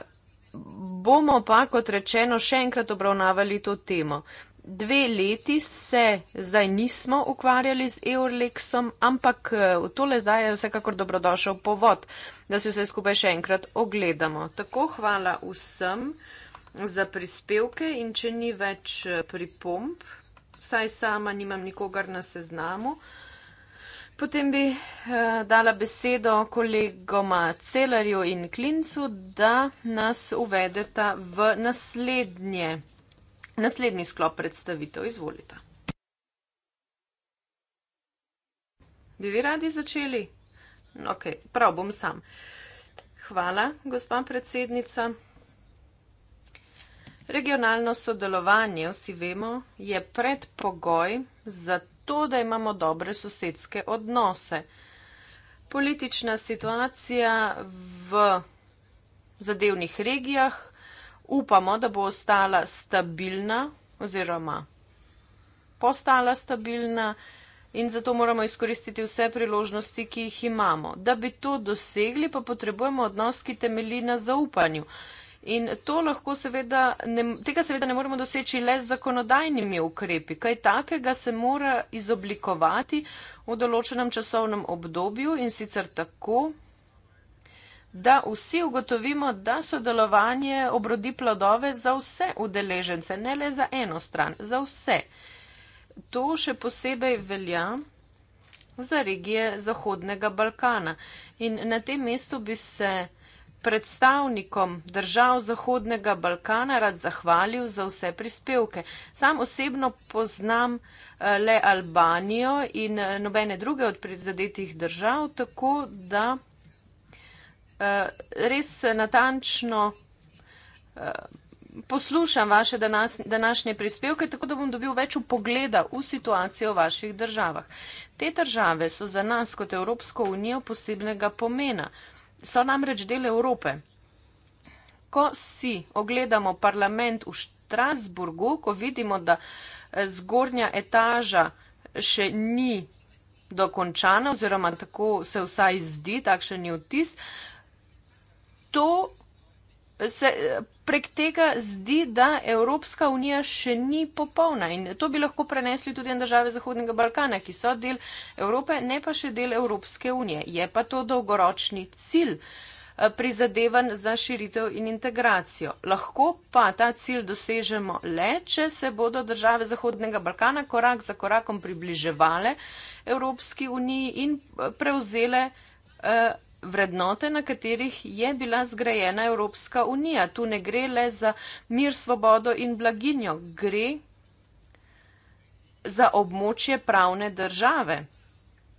bomo pa, kot rečeno, še enkrat obravnavali to temo. Dve leti se zdaj nismo ukvarjali z Eurlexom, ampak v eh, tole zdaj je vsekakor dobrodošel povod, da se vse skupaj še enkrat ogledamo. Tako hvala vsem za prispevke in če ni več eh, pripomp vsaj sama nimam nikogar na seznamu. Potem bi eh, dala besedo kolegoma Celarju in Klincu, da nas uvedeta v naslednje, naslednji sklop predstavitev. Izvolite. Bi vi radi začeli? Ok, prav bom sam. Hvala, gospa predsednica. Regionalno sodelovanje, vsi vemo, je predpogoj za to, da imamo dobre sosedske odnose. Politična situacija v zadevnih regijah upamo, da bo ostala stabilna oziroma postala stabilna in zato moramo izkoristiti vse priložnosti, ki jih imamo. Da bi to dosegli, pa potrebujemo odnos, ki temelji na zaupanju. In to lahko seveda, ne, tega seveda ne moremo doseči le z zakonodajnimi ukrepi. Kaj takega se mora izoblikovati v določenem časovnem obdobju in sicer tako, da vsi ugotovimo, da sodelovanje obrodi plodove za vse udeležence, ne le za eno stran, za vse. To še posebej velja za regije Zahodnega Balkana. In na tem mestu bi se predstavnikom držav Zahodnega Balkana rad zahvalil za vse prispevke. Sam osebno poznam eh, le Albanijo in eh, nobene druge od prizadetih držav, tako da eh, res natančno poslušam vaše današnje prispevke, tako da bom dobil več upogleda v situacijo v vaših državah. Te države so za nas kot Evropsko unijo posebnega pomena so namreč del Evrope. Ko si ogledamo parlament v Strasburgu, ko vidimo, da eh, zgornja etaža še ni dokončana, oziroma tako se vsaj zdi, takšen je vtis, to se prek tega zdi, da Evropska unija še ni popolna in to bi lahko prenesli tudi na države Zahodnega Balkana, ki so del Evrope, ne pa še del Evropske unije. Je pa to dolgoročni cilj eh, prizadevan za širitev in integracijo. Lahko pa ta cilj dosežemo le, če se bodo države Zahodnega Balkana korak za korakom približevale Evropski uniji in eh, prevzele. Uh, vrednote, na katerih je bila zgrajena Evropska unija. Tu ne gre le za mir, svobodo in blaginjo, gre za območje pravne države.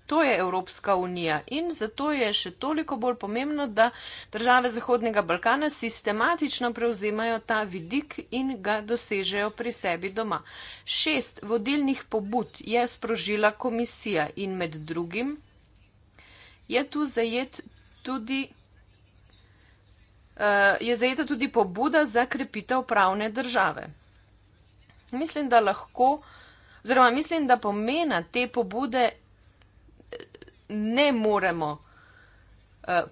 To je Evropska unija in zato je še toliko bolj pomembno, da države Zahodnega Balkana sistematično prevzemajo ta vidik in ga dosežejo pri sebi doma. Šest vodilnih pobud je sprožila komisija in med drugim je tu zajet tudi eh, je zajeta tudi pobuda za krepitev pravne države. Mislim, da lahko, oziroma mislim, da pomena te pobude eh, ne moremo eh,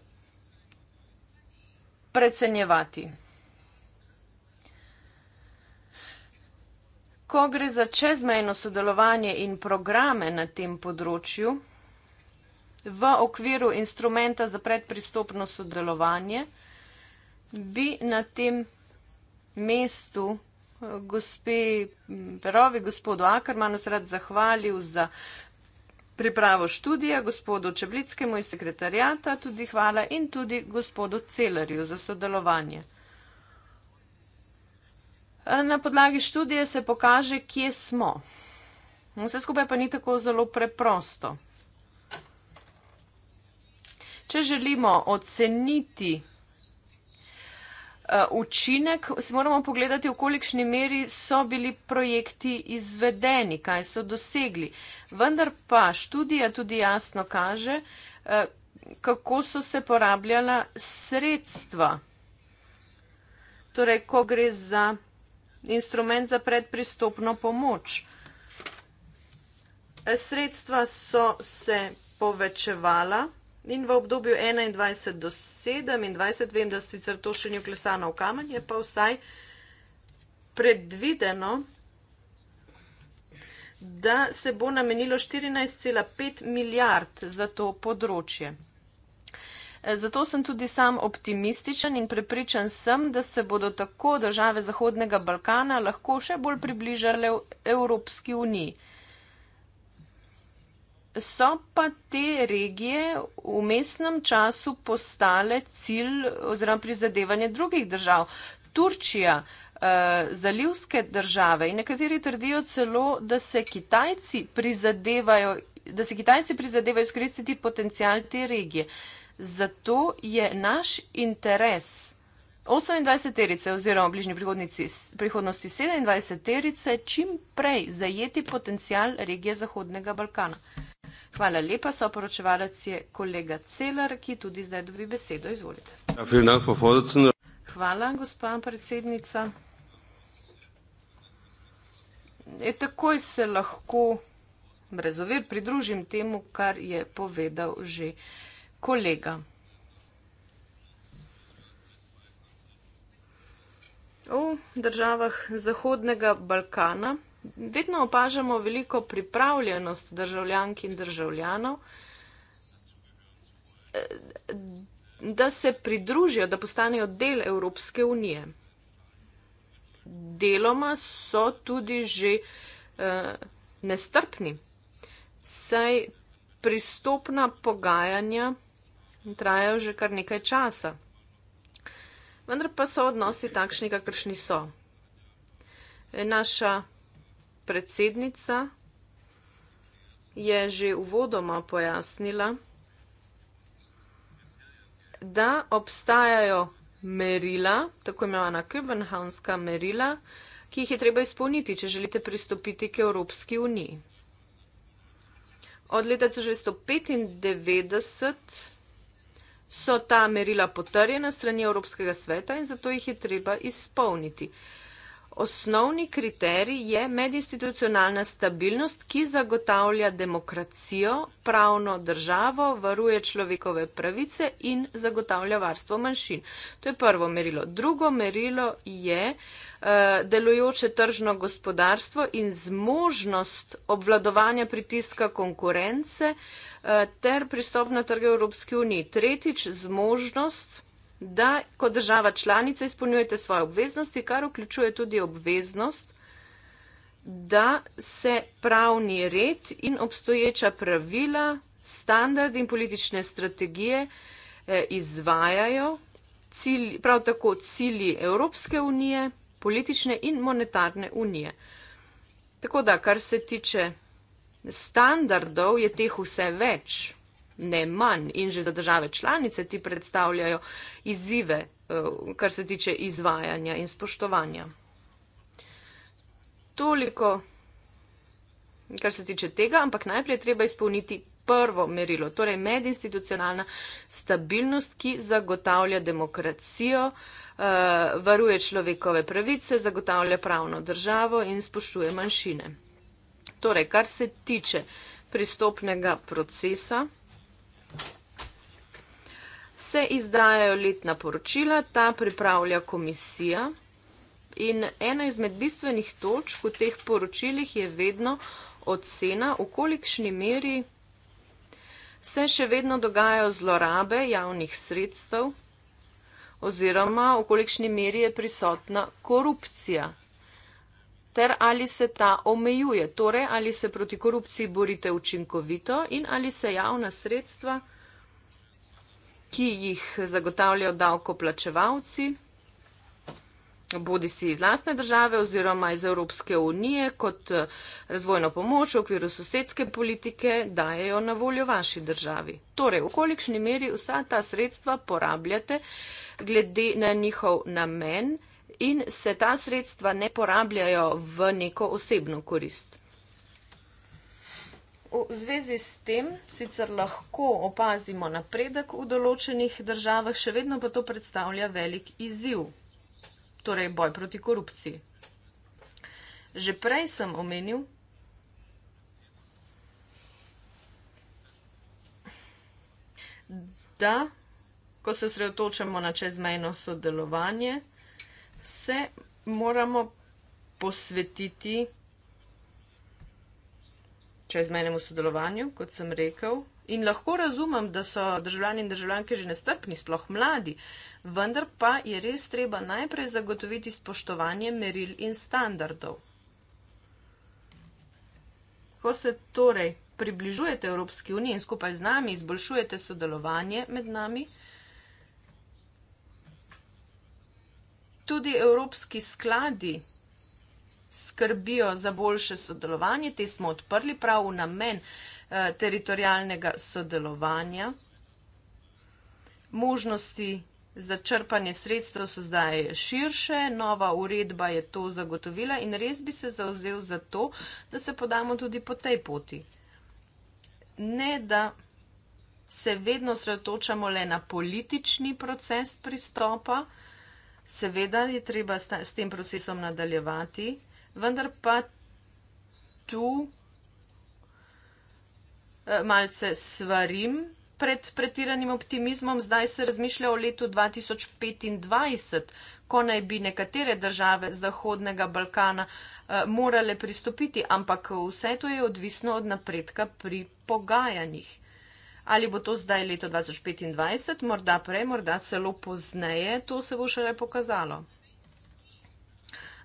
predsenjevati. Ko gre za čezmejno sodelovanje in programe na tem področju, v okviru instrumenta za predpristopno sodelovanje bi na tem mestu eh, gospe Perovi, gospodu Akermanu se rad zahvalil za pripravo študija, gospodu Čeblickemu iz sekretarijata tudi hvala in tudi gospodu Celerju za sodelovanje. Eh, na podlagi študije se pokaže, kje smo. Vse skupaj pa ni tako zelo preprosto. Če želimo oceniti eh, učinek, si moramo pogledati, v kolikšni meri so bili projekti izvedeni, kaj so dosegli. Vendar pa študija tudi jasno kaže, eh, kako so se porabljala sredstva. Torej, ko gre za instrument za predpristopno pomoč. Eh, sredstva so se povečevala. In v obdobju 21 do 27, vem, da sicer to še ni vklesano v kamen, je pa vsaj predvideno, da se bo namenilo 14,5 milijard za to področje. E, zato sem tudi sam optimističen in prepričan sem, da se bodo tako države Zahodnega Balkana lahko še bolj približale Evropski uniji so pa te regije v mestnem času postale cilj oziroma prizadevanje drugih držav. Turčija, eh, zalivske države in nekateri trdijo celo, da se Kitajci prizadevajo, da se Kitajci prizadevajo izkoristiti potencial te regije. Zato je naš interes 28 terice oziroma v bližnji prihodnosti 27 terice čim prej zajeti potencial regije Zahodnega Balkana. Hvala lepa, soporočevalec je kolega Celar, ki tudi zdaj dobi besedo. Izvolite. Ja, Hvala, gospa predsednica. E, takoj se lahko brez ovir pridružim temu, kar je povedal že kolega. v državah Zahodnega Balkana. Vedno opažamo veliko pripravljenost državljank in državljanov, eh, da se pridružijo, da postanejo del Evropske unije. Deloma so tudi že eh, nestrpni, saj pristopna pogajanja trajajo že kar nekaj časa vendar pa so odnosi takšni, kakršni so. Naša predsednica je že uvodoma pojasnila, da obstajajo merila, tako imenovana Kübenhavnska merila, ki jih je treba izpolniti, če želite pristopiti k Evropski uniji. Od leta 1995 so ta merila potrjena strani Evropskega sveta in zato jih je treba izpolniti osnovni kriterij je medinstitucionalna stabilnost, ki zagotavlja demokracijo, pravno državo, varuje človekove pravice in zagotavlja varstvo manjšin. To je prvo merilo. Drugo merilo je eh, delujoče tržno gospodarstvo in zmožnost obvladovanja pritiska konkurence eh, ter pristop na trge Evropske unije. Tretjič, zmožnost da kot država članica izpolnjujete svoje obveznosti, kar vključuje tudi obveznost, da se pravni red in obstoječa pravila, standard in politične strategije eh, izvajajo, cilj, prav tako cilji Evropske unije, politične in monetarne unije. Tako da, kar se tiče standardov, je teh vse več ne manj. In že za države članice ti predstavljajo izzive, eh, kar se tiče izvajanja in spoštovanja. Toliko, kar se tiče tega, ampak najprej treba izpolniti. Prvo merilo, torej medinstitucionalna stabilnost, ki zagotavlja demokracijo, eh, varuje človekove pravice, zagotavlja pravno državo in spoštuje manjšine. Torej, kar se tiče pristopnega procesa, se izdajajo letna poročila, ta pripravlja komisija. In ena izmed bistvenih točk v teh poročilih je vedno ocena, v kolikšni meri se še vedno dogajajo zlorabe javnih sredstev oziroma v kolikšni meri je prisotna korupcija ter ali se ta omejuje, torej ali se proti korupciji borite učinkovito in ali se javna sredstva ki jih zagotavljajo davkoplačevalci, bodi si iz lastne države oziroma iz Evropske unije, kot eh, razvojno pomoč v okviru sosedske politike dajejo na voljo vaši državi. Torej, v kolikšni meri vsa ta sredstva porabljate glede na njihov namen in se ta sredstva ne porabljajo v neko osebno korist. V zvezi s tem sicer lahko opazimo napredek v določenih državah, še vedno pa to predstavlja velik izziv, torej boj proti korupciji. Že prej sem omenil, da ko se osredotočamo na čezmejno sodelovanje, se moramo posvetiti čezmenemu sodelovanju, kot sem rekel. In lahko razumem, da so državljani in državljanke že nestrpni, sploh mladi, vendar pa je res treba najprej zagotoviti spoštovanje meril in standardov. Ko se torej približujete Evropski uniji in skupaj z nami izboljšujete sodelovanje med nami, tudi Evropski skladi skrbijo za boljše sodelovanje, te smo odprli prav v namen eh, teritorijalnega sodelovanja. Možnosti za črpanje sredstev so zdaj širše, nova uredba je to zagotovila in res bi se zauzel za to, da se podamo tudi po tej poti. Ne, da se vedno sredotočamo le na politični proces pristopa, seveda je treba s tem procesom nadaljevati vendar pa tu eh, malce svarim pred pretiranim optimizmom. Zdaj se razmišlja o letu 2025, ko naj bi nekatere države Zahodnega Balkana eh, morale pristopiti, ampak vse to je odvisno od napredka pri pogajanjih. Ali bo to zdaj leto 2025, morda prej, morda celo pozneje, to se bo šele pokazalo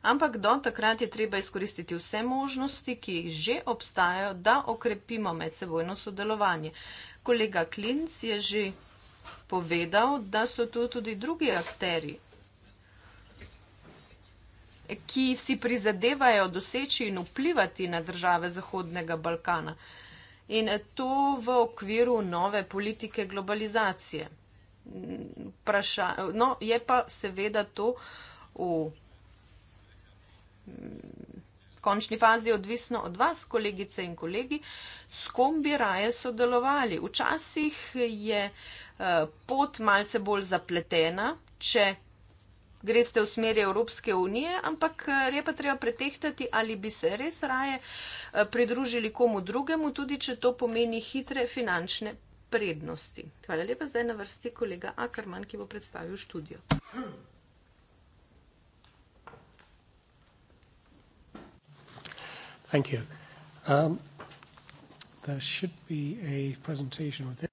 ampak do takrat je treba izkoristiti vse možnosti, ki že obstajajo, da okrepimo medsebojno sodelovanje. Kolega Klinc je že povedal, da so tu tudi drugi akteri, ki si prizadevajo doseči in vplivati na države Zahodnega Balkana. In to v okviru nove politike globalizacije. Praša, no, je pa seveda to v končni fazi odvisno od vas, kolegice in kolegi, s kom bi raje sodelovali. Včasih je eh, pot malce bolj zapletena, če greste v smeri Evropske unije, ampak eh, je pa treba pretehtati, ali bi se res raje eh, pridružili komu drugemu, tudi če to pomeni hitre finančne prednosti. Hvala lepa, zdaj na vrsti kolega Akerman, ki bo predstavil študijo. Hmm. Thank you. Um, there should be a presentation with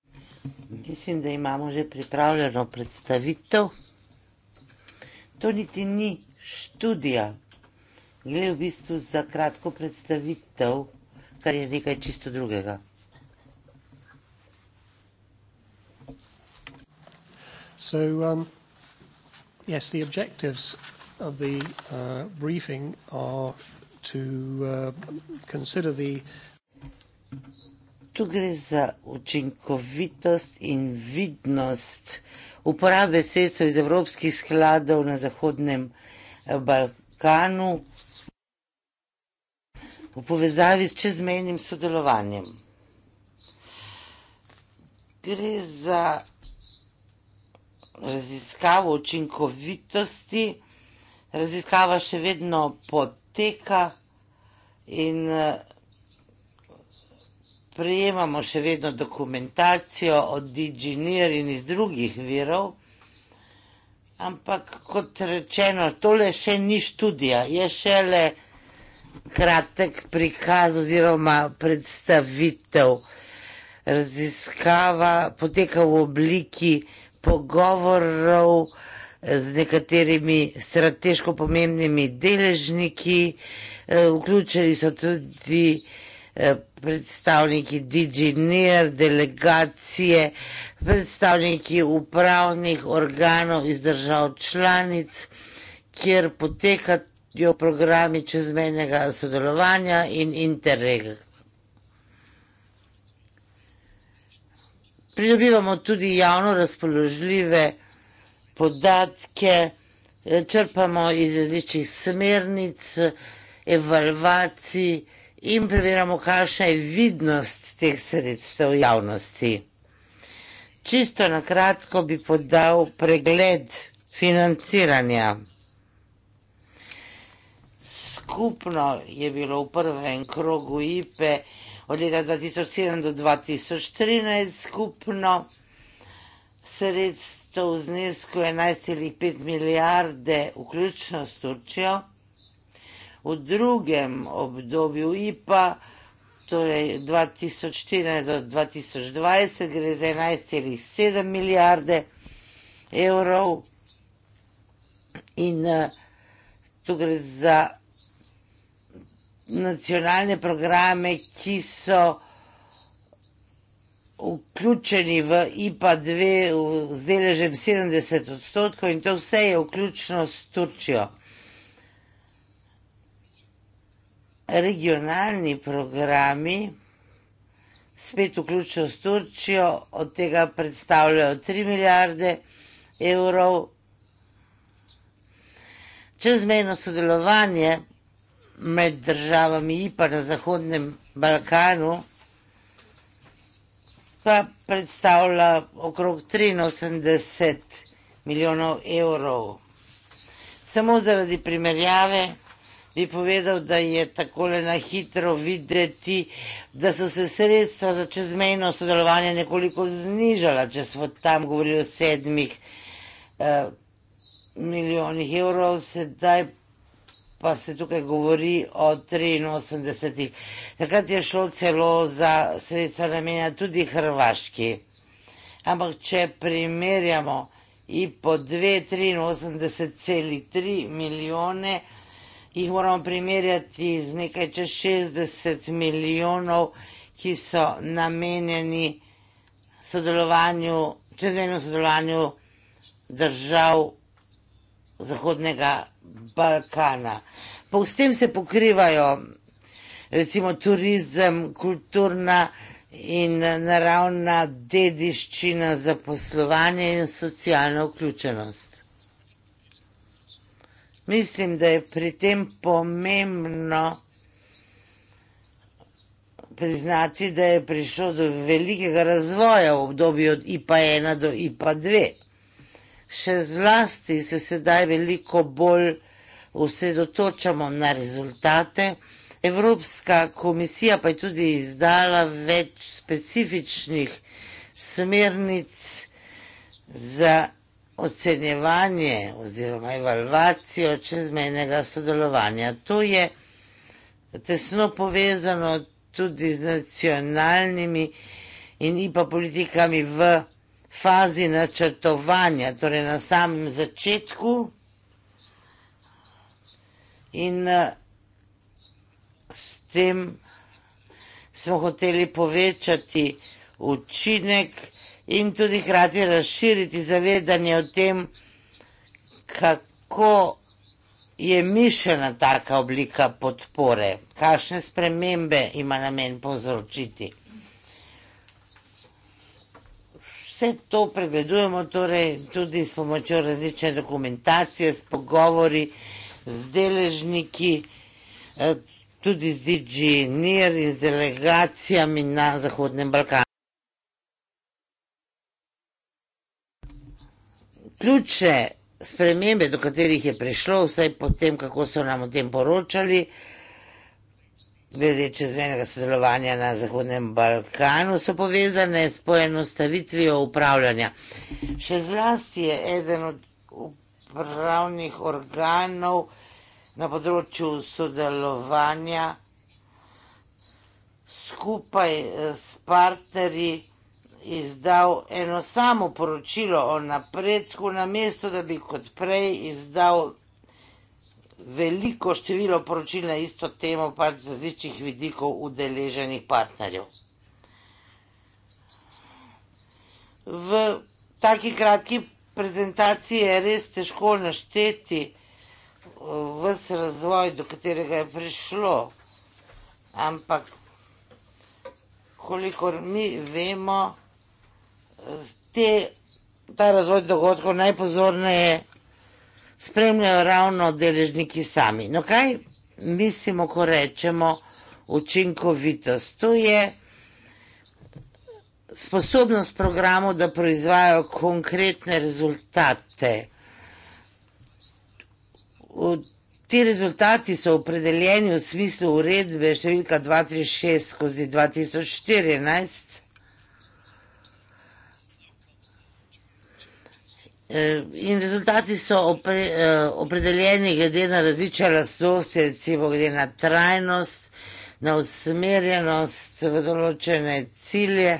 Mislim, da imamo že pripravljeno predstavitev. To niti ni študija. Gre v bistvu za kratko predstavitev, kar je nekaj čisto drugega. So, um, yes, the objectives of the uh, briefing are to uh, consider the Tu gre za učinkovitost in vidnost uporabe sredstev iz evropskih skladov na Zahodnem eh, Balkanu v povezavi s čezmejnim sodelovanjem. Gre za raziskavo učinkovitosti, raziskava še vedno pod teka in eh, prejemamo še vedno dokumentacijo od inženir in iz drugih virov, ampak kot rečeno, tole še ni študija, je šele kratek prikaz oziroma predstavitev. Raziskava poteka v obliki pogovorov, z nekaterimi strateško pomembnimi deležniki, e, vključili so tudi e, predstavniki DigiNir, delegacije, predstavniki upravnih organov iz držav članic, kjer potekajo programi čezmejnega sodelovanja in interreg. Pridobivamo tudi javno razpoložljive podatke, eh, črpamo iz različnih smernic, evalvacij in preverjamo, kakšna je vidnost teh sredstev javnosti. Čisto na kratko bi podal pregled financiranja. Skupno je bilo v prvem krogu IPE od leta 2007 do 2013 skupno sredstvo to v znesku 11,5 milijarde, vključno s Turčijo. V drugem obdobju IPA, torej 2014 do 2020, gre za 11,7 milijarde evrov in eh, tu gre za nacionalne programe, ki so vključeni v IPA dve z deležem 70 odstotkov in to vse je vključno s Turčijo. Regionalni programi spet vključno s Turčijo, od tega predstavljajo 3 milijarde evrov. Čezmejno sodelovanje med državami IPA na Zahodnem Balkanu, pa predstavlja okrog 83 milijonov evrov. Samo zaradi primerjave bi povedal, da je takole na hitro videti, da so se sredstva za čezmejno sodelovanje nekoliko znižala, če smo tam govorili o sedmih eh, milijonih evrov, sedaj pa se tukaj govori o 83. Takrat je šlo celo za sredstva namenja tudi Hrvaški. Ampak če primerjamo in po 283,3 milijone, jih moramo primerjati z nekaj čez 60 milijonov, ki so namenjeni sodelovanju, čezmenu sodelovanju držav Zahodnega Balkana. Pa s tem se pokrivajo recimo turizem, kulturna in naravna dediščina za poslovanje in socialno vključenost. Mislim, da je pri tem pomembno priznati, da je prišlo do velikega razvoja v obdobju od IPA 1 do IPA 2 še zlasti se sedaj veliko bolj osredotočamo na rezultate. Evropska komisija pa je tudi izdala več specifičnih smernic za ocenjevanje oziroma evalvacijo čezmejnega sodelovanja. To je tesno povezano tudi z nacionalnimi in IPA politikami v fazi načrtovanja, torej na samem začetku. In eh, s tem smo hoteli povečati učinek in tudi hkrati razširiti zavedanje o tem, kako je mišljena taka oblika podpore, kakšne spremembe ima namen povzročiti. vse to pregledujemo torej, tudi s pomočjo različne dokumentacije, s pogovori, z deležniki, eh, tudi z DigiNir in z delegacijami na Zahodnem Balkanu. Ključne spremembe, do katerih je prišlo, vsaj potem, kako so nam o tem poročali, glede čezmenega sodelovanja na Zahodnem Balkanu, so povezane s poenostavitvijo upravljanja. Še zlasti je eden od upravnih organov na področju sodelovanja skupaj eh, s partnerji izdal eno samo poročilo o napredku, namesto da bi kot prej izdal veliko število poročil na isto temo, pač z različnih vidikov udeleženih partnerjev. V taki kratki prezentaciji je res težko našteti eh, ves razvoj, do katerega je prišlo. Ampak, kolikor mi vemo, eh, te, ta razvoj dogodkov najpozorneje je spremljajo ravno deležniki sami. No, kaj mislimo, ko rečemo učinkovitost? To je sposobnost programov, da proizvajajo konkretne rezultate. V ti rezultati so opredeljeni v smislu uredbe številka 236 skozi 2014, Eh, in rezultati so opre, eh, opredeljeni glede na različne lastnosti, recimo glede na trajnost, na usmerjenost v določene cilje.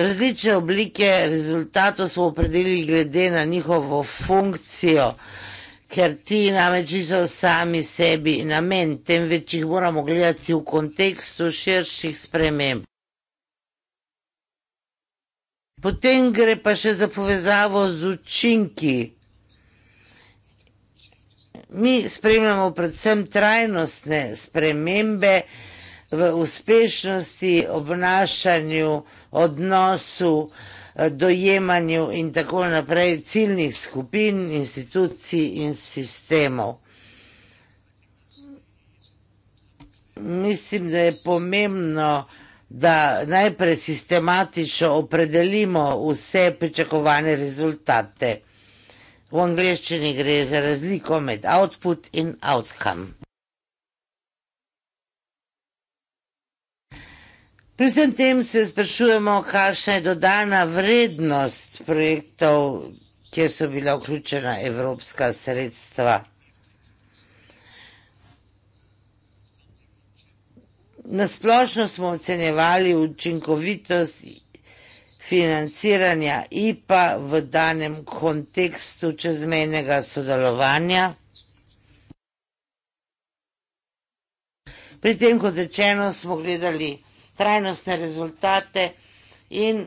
Različne oblike rezultatov smo opredelili glede na njihovo funkcijo ker ti namreč niso sami sebi namen, temveč jih moramo gledati v kontekstu širših sprememb. Potem gre pa še za povezavo z učinki. Mi spremljamo predvsem trajnostne spremembe v uspešnosti, obnašanju, odnosu, uh, dojemanju in tako naprej ciljnih skupin, institucij in sistemov. Mislim, da je pomembno, da najprej sistematično opredelimo vse pričakovane rezultate. V angleščini gre za razliko med output in outcome. Pri vsem tem se sprašujemo, kakšna je dodana vrednost projektov, kjer so bila vključena evropska sredstva. Nasplošno smo ocenjevali učinkovitost financiranja IPA v danem kontekstu čezmejnega sodelovanja. Pri tem, kot rečeno, smo gledali trajnostne rezultate in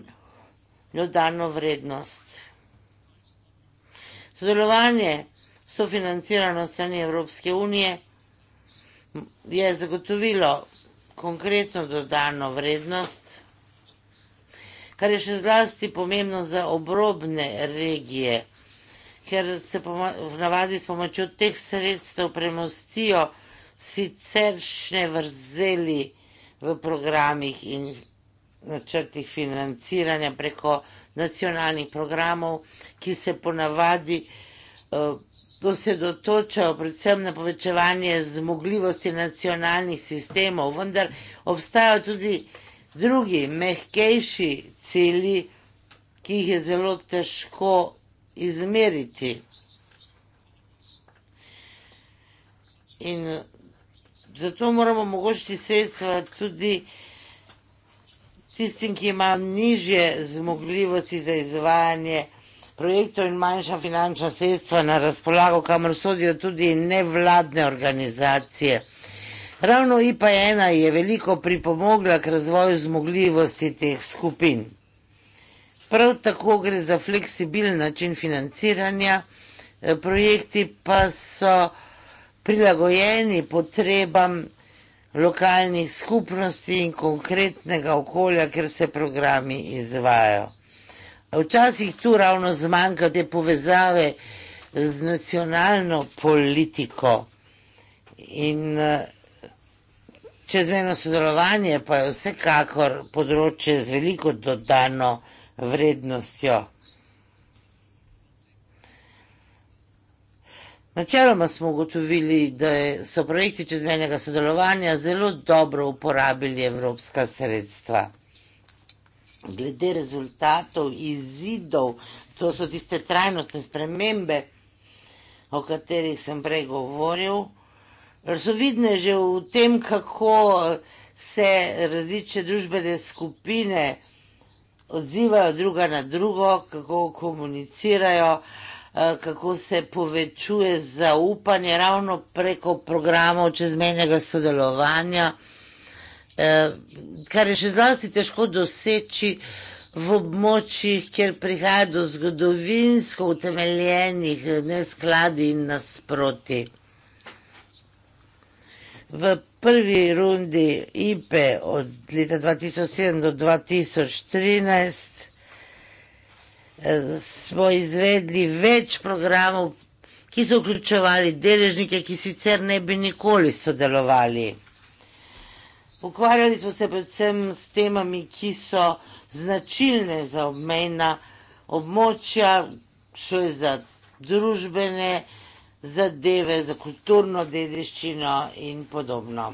dodano vrednost. Sodelovanje, sofinancirano strani Evropske unije, je zagotovilo konkretno dodano vrednost, kar je še zlasti pomembno za obrobne regije, ker se v navadi s pomočjo teh sredstev premostijo siceršne vrzeli v programih in načrtih financiranja preko nacionalnih programov, ki se ponavadi eh, osredotočajo predvsem na povečevanje zmogljivosti nacionalnih sistemov, vendar obstajajo tudi drugi, mehkejši cilji, ki jih je zelo težko izmeriti. In zato moramo mogoče sredstva tudi tistim, ki imajo nižje zmogljivosti za izvajanje projektov in manjša finančna sredstva na razpolago, kamor sodijo tudi nevladne organizacije. Ravno IPA1 je veliko pripomogla k razvoju zmogljivosti teh skupin. Prav tako gre za fleksibilen način financiranja, eh, projekti pa so vsega, prilagojeni potrebam lokalnih skupnosti in konkretnega okolja, kjer se programi izvajo. Včasih tu ravno zmanjka te povezave z nacionalno politiko in eh, čezmeno sodelovanje pa je vsekakor področje z veliko dodano vrednostjo. Načeloma smo ugotovili, da so projekti čezmejnega sodelovanja zelo dobro uporabili evropska sredstva. Glede rezultatov, izidov, to so tiste trajnostne spremembe, o katerih sem prej govoril, so vidne že v tem, kako se različne družbene skupine odzivajo druga na drugo, kako komunicirajo. Eh, kako se povečuje zaupanje ravno preko programov čezmejnega sodelovanja, eh, kar je še zlasti težko doseči v območjih, kjer prihaja do zgodovinsko utemeljenih neskladij in nasproti. V prvi rundi IPE od leta 2007 do 2013 smo izvedli več programov, ki so vključevali deležnike, ki sicer ne bi nikoli sodelovali. Ukvarjali smo se predvsem s temami, ki so značilne za obmejna območja, šlo je za družbene zadeve, za kulturno dediščino in podobno.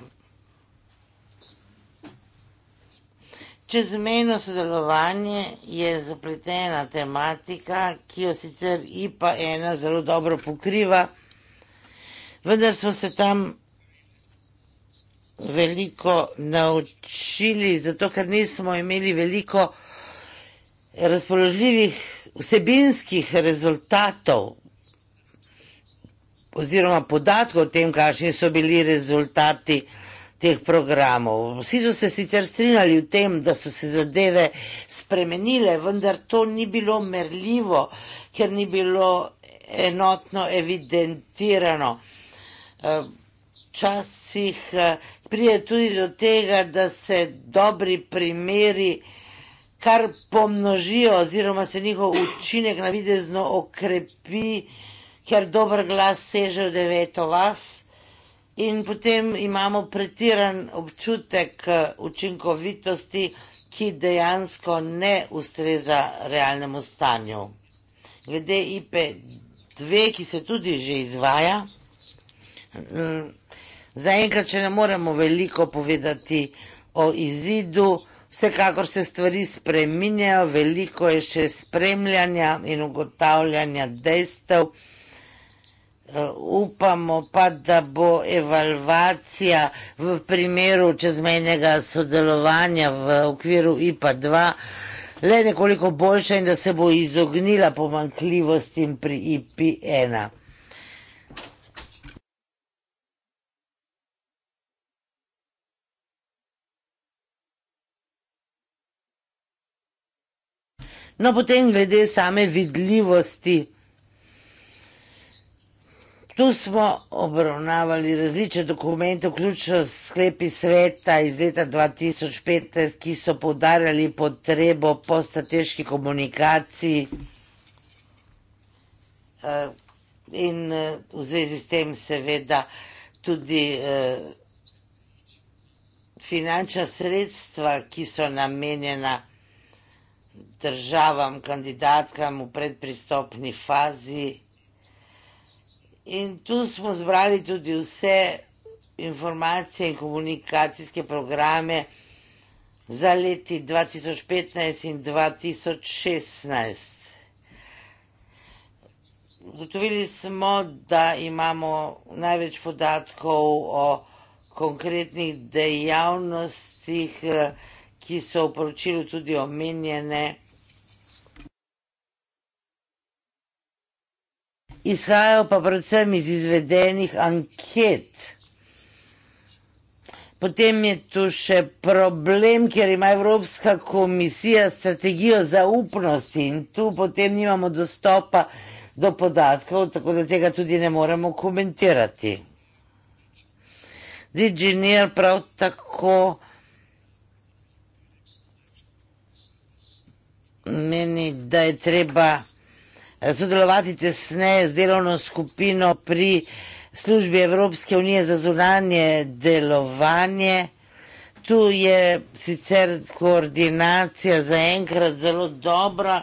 Čezmejno sodelovanje je zapletena tematika, ki jo sicer IPA ena zelo dobro pokriva, vendar smo se tam veliko naučili, zato ker nismo imeli veliko razpoložljivih vsebinskih rezultatov oziroma podatkov o tem, kakšni so bili rezultati teh programov. Vsi so se sicer strinjali v tem, da so se zadeve spremenile, vendar to ni bilo merljivo, ker ni bilo enotno evidentirano. Včasih eh, pride tudi do tega, da se dobri primeri kar pomnožijo oziroma se njihov učinek navidezno okrepi, ker dober glas seže v deveto vas in potem imamo pretiran občutek eh, učinkovitosti, ki dejansko ne ustreza realnemu stanju. Glede IP2, ki se tudi že izvaja, mm, zaenkrat še ne moremo veliko povedati o izidu, vsekakor se stvari spreminjajo, veliko je še spremljanja in ugotavljanja dejstev, upamo pa, da bo evalvacija v primeru čezmejnega sodelovanja v okviru IPA-2 le nekoliko boljša in da se bo izognila pomankljivostim pri IP-1. No, potem glede same vidljivosti. Tu smo obravnavali različne dokumente, vključno sklepi sveta iz leta 2015, ki so poudarjali potrebo po strateški komunikaciji eh, in eh, v zvezi s tem seveda tudi eh, finančna sredstva, ki so namenjena državam, kandidatkam v predpristopni fazi, In tu smo zbrali tudi vse informacije in komunikacijske programe za leti 2015 in 2016. Gotovili smo, da imamo največ podatkov o konkretnih dejavnostih, ki so v poročilu tudi omenjene, izhajajo pa predvsem iz izvedenih anket. Potem je tu še problem, ker ima Evropska komisija strategijo zaupnosti in tu potem nimamo dostopa do podatkov, tako da tega tudi ne moremo komentirati. Diginir prav tako meni, da je treba Eh, sodelovati tesneje z delovno skupino pri službi Evropske unije za zunanje delovanje. Tu je sicer koordinacija zaenkrat zelo dobra.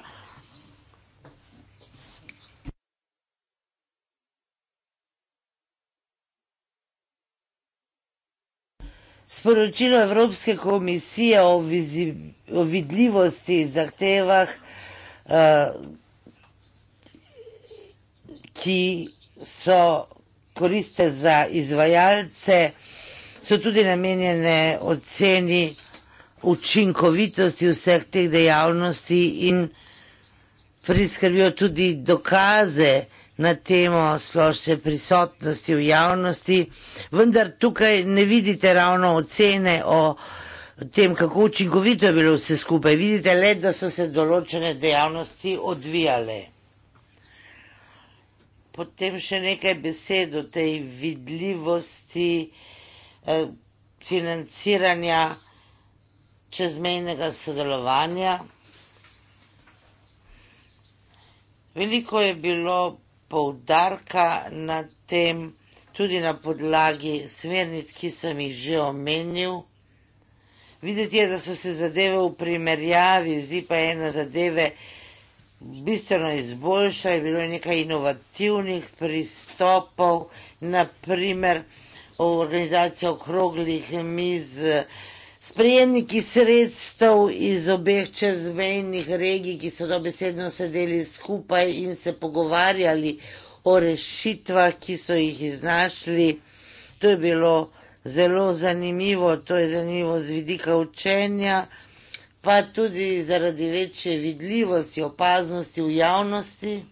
Sporočilo Evropske komisije o, vizi, o vidljivosti zahtevah uh, ki so koriste za izvajalce, so tudi namenjene oceni učinkovitosti vseh teh dejavnosti in priskrbijo tudi dokaze na temo splošne prisotnosti v javnosti, vendar tukaj ne vidite ravno ocene o tem, kako učinkovito je bilo vse skupaj. Vidite le, da so se določene dejavnosti odvijale potem še nekaj besed o tej vidljivosti eh, financiranja čezmejnega sodelovanja. Veliko je bilo poudarka na tem, tudi na podlagi smernic, ki sem jih že omenil. Videti je, da so se zadeve v primerjavi z IPA ena zadeve vsega, bistveno izboljša, je bilo nekaj inovativnih pristopov, naprimer organizacija okroglih miz, sprejemniki sredstev iz obeh čezmejnih regij, ki so dobesedno sedeli skupaj in se pogovarjali o rešitvah, ki so jih iznašli. To je bilo zelo zanimivo, to je zanimivo z vidika učenja pa tudi zaradi večje vidljivosti, opaznosti v javnosti.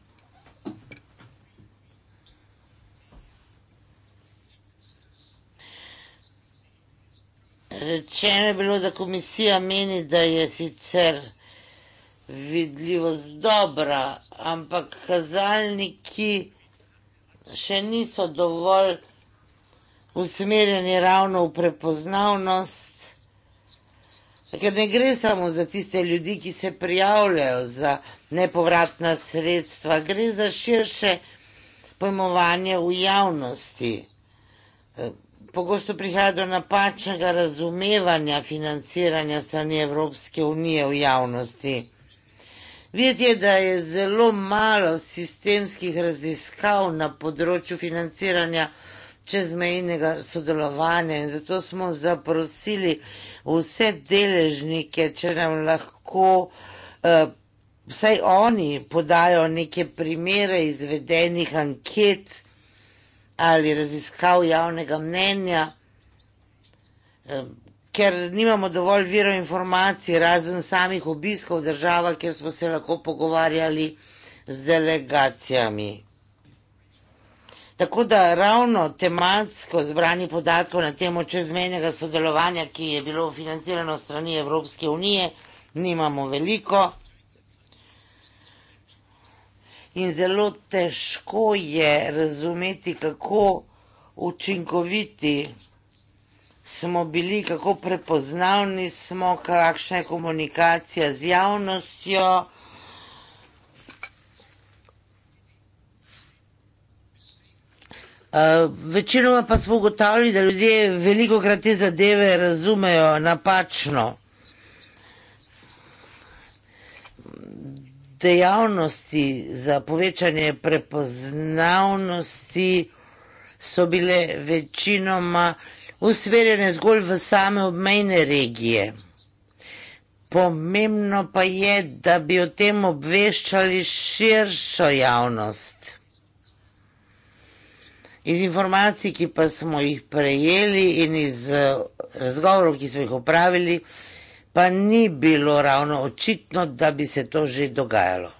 Rečeno je bilo, da komisija meni, da je sicer vidljivost dobra, ampak kazalniki še niso dovolj usmerjeni ravno v prepoznavnost. Ker ne gre samo za tiste ljudi, ki se prijavljajo za nepovratna sredstva, gre za širše pojmovanje v javnosti. Eh, pogosto prihaja do napačnega razumevanja financiranja strani Evropske unije v javnosti. Videti je, da je zelo malo sistemskih raziskav na področju financiranja čezmejnega sodelovanja in zato smo zaprosili vse deležnike, če nam lahko eh, vsaj oni podajo neke primere izvedenih anket ali raziskav javnega mnenja, eh, ker nimamo dovolj virov informacij, razen samih obiskov država, kjer smo se lahko pogovarjali z delegacijami. Tako da ravno tematsko zbrani podatkov na temo čezmenjega sodelovanja, ki je bilo financirano strani Evropske unije, nimamo veliko. In zelo težko je razumeti, kako učinkoviti smo bili, kako prepoznavni smo, kakšna je komunikacija z javnostjo, Eh, večinoma pa smo ugotavljali, da ljudje veliko krat te zadeve razumejo napačno. Dejavnosti za povečanje prepoznavnosti so bile večinoma usmerjene zgolj v same obmejne regije. Pomembno pa je, da bi o tem obveščali širšo javnost. Iz informacij, ki pa smo jih prejeli in iz eh, razgovorov, ki smo jih opravili, pa ni bilo ravno očitno, da bi se to že dogajalo.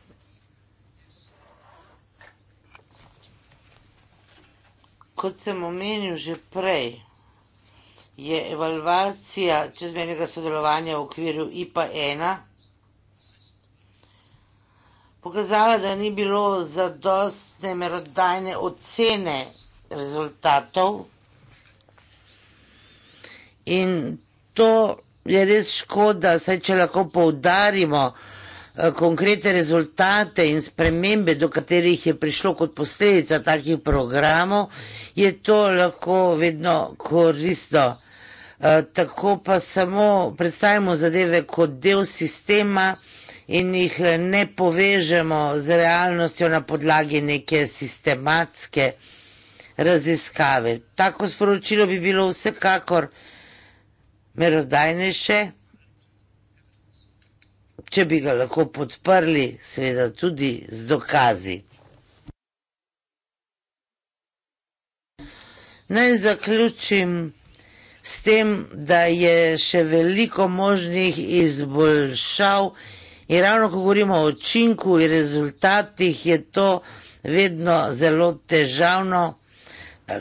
Kot sem omenil že prej, je evalvacija čezmenega sodelovanja v okviru IPA-1 pokazala, da ni bilo zadostne merodajne ocene rezultatov. In to je res škoda, saj če lahko poudarimo eh, konkrete rezultate in spremembe, do katerih je prišlo kot posledica takih programov, je to lahko vedno koristno. Eh, tako pa samo predstavimo zadeve kot del sistema in jih eh, ne povežemo z realnostjo na podlagi neke sistematske raziskave. Tako sporočilo bi bilo vsekakor merodajnejše, če bi ga lahko podprli, seveda tudi z dokazi. Naj zaključim s tem, da je še veliko možnih izboljšav in ravno ko govorimo o učinku in rezultatih, je to vedno zelo težavno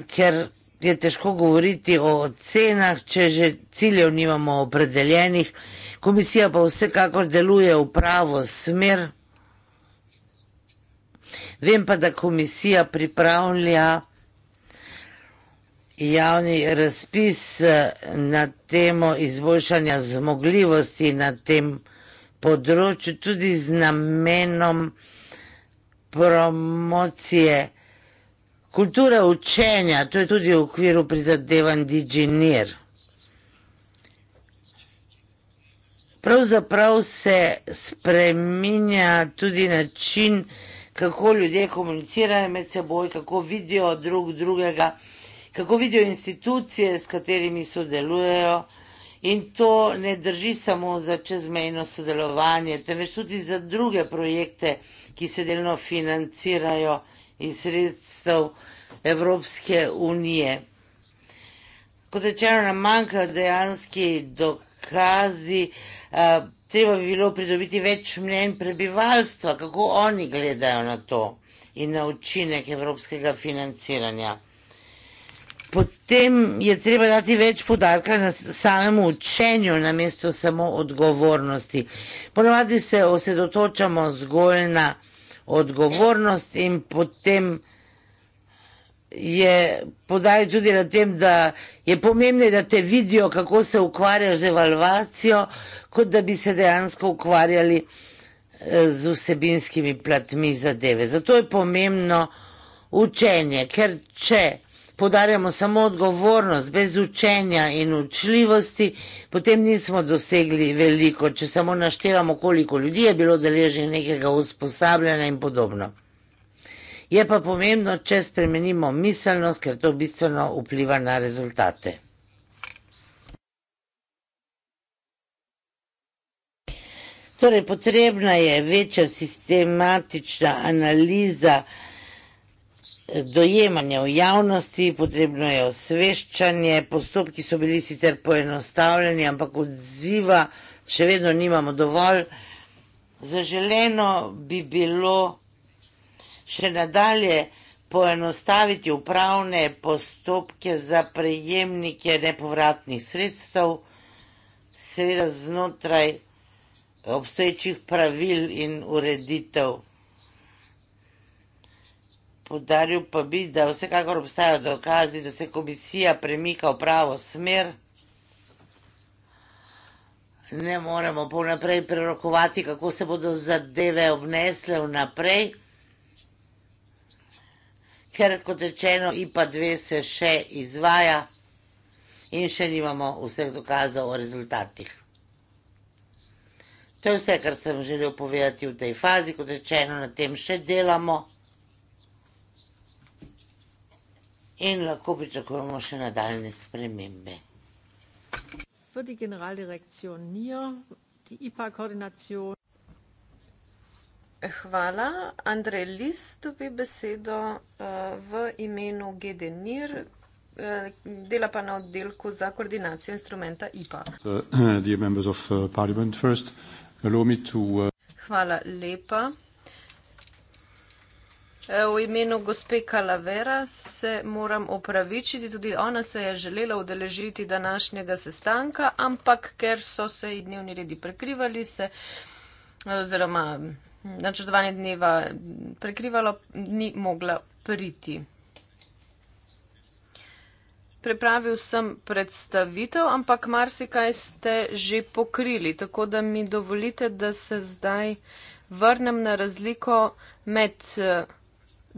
ker je težko govoriti o cenah, če že ciljev nimamo opredeljenih. Komisija pa vsekakor deluje v pravo smer. Vem pa, da komisija pripravlja javni razpis eh, na temo izboljšanja zmogljivosti na tem področju, tudi z namenom promocije. Kultura učenja, to je tudi v okviru prizadevanj Digenir. Pravzaprav se spreminja tudi način, kako ljudje komunicirajo med seboj, kako vidijo drug drugega, kako vidijo institucije, s katerimi sodelujejo. In to ne drži samo za čezmejno sodelovanje, temveč tudi za druge projekte, ki se delno financirajo iz sredstev, Evropske unije. Kot rečeno, nam manjkajo dejanski dokazi, treba bi bilo pridobiti več mnen prebivalstva, kako oni gledajo na to in na učinek evropskega financiranja. Potem je treba dati več podarka na samemu učenju, namesto samo odgovornosti. Ponovadi se osredotočamo zgolj na odgovornost in potem je podajal tudi na tem, da je pomembno, da te vidijo, kako se ukvarjaš z evalvacijo, kot da bi se dejansko ukvarjali eh, z vsebinskimi platmi zadeve. Zato je pomembno učenje, ker če podarjamo samo odgovornost brez učenja in učljivosti, potem nismo dosegli veliko, če samo naštevamo, koliko ljudi je bilo deležen nekega usposabljanja in podobno. Je pa pomembno, če spremenimo miselnost, ker to bistveno vpliva na rezultate. Torej, potrebna je večja sistematična analiza eh, dojemanja v javnosti, potrebno je osveščanje, postopki so bili sicer poenostavljeni, ampak odziva še vedno nimamo dovolj. Zaželeno bi bilo še nadalje poenostaviti upravne postopke za prejemnike nepovratnih sredstev, seveda znotraj obstoječih pravil in ureditev. Podaril pa bi, da vsekakor obstajajo dokazi, da se komisija premika v pravo smer. Ne moremo pa vnaprej prerokovati, kako se bodo zadeve obnesle vnaprej ker kot rečeno IPA 2 se še izvaja in še nimamo vseh dokazov o rezultatih. To je vse, kar sem želel povedati v tej fazi, kot rečeno, na tem še delamo in lahko pričakujemo še nadaljne spremembe. Za generaldirekcijo NIR, IPA koordinacijo. Hvala. Andrej Lis dobi besedo eh, v imenu GD NIR, eh, dela pa na oddelku za koordinacijo instrumenta IPA. *clears throat* Eh, Hvala lepa. V imenu gospe Kalavera se moram opravičiti, tudi ona se je želela udeležiti današnjega sestanka, ampak ker so se dnevni redi prekrivali, se oziroma načrtovanje dneva prekrivalo, ni mogla priti. Prepravil sem predstavitev, ampak marsikaj ste že pokrili, tako da mi dovolite, da se zdaj vrnem na razliko med. Uh,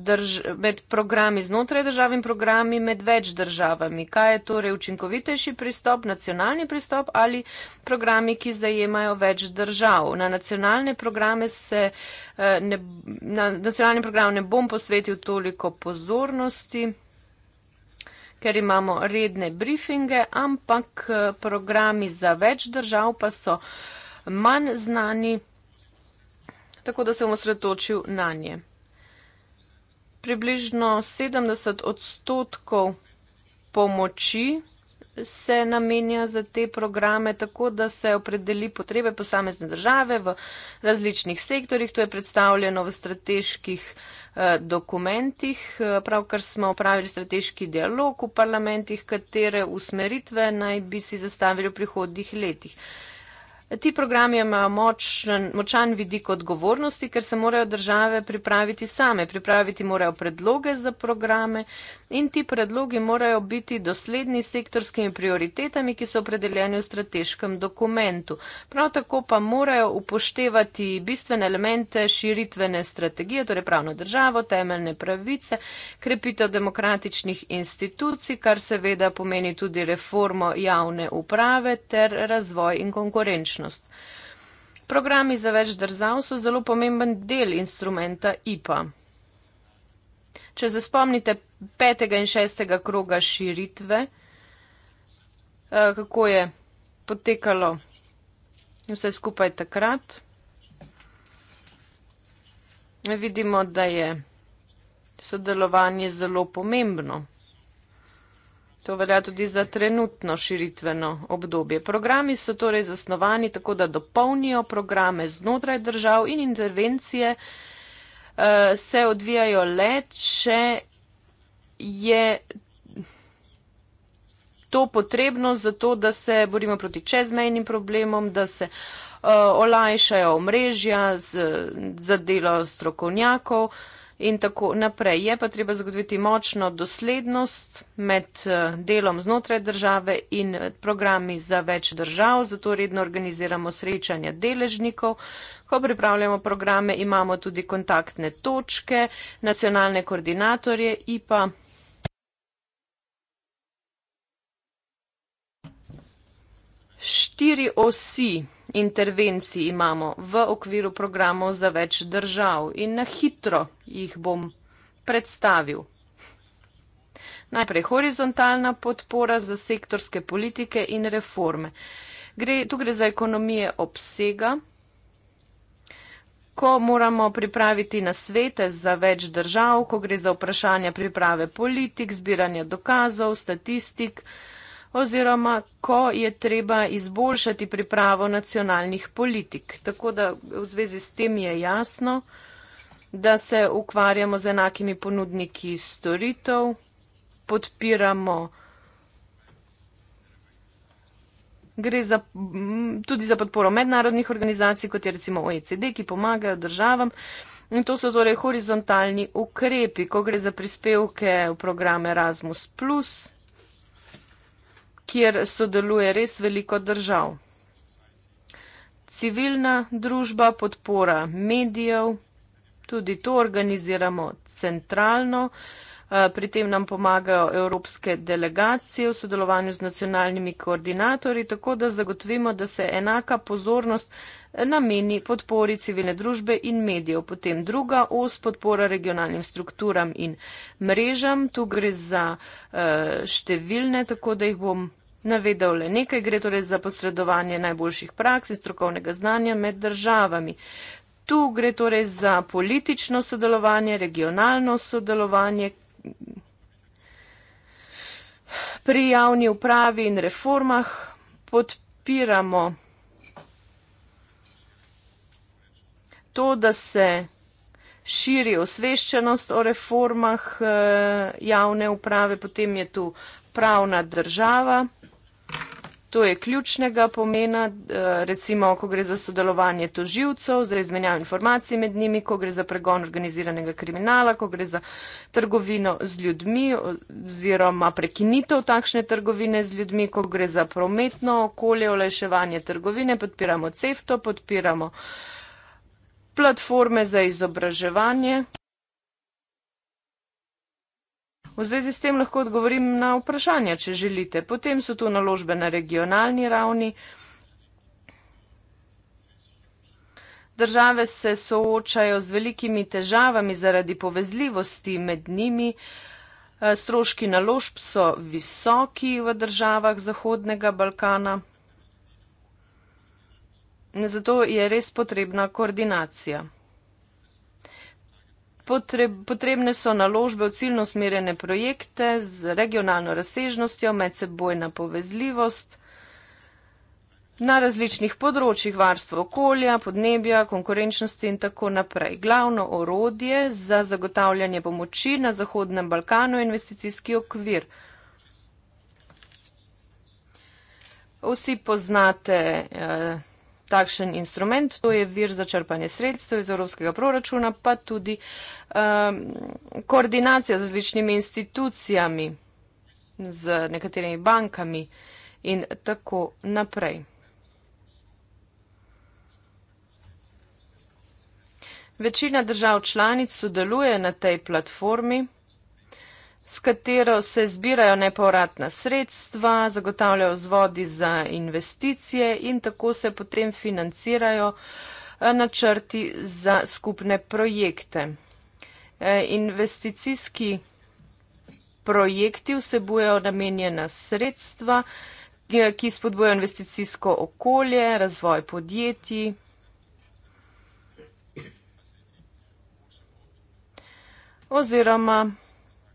drž, med programi znotraj države in programi med več državami. Kaj je torej učinkovitejši pristop, nacionalni pristop ali programi, ki zajemajo več držav? Na nacionalne programe se eh, ne, na nacionalnem programu ne bom posvetil toliko pozornosti, ker imamo redne briefinge, ampak eh, programi za več držav pa so manj znani. Tako da se bom osredotočil na nje približno 70 odstotkov pomoči se namenja za te programe, tako da se opredeli potrebe posamezne države v različnih sektorjih. To je predstavljeno v strateških eh, dokumentih. Eh, pravkar smo opravili strateški dialog v parlamentih, katere usmeritve naj bi si zastavili v prihodnjih letih. Eh, Ti programi imajo močan, močan vidik odgovornosti, ker se morajo države pripraviti same, pripraviti morajo predloge za programe in ti predlogi morajo biti dosledni s sektorskimi prioritetami, ki so opredeljeni v strateškem dokumentu. Prav tako pa morajo upoštevati bistvene elemente širitvene strategije, torej pravno državo, temeljne pravice, krepitev demokratičnih institucij, kar seveda pomeni tudi reformo javne uprave ter razvoj in konkurenčnost uspešnost. Programi za več držav so zelo pomemben del instrumenta IPA. Če se spomnite petega in šestega kroga širitve, eh, kako je potekalo vse skupaj takrat, vidimo, da je sodelovanje zelo pomembno. To velja tudi za trenutno širitveno obdobje. Programi so torej zasnovani tako, da dopolnijo programe znotraj držav in intervencije uh, se odvijajo le, če je to potrebno za to, da se borimo proti čezmejnim problemom, da se uh, olajšajo omrežja z, za delo strokovnjakov. Uh, in tako naprej. Je pa treba zagotoviti močno doslednost med eh, delom znotraj države in eh, programi za več držav, zato redno organiziramo srečanja deležnikov. Ko pripravljamo programe, imamo tudi kontaktne točke, nacionalne koordinatorje in pa. Štiri osi intervencij imamo v okviru programov za več držav in na hitro jih bom predstavil. Najprej horizontalna podpora za sektorske politike in reforme. Gre, tu gre za ekonomije obsega. Ko moramo pripraviti nasvete za več držav, ko gre za vprašanja priprave politik, zbiranja dokazov, statistik, oziroma ko je treba izboljšati pripravo nacionalnih politik. Tako da v zvezi s tem je jasno, da se ukvarjamo z enakimi ponudniki storitev, podpiramo. Gre za, tudi za podporo mednarodnih organizacij, kot je recimo OECD, ki pomagajo državam. In to so torej horizontalni ukrepi, ko gre za prispevke v programe Erasmus, kjer sodeluje res veliko držav. Civilna družba, podpora medijev, tudi to organiziramo centralno. Eh, pri tem nam pomagajo evropske delegacije v sodelovanju z nacionalnimi koordinatorji, tako da zagotovimo, da se enaka pozornost nameni podpori civilne družbe in medijev. Potem druga os podpora regionalnim strukturam in mrežam. Tu gre za eh, številne, tako da jih bom navedel le nekaj, gre torej za posredovanje najboljših praks in strokovnega znanja med državami. Tu gre torej za politično sodelovanje, regionalno sodelovanje pri javni upravi in reformah. Podpiramo to, da se širi osveščenost o reformah eh, javne uprave, potem je tu pravna država. To je ključnega pomena, eh, recimo, ko gre za sodelovanje toživcev, za izmenjavo informacij med njimi, ko gre za pregon organiziranega kriminala, ko gre za trgovino z ljudmi oziroma prekinitev takšne trgovine z ljudmi, ko gre za prometno okolje, olajševanje trgovine, podpiramo CEFTO, podpiramo platforme za izobraževanje. V zvezi s tem lahko odgovorim na vprašanja, če želite. Potem so tu naložbe na regionalni ravni. Države se soočajo z velikimi težavami zaradi povezljivosti med njimi. Eh, stroški naložb so visoki v državah Zahodnega Balkana. Zato je res potrebna koordinacija. Potrebne so naložbe v ciljno smerene projekte z regionalno razsežnostjo, medsebojna povezljivost na različnih področjih varstva okolja, podnebja, konkurenčnosti in tako naprej. Glavno orodje za zagotavljanje pomoči na Zahodnem Balkanu je investicijski okvir. Vsi poznate. Eh, takšen instrument. To je vir za črpanje sredstev iz evropskega proračuna, pa tudi um, koordinacija z različnimi institucijami, z nekaterimi bankami in tako naprej. Večina držav članic sodeluje na tej platformi s katero se zbirajo nepovratna sredstva, zagotavljajo vzvodi za investicije in tako se potem financirajo eh, načrti za skupne projekte. Eh, investicijski projekti vsebujejo namenjena sredstva, eh, ki spodbujajo investicijsko okolje, razvoj podjetij. Oziroma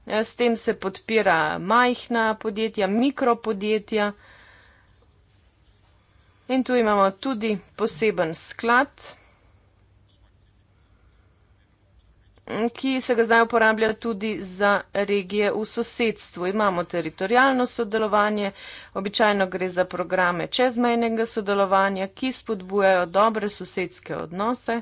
S tem se podpira majhna podjetja, mikropodjetja. In tu imamo tudi poseben sklad, ki se ga zdaj uporablja tudi za regije v sosedstvu. Imamo teritorijalno sodelovanje, običajno gre za programe čezmejnega sodelovanja, ki spodbujajo dobre sosedske odnose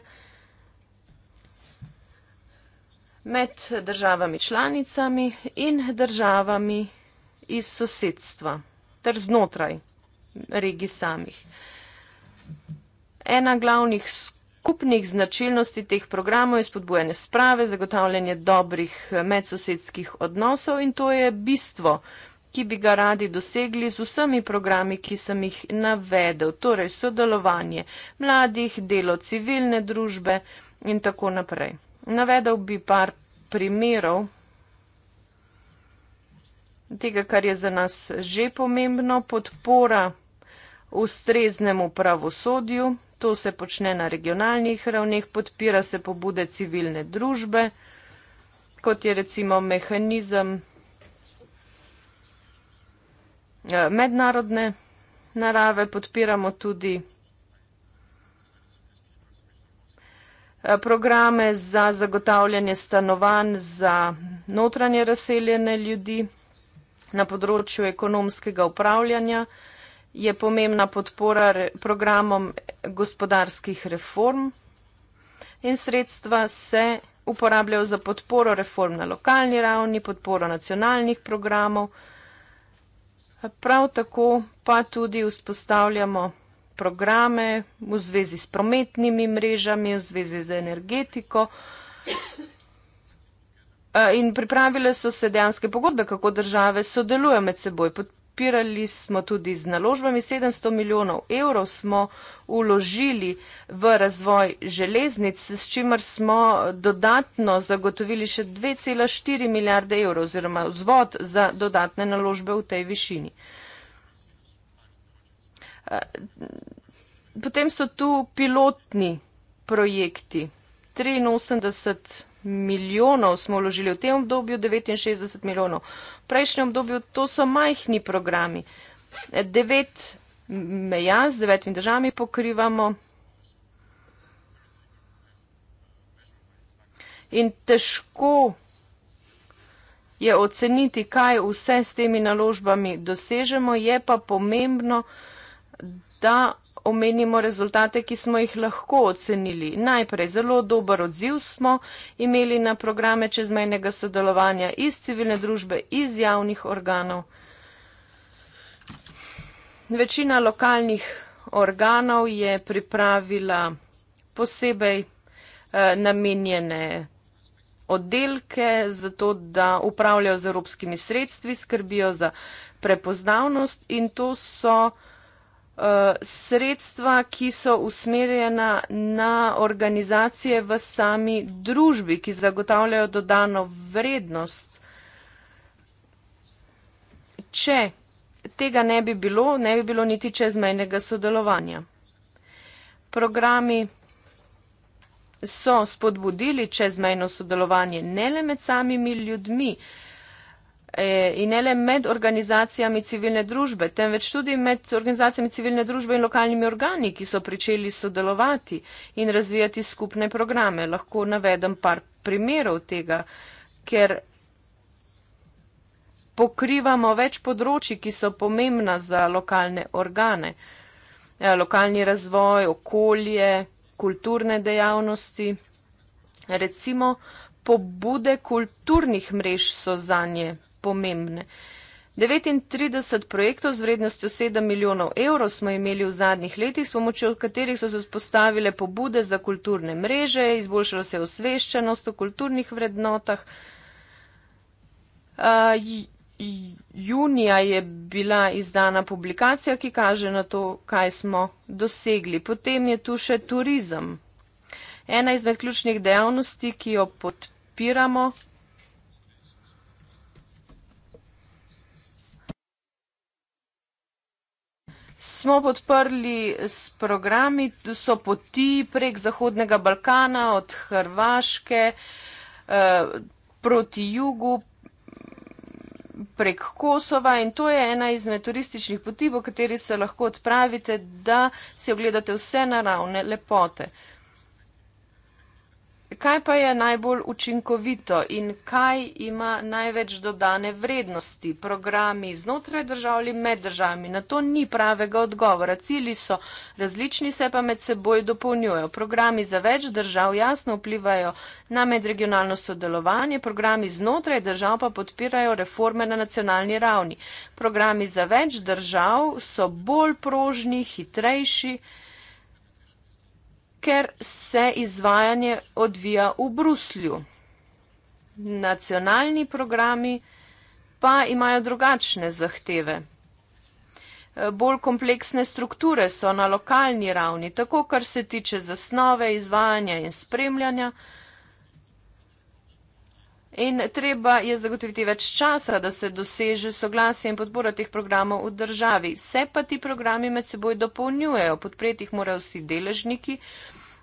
med državami članicami in državami iz sosedstva ter znotraj regij samih. Ena glavnih skupnih značilnosti teh programov je spodbujanje sprave, zagotavljanje dobrih medsosedskih odnosov in to je bistvo, ki bi ga radi dosegli z vsemi programi, ki sem jih navedel, torej sodelovanje mladih, delo civilne družbe in tako naprej. Navedel bi par primerov tega, kar je za nas že pomembno, podpora ustreznemu pravosodju, to se počne na regionalnih ravneh, podpira se pobude civilne družbe, kot je recimo mehanizem eh, mednarodne narave, podpiramo tudi Eh, programe za zagotavljanje stanovanj za notranje razseljene ljudi na področju ekonomskega upravljanja. Je pomembna podpora programom gospodarskih reform in sredstva se uporabljajo za podporo reform na lokalni ravni, podporo nacionalnih programov. Prav tako pa tudi vzpostavljamo programe v zvezi s prometnimi mrežami, v zvezi z energetiko. In pripravile so se dejanske pogodbe, kako države sodelujo med seboj. Podpirali smo tudi z naložbami. 700 milijonov evrov smo uložili v razvoj železnic, s čimer smo dodatno zagotovili še 2,4 milijarde evrov oziroma vzvod za dodatne naložbe v tej višini. Eh, potem so tu pilotni projekti. 83 milijonov smo vložili v tem obdobju, 69 milijonov. V prejšnjem obdobju to so majhni programi. Devet meja z devetimi državami pokrivamo. In težko je oceniti, kaj vse s temi naložbami dosežemo, je pa pomembno, da omenimo rezultate, ki smo jih lahko ocenili. Najprej zelo dober odziv smo imeli na programe čezmejnega sodelovanja iz civilne družbe, iz javnih organov. Večina lokalnih organov je pripravila posebej eh, namenjene oddelke za to, da upravljajo z evropskimi sredstvi, skrbijo za prepoznavnost in to so eh, Eh, sredstva, ki so usmerjena na organizacije v sami družbi, ki zagotavljajo dodano vrednost. Če tega ne bi bilo, ne bi bilo niti čezmejnega sodelovanja. Programi so spodbudili čezmejno sodelovanje ne le med samimi ljudmi, E, in ne le med organizacijami civilne družbe, temveč tudi med organizacijami civilne družbe in lokalnimi organi, ki so pričeli sodelovati in razvijati skupne programe. Lahko navedem par primerov tega, ker pokrivamo več področji, ki so pomembna za lokalne organe. E, lokalni razvoj, okolje, kulturne dejavnosti, recimo pobude kulturnih mrež so za nje pomembne. 39 projektov z vrednostjo 7 milijonov evrov smo imeli v zadnjih letih, s pomočjo katerih so se vzpostavile pobude za kulturne mreže, izboljšala se je osveščenost o kulturnih vrednotah. Uh, junija je bila izdana publikacija, ki kaže na to, kaj smo dosegli. Potem je tu še turizem. Ena izmed ključnih dejavnosti, ki jo podpiramo, smo podprli s programi, so poti prek Zahodnega Balkana, od Hrvaške eh, proti jugu, prek Kosova in to je ena izmed turističnih poti, po kateri se lahko odpravite, da si ogledate vse naravne lepote kaj pa je najbolj učinkovito in kaj ima največ dodane vrednosti, programi znotraj držav ali med državami? Na to ni pravega odgovora. Cili so različni, se pa med seboj dopolnjujejo. Programi za več držav jasno vplivajo na medregionalno sodelovanje, programi znotraj držav pa podpirajo reforme na nacionalni ravni. Programi za več držav so bolj prožni, hitrejši ker se izvajanje odvija v Bruslju. Nacionalni programi pa imajo drugačne zahteve. Eh, bolj kompleksne strukture so na lokalni ravni, tako kar se tiče zasnove, izvajanja in spremljanja. In treba je zagotoviti več časa, da se doseže soglasje in podpora teh programov v državi. Vse pa ti programi med seboj dopolnjujejo, podpreti jih morajo vsi deležniki,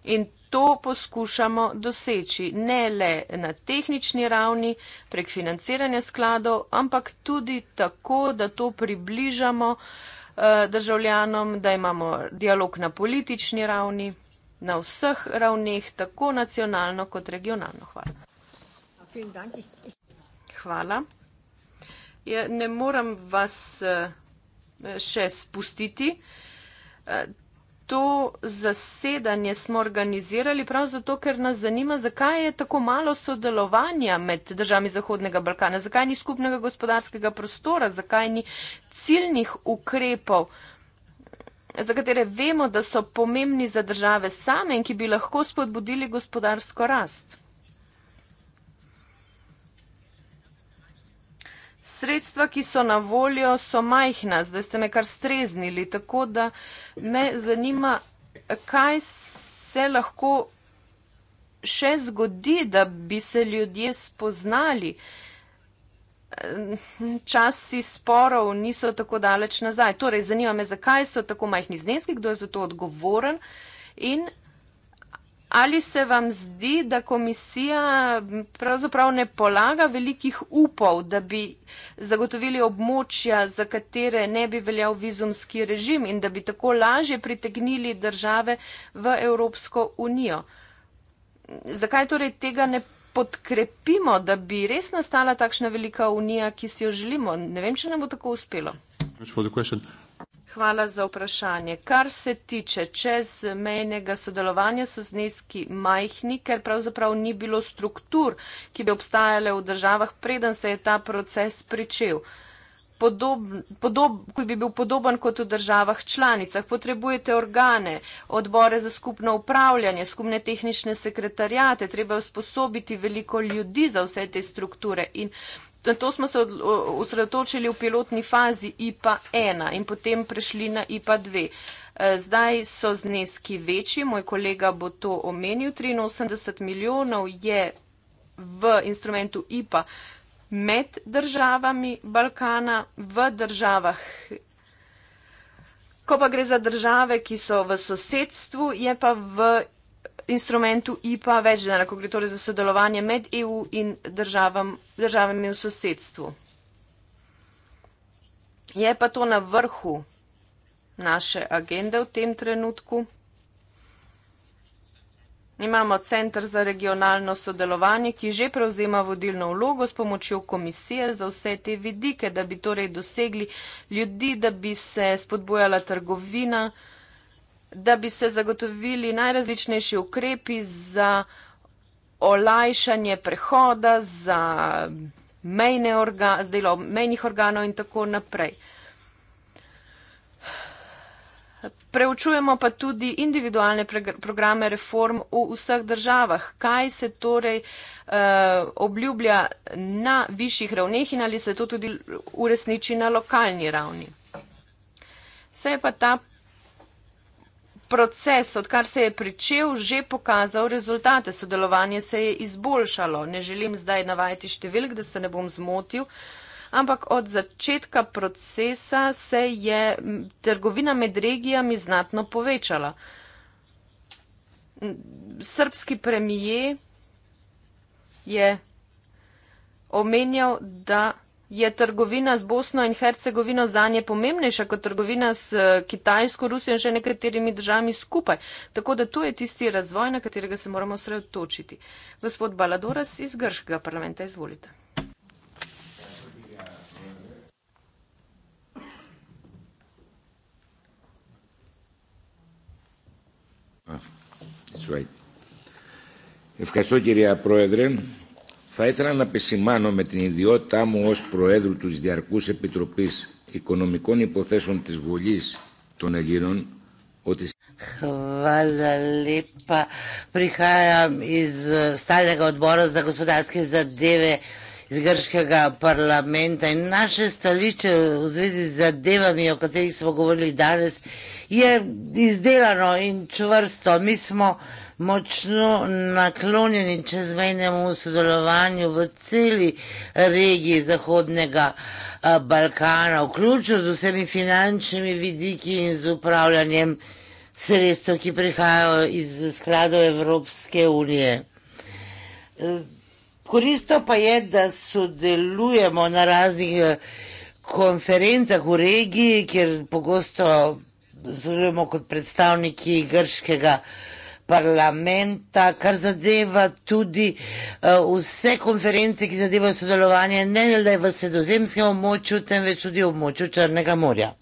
In to poskušamo doseči ne le na tehnični ravni prek financiranja skladov, ampak tudi tako, da to približamo eh, državljanom, da imamo dialog na politični ravni, na vseh ravneh, tako nacionalno kot regionalno. Hvala. Hvala. Ja, ne moram vas eh, še spustiti. Eh, to zasedanje smo organizirali prav zato, ker nas zanima, zakaj je tako malo sodelovanja med državami Zahodnega Balkana, zakaj ni skupnega gospodarskega prostora, zakaj ni ciljnih ukrepov, za katere vemo, da so pomembni za države same in ki bi lahko spodbudili gospodarsko rast. sredstva, ki so na voljo, so majhna, zdaj ste me kar streznili, tako da me zanima, kaj se lahko še zgodi, da bi se ljudje spoznali. Časi sporov niso tako daleč nazaj. Torej, zanima me, zakaj so tako majhni zneski, kdo je za to odgovoren in Ali se vam zdi, da komisija pravzaprav ne polaga velikih upov, da bi zagotovili območja, za katere ne bi veljal vizumski režim in da bi tako lažje pritegnili države v Evropsko unijo? Zakaj torej tega ne podkrepimo, da bi res nastala takšna velika unija, ki si jo želimo? Ne vem, če nam bo tako uspelo. Hvala za vprašanje. Kar se tiče čezmejnega sodelovanja, so zneski majhni, ker pravzaprav ni bilo struktur, ki bi obstajale v državah, preden se je ta proces pričel. Podob, podob, ki bi bil podoben kot v državah članicah. Potrebujete organe, odbore za skupno upravljanje, skupne tehnične sekretarijate, treba usposobiti veliko ljudi za vse te strukture in na to smo se osredotočili v pilotni fazi IPA 1 in potem prešli na IPA 2. E, zdaj so zneski večji, moj kolega bo to omenil, 83 milijonov je v instrumentu IPA med državami Balkana, v državah. Ko pa gre za države, ki so v sosedstvu, je pa v instrumentu IPA več denarja, ko gre torej za sodelovanje med EU in državam, državami v sosedstvu. Je pa to na vrhu naše agende v tem trenutku. Imamo centr za regionalno sodelovanje, ki že prevzema vodilno vlogo s pomočjo komisije za vse te vidike, da bi torej dosegli ljudi, da bi se spodbojala trgovina da bi se zagotovili najrazličnejši ukrepi za olajšanje prehoda, za mejne organ, delo mejnih organov in tako naprej. Preučujemo pa tudi individualne programe reform v vseh državah, kaj se torej eh, obljublja na višjih ravneh in ali se to tudi uresniči na lokalni ravni. Se je pa ta proces, odkar se je pričel, že pokazal rezultate. Sodelovanje se je izboljšalo. Ne želim zdaj navajati številk, da se ne bom zmotil, ampak od začetka procesa se je trgovina med regijami znatno povečala. Srbski premije je omenjal, da je trgovina z Bosno in Hercegovino zanje pomembnejša kot trgovina s eh, Kitajsko, Rusijo in še nekaterimi državami skupaj. Tako da to je tisti razvoj, na katerega se moramo sredotočiti. Gospod Baladoras iz Grškega parlamenta, izvolite. Ah, right. Ευχαριστώ κυρία Πρόεδρε. Θα ήθελα να επισημάνω με την ιδιότητά μου ως Προέδρου της Διαρκούς Επιτροπής Οικονομικών Υποθέσεων της Βουλής των Ελλήνων ότι... Хвала липа. Прихајам из Стајнега одбора за господарски задеве из Гршкега парламента и наше сталиче у звези за девами о которих смо говорили данес е изделано и чврсто. Ми смо... Смо močno naklonjeni čezmejnemu sodelovanju v celi regiji Zahodnega eh, Balkana, vključno z vsemi finančnimi vidiki in z upravljanjem sredstev, ki prihajajo iz skladov Evropske unije. Eh, Koristo pa je, da sodelujemo na raznih eh, konferencah v regiji, kjer pogosto sodelujemo kot predstavniki grškega parlamenta, kar zadeva tudi eh, vse konference, ki zadevajo sodelovanje ne le v sredozemskem območju, temveč tudi v območju Črnega morja.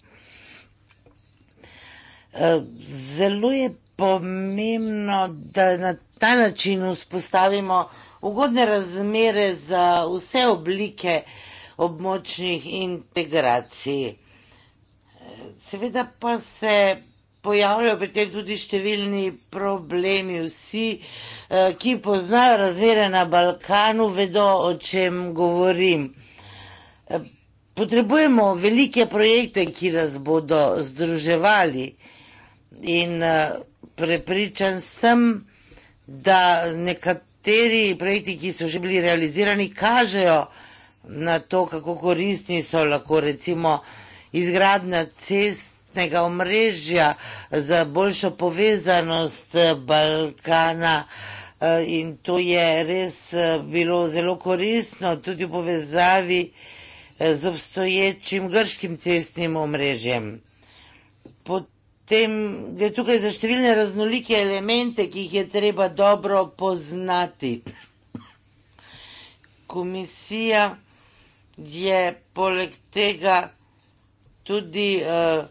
Eh, zelo je pomembno, da na ta način vzpostavimo ugodne razmere za vse oblike območnih integracij. Eh, seveda pa se pojavljajo pri tem tudi številni problemi. Vsi, eh, ki poznajo razmere na Balkanu, vedo, o čem govorim. Eh, potrebujemo velike projekte, ki nas bodo združevali in eh, prepričan sem, da nekateri projekti, ki so že bili realizirani, kažejo na to, kako koristni so lahko recimo izgradna cest prometnega omrežja, za boljšo povezanost eh, Balkana. Eh, in to je res eh, bilo zelo koristno tudi v povezavi z obstoječim grškim cestnim omrežjem. Potem gre tukaj za številne raznolike elemente, ki jih je treba dobro poznati. Komisija je poleg tega tudi uh,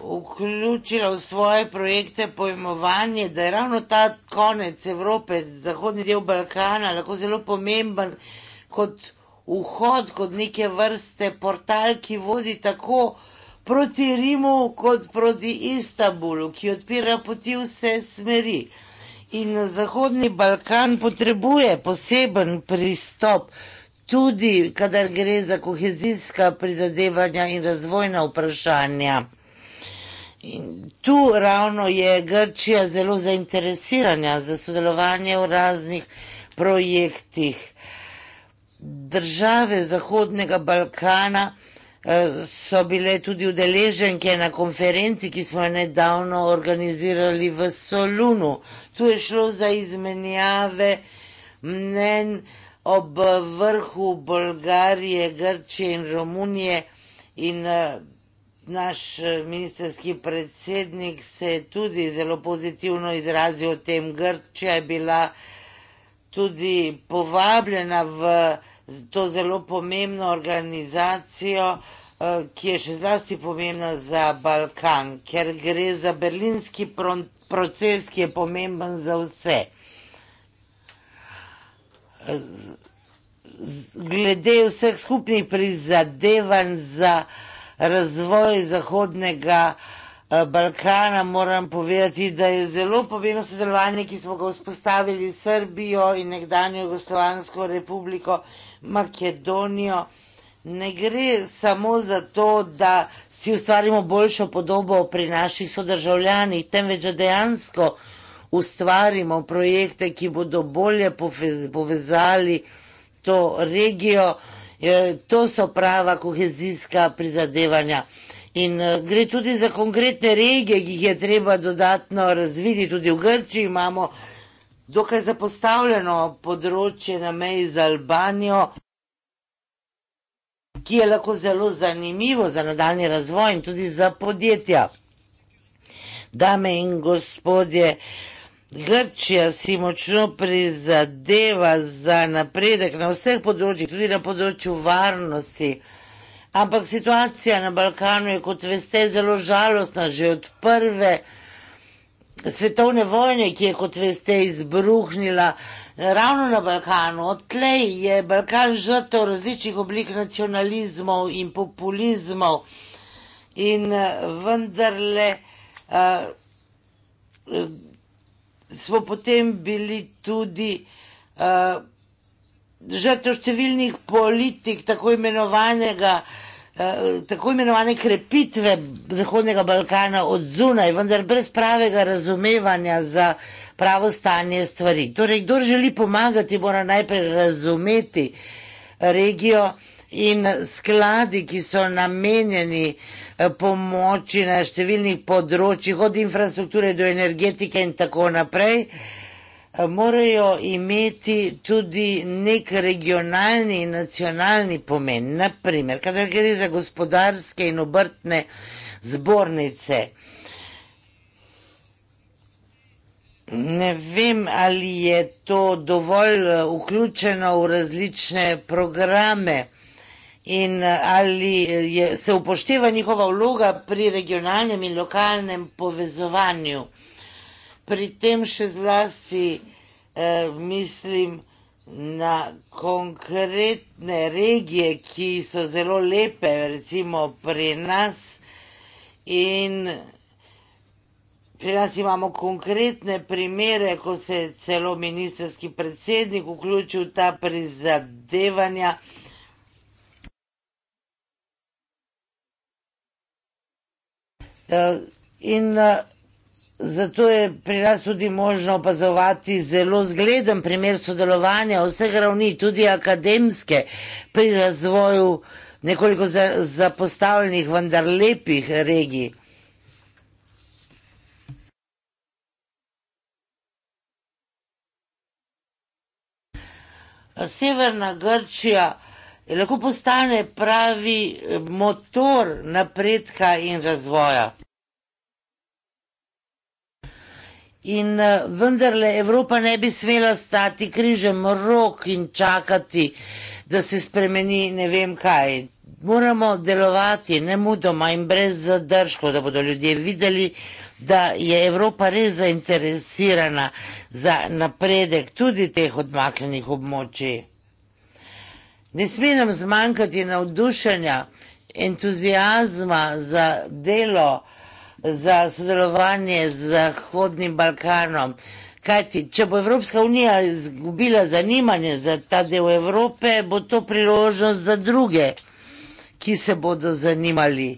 vključila v svoje projekte pojmovanje, da je ravno ta konec Evrope, zahodni del Balkana, lahko zelo pomemben kot vhod, kot neke vrste portal, ki vodi tako proti Rimu kot proti Istanbulu, ki odpira poti vse smeri. In Zahodni Balkan potrebuje poseben pristop, tudi kadar gre za kohezijska prizadevanja in razvojna vprašanja. In tu ravno je Grčija zelo zainteresirana za sodelovanje v raznih projektih. Države Zahodnega Balkana eh, so bile tudi udeleženke na konferenci, ki smo jo nedavno organizirali v Solunu. Tu je šlo za izmenjave mnen ob vrhu Bolgarije, Grčije in Romunije in eh, naš eh, ministerski predsednik se je tudi zelo pozitivno izrazil o tem. Grčija je bila tudi povabljena v to zelo pomembno organizacijo, eh, ki je še zlasti pomembna za Balkan, ker gre za berlinski proces, ki je pomemben za vse. Glede vseh skupnih prizadevanj za razvoj Zahodnega eh, Balkana, moram povedati, da je zelo pomembno sodelovanje, ki smo ga vzpostavili s Srbijo in nekdanjo Jugoslovansko republiko Makedonijo. Ne gre samo za to, da si ustvarimo boljšo podobo pri naših sodržavljanih, temveč da dejansko ustvarimo projekte, ki bodo bolje povezali to regijo. To so prava kohezijska prizadevanja. In eh, gre tudi za konkretne regije, ki jih je treba dodatno razviti. Tudi v Grčiji imamo dokaj zapostavljeno področje na meji z Albanijo, ki je lahko zelo zanimivo za nadaljni razvoj in tudi za podjetja. Dame in gospodje, Grčija si močno prizadeva za napredek na vseh področjih, tudi na področju varnosti. Ampak situacija na Balkanu je, kot veste, zelo žalostna že od prve svetovne vojne, ki je, kot veste, izbruhnila ravno na Balkanu. Odtlej je Balkan žrtev različnih oblik nacionalizmov in populizmov in eh, vendarle. Uh, smo potem bili tudi uh, žrtev številnih politik, tako imenovanega eh, tako imenovane krepitve Zahodnega Balkana od zunaj, vendar brez pravega razumevanja za pravo stanje stvari. Torej, kdo želi pomagati, mora najprej razumeti regijo, uh, in skladi, ki so namenjeni eh, pomoči na številnih področjih, od infrastrukture do energetike in tako naprej, eh, morajo imeti tudi nek regionalni in nacionalni pomen. Naprimer, kadar gre za gospodarske in obrtne zbornice. Ne vem, ali je to dovolj eh, vključeno v različne programe in eh, ali eh, je, se upošteva njihova vloga pri regionalnem in lokalnem povezovanju. Pri tem še zlasti eh, mislim na konkretne regije, ki so zelo lepe, recimo pri nas in Pri nas imamo konkretne primere, ko se je celo ministerski predsednik vključil ta prizadevanja, eh, Eh, in eh, zato je pri nas tudi možno opazovati zelo zgleden primer sodelovanja vseh ravni, tudi akademske, pri razvoju nekoliko zapostavljenih, vendar lepih regij. Severna Grčija lahko postane pravi eh, motor napredka in razvoja. In eh, vendarle Evropa ne bi smela stati križem rok in čakati, da se spremeni ne vem kaj. Moramo delovati ne mudoma in brez zadržkov, da bodo ljudje videli, da je Evropa res zainteresirana za napredek tudi teh odmaknjenih območij. Ne sme nam zmanjkati navdušenja, entuzijazma za delo, za sodelovanje z Zahodnim Balkanom. Kajti, če bo Evropska unija izgubila zanimanje za ta del Evrope, bo to priložnost za druge, ki se bodo zanimali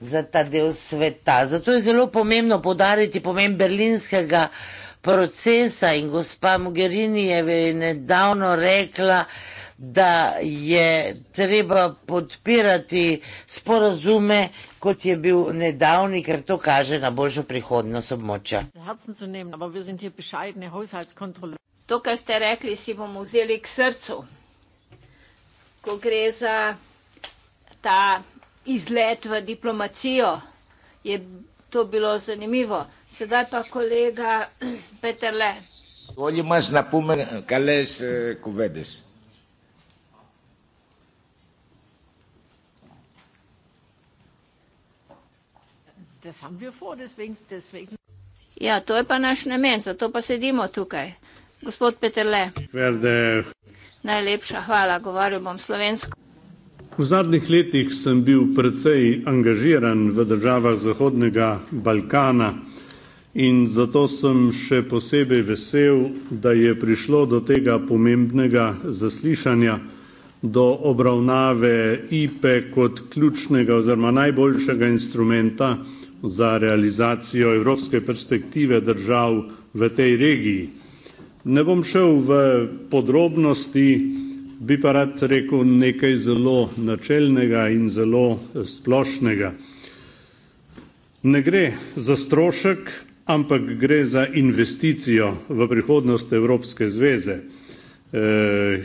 za ta del sveta. Zato je zelo pomembno podariti pomen berlinskega procesa in gospa Mogherini je nedavno rekla, da da je treba podpirati sporazume, kot je bil nedavni, ker to kaže na boljšo prihodnost območja. To, kar ste rekli, si bomo vzeli k srcu, ko gre za ta izlet v diplomacijo. Je to bilo zanimivo. Sedaj pa kolega *clears throat* Peterle. Olimas napume, kales eh, kuvedes. das haben wir vor, deswegen, deswegen. Ja, to je pa naš namen, zato pa sedimo tukaj. Gospod Peterle. Verde. Najlepša hvala, govoril bom slovensko. V zadnjih letih sem bil precej angažiran v državah Zahodnega Balkana in zato sem še posebej vesel, da je prišlo do tega pomembnega zaslišanja, do obravnave IPE kot ključnega oziroma najboljšega instrumenta, za realizacijo evropske perspektive držav v tej regiji. Ne bom šel v podrobnosti, bi pa rad rekel nekaj zelo načelnega in zelo eh, splošnega. Ne gre za strošek, ampak gre za investicijo v prihodnost Evropske zveze e,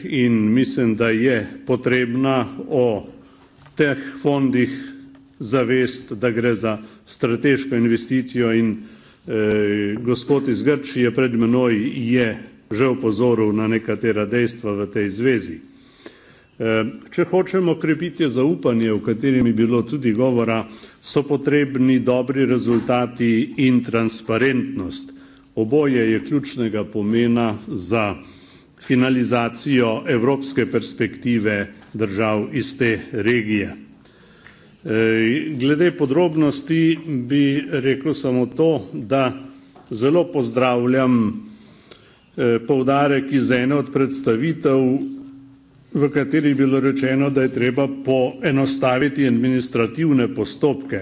in mislim, da je potrebna o teh fondih zavest, da gre za investicijo strateško investicijo in eh, gospod iz Grčije pred menoj je že upozoril na nekatera dejstva v tej zvezi. Eh, če hočemo krepiti zaupanje, o katerem je bilo tudi govora, so potrebni dobri rezultati in transparentnost. Oboje je ključnega pomena za finalizacijo evropske perspektive držav iz te regije. Eh, glede podrobnosti bi rekel samo to, da zelo pozdravljam eh, poudarek iz ene od predstavitev, v kateri je bilo rečeno, da je treba poenostaviti administrativne postopke.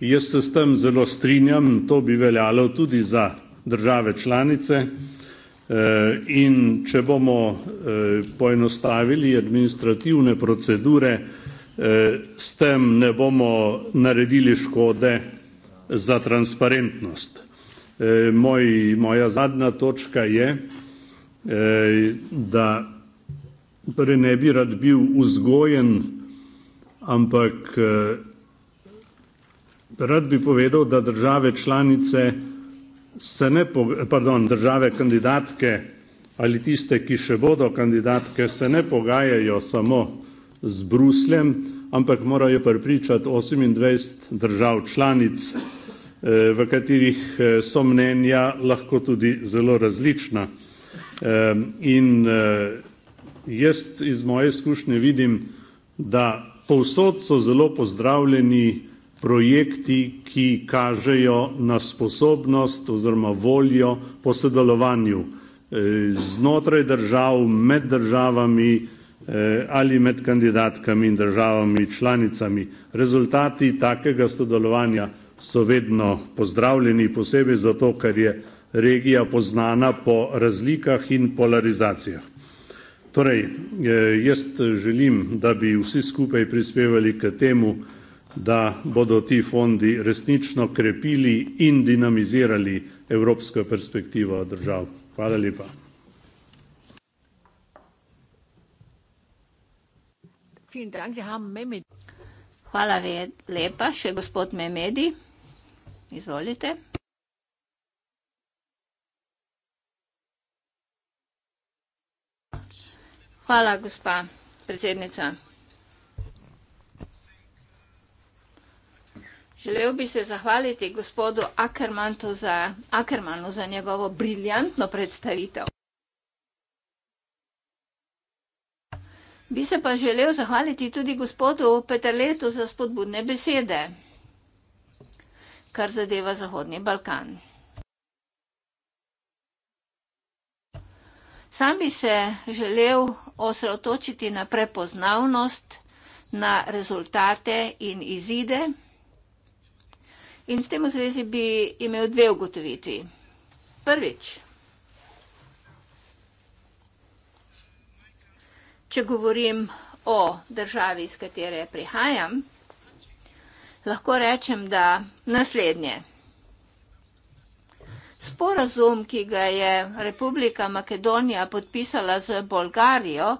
Jaz se s tem zelo strinjam, to bi veljalo tudi za države članice eh, in če bomo poenostavili administrativne procedure, s tem ne bomo naredili škode za transparentnost. E, moj, moja zadnja točka je, e, da torej ne bi rad bil vzgojen, ampak e, rad bi povedal, da države članice se ne, pardon, države kandidatke ali tiste, ki še bodo kandidatke, se ne pogajajo samo z Brusljem, ampak morajo pripričati 28 držav članic, eh, v katerih eh, so mnenja lahko tudi zelo različna. In eh, jaz iz moje izkušnje vidim, da povsod so zelo pozdravljeni projekti, ki kažejo na sposobnost oziroma voljo po sodelovanju znotraj držav, med državami in državami, Eh, ali med kandidatkami in državami članicami. Rezultati takega sodelovanja so vedno pozdravljeni, posebej zato, ker je regija poznana po razlikah in polarizacijah. Torej, eh, jaz želim, da bi vsi skupaj prispevali k temu, da bodo ti fondi resnično krepili in dinamizirali evropsko perspektivo držav. Hvala lepa. Hvala lepa. Še gospod Memedi, izvolite. Hvala, gospa predsednica. Želel bi se zahvaliti gospodu Ackermanu za njegovo briljantno predstavitev. Bi se pa želel zahvaliti tudi gospodu Peterletu za spodbudne besede, kar zadeva Zahodni Balkan. Sam bi se želel osredotočiti na prepoznavnost, na rezultate in izide. In s tem v zvezi bi imel dve ugotovitvi. Prvič. Če govorim o državi, iz katere prihajam, lahko rečem, da naslednje. Sporazum, ki ga je Republika Makedonija podpisala z Bolgarijo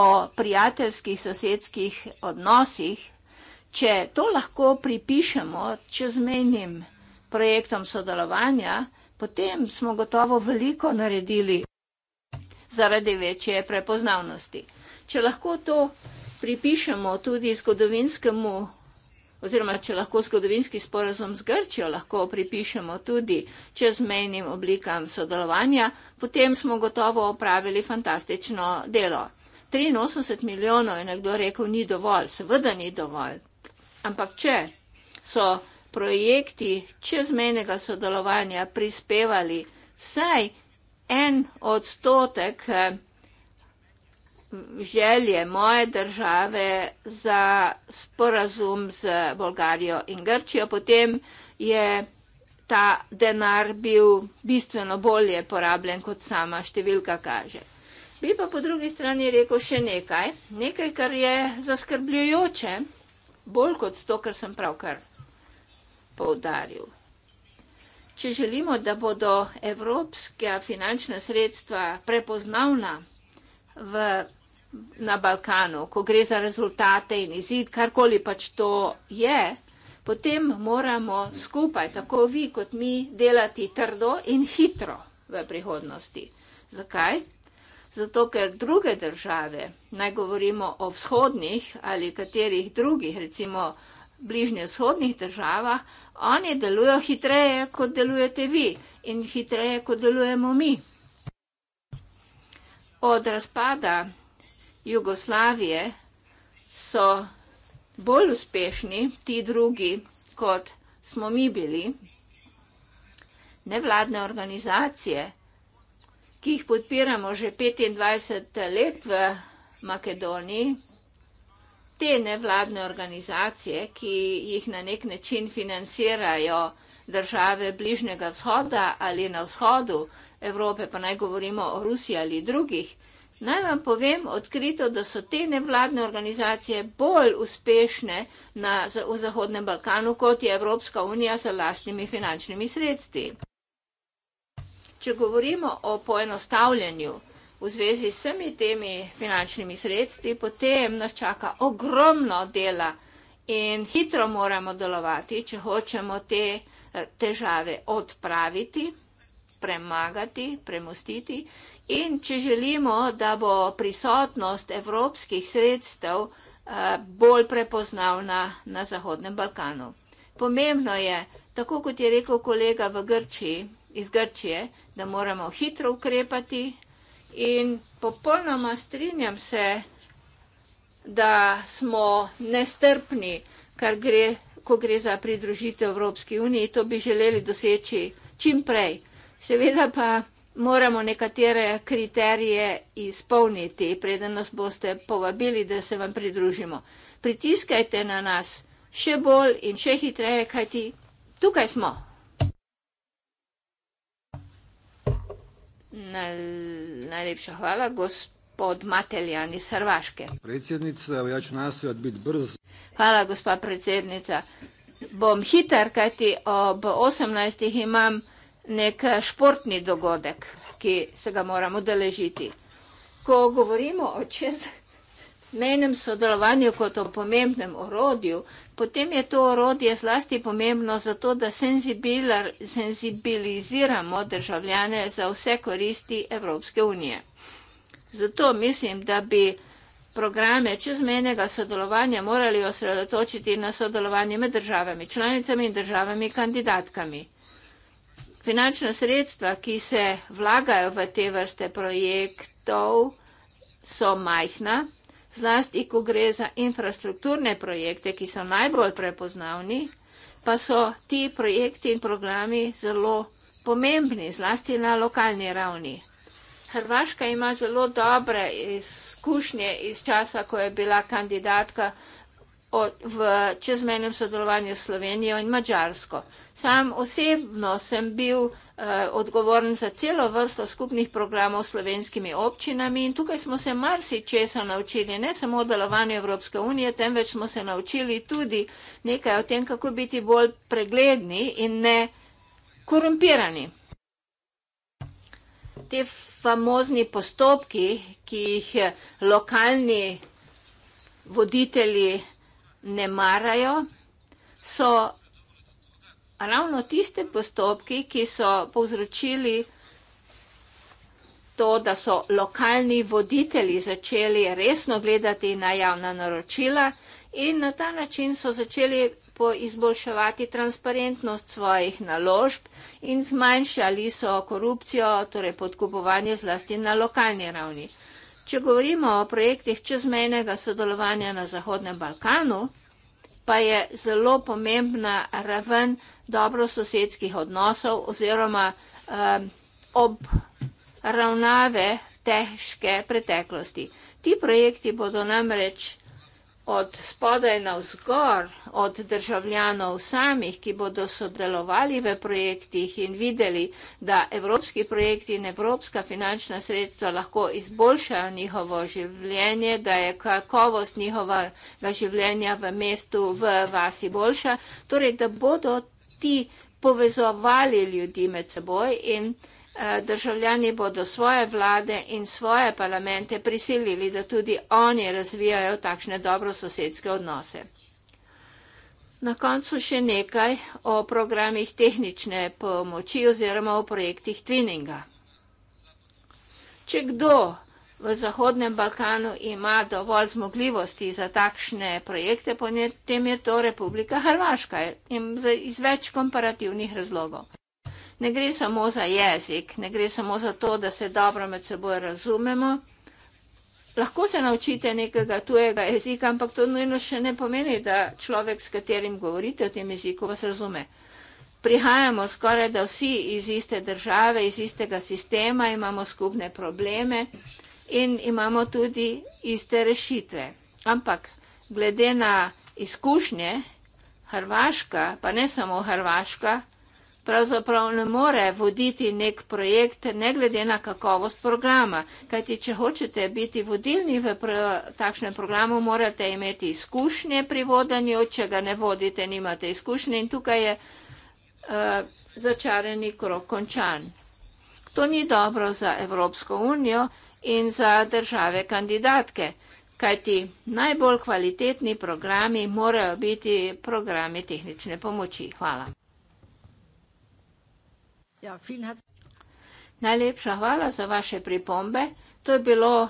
o prijateljskih sosedskih odnosih, če to lahko pripišemo čezmejnim projektom sodelovanja, potem smo gotovo veliko naredili zaradi večje prepoznavnosti če lahko to pripišemo tudi zgodovinskemu, oziroma če lahko zgodovinski sporazum z Grčijo lahko pripišemo tudi čezmejnim oblikam sodelovanja, potem smo gotovo opravili fantastično delo. 83 milijonov je nekdo rekel, ni dovolj, seveda ni dovolj. Ampak če so projekti čezmejnega sodelovanja prispevali vsaj en odstotek, eh, želje moje države za sporazum z Bolgarijo in Grčijo. Potem je ta denar bil bistveno bolje porabljen, kot sama številka kaže. Bi pa po drugi strani rekel še nekaj, nekaj, kar je zaskrbljujoče, bolj kot to, kar sem pravkar poudaril. Če želimo, da bodo evropska finančna sredstva prepoznavna v na Balkanu, ko gre za rezultate in izid, karkoli pač to je, potem moramo skupaj, tako vi kot mi, delati trdo in hitro v prihodnosti. Zakaj? Zato, ker druge države, naj govorimo o vzhodnih ali katerih drugih, recimo bližnje vzhodnih državah, oni delujo hitreje, kot delujete vi in hitreje, kot delujemo mi. Od razpada Jugoslavije so bolj uspešni ti drugi, kot smo mi bili, nevladne organizacije, ki jih podpiramo že 25 let v Makedoniji, te nevladne organizacije, ki jih na nek način financirajo države bližnjega vzhoda ali na vzhodu Evrope, pa naj govorimo o Rusiji ali drugih, Naj vam povem odkrito, da so te nevladne organizacije bolj uspešne na, v Zahodnem Balkanu, kot je Evropska unija z vlastnimi finančnimi sredstvi. Če govorimo o poenostavljanju v zvezi s vsemi temi finančnimi sredstvi, potem nas čaka ogromno dela in hitro moramo delovati, če hočemo te eh, težave odpraviti premagati, premostiti. In če želimo, da bo prisotnost evropskih sredstev eh, bolj prepoznavna na Zahodnem Balkanu. Pomembno je, tako kot je rekel kolega v Grčiji, iz Grčije, da moramo hitro ukrepati in popolnoma strinjam se, da smo nestrpni, kar gre, ko gre za pridružitev Evropski uniji, to bi želeli doseči čim prej. Seveda pa moramo nekatere kriterije izpolniti, preden nas boste povabili, da se vam pridružimo. Pritiskajte na nas še bolj in še hitreje, kajti tukaj smo. Najlepša hvala, gospod Mateljan iz Hrvaške. Predsednica, ja ću nastojati biti brz. Hvala, gospod predsednica. Bom hitar, kajti ob 18. imam vse, nek eh, športni dogodek, ki se ga moramo deležiti. Ko govorimo o čezmejnem sodelovanju kot o pomembnem orodju, potem je to orodje zlasti pomembno zato, da senzibiliziramo državljane za vse koristi Evropske unije. Zato mislim, da bi programe čezmejnega sodelovanja morali osredotočiti na sodelovanje med državami, članicami in državami kandidatkami finančna sredstva, ki se vlagajo v te vrste projektov, so majhna, zlasti, ko gre za infrastrukturne projekte, ki so najbolj prepoznavni, pa so ti projekti in programi zelo pomembni, zlasti na lokalni ravni. Hrvaška ima zelo dobre izkušnje iz časa, ko je bila kandidatka v čezmenem sodelovanju s Slovenijo in Mačarsko. Sam osebno sem bil eh, odgovoren za celo vrsto skupnih programov s slovenskimi občinami in tukaj smo se marsičesa naučili, ne samo o delovanju Evropske unije, temveč smo se naučili tudi nekaj o tem, kako biti bolj pregledni in ne korumpirani. Te famozni postopki, ki jih eh, lokalni voditelji ne marajo, so ravno tiste postopki, ki so povzročili to, da so lokalni voditelji začeli resno gledati na javna naročila in na ta način so začeli izboljševati transparentnost svojih naložb in zmanjšali so korupcijo, torej podkupovanje zlasti na lokalni ravni. Če govorimo o projektih čezmejnega sodelovanja na Zahodnem Balkanu, pa je zelo pomembna raven dobrososedskih odnosov oziroma um, obravnave težke preteklosti. Ti projekti bodo namreč od spodaj na vzgor, od državljanov samih, ki bodo sodelovali v projektih in videli, da evropski projekti in evropska finančna sredstva lahko izboljšajo njihovo življenje, da je kakovost njihovega življenja v mestu, v vasi boljša, torej da bodo ti povezovali ljudi med seboj in Eh, državljani bodo svoje vlade in svoje parlamente prisilili, da tudi oni razvijajo takšne dobrososedske odnose. Na koncu še nekaj o programih tehnične pomoči oziroma o projektih Twinninga. Če kdo v Zahodnem Balkanu ima dovolj zmogljivosti za takšne projekte, potem je to Republika Hrvaška in iz več komparativnih razlogov ne gre samo za jezik, ne gre samo za to, da se dobro med seboj razumemo. Lahko se naučite nekega tujega jezika, ampak to nujno še ne pomeni, da človek, s katerim govorite o tem jeziku, vas razume. Prihajamo skoraj da vsi iz iste države, iz istega sistema, imamo skupne probleme in imamo tudi iste rešitve. Ampak glede na izkušnje, Hrvaška, pa ne samo Hrvaška, pravzaprav ne more voditi nek projekt, ne glede na kakovost programa. Kajti, če hočete biti vodilni v pr takšnem programu, morate imeti izkušnje pri vodanju, če ga ne vodite, nimate izkušnje in tukaj je uh, začarani krok končan. To ni dobro za Evropsko unijo in za države kandidatke. Kajti najbolj kvalitetni programi morajo biti programi tehnične pomoči. Hvala. Ja, Najlepša hvala za vaše pripombe. To je bilo,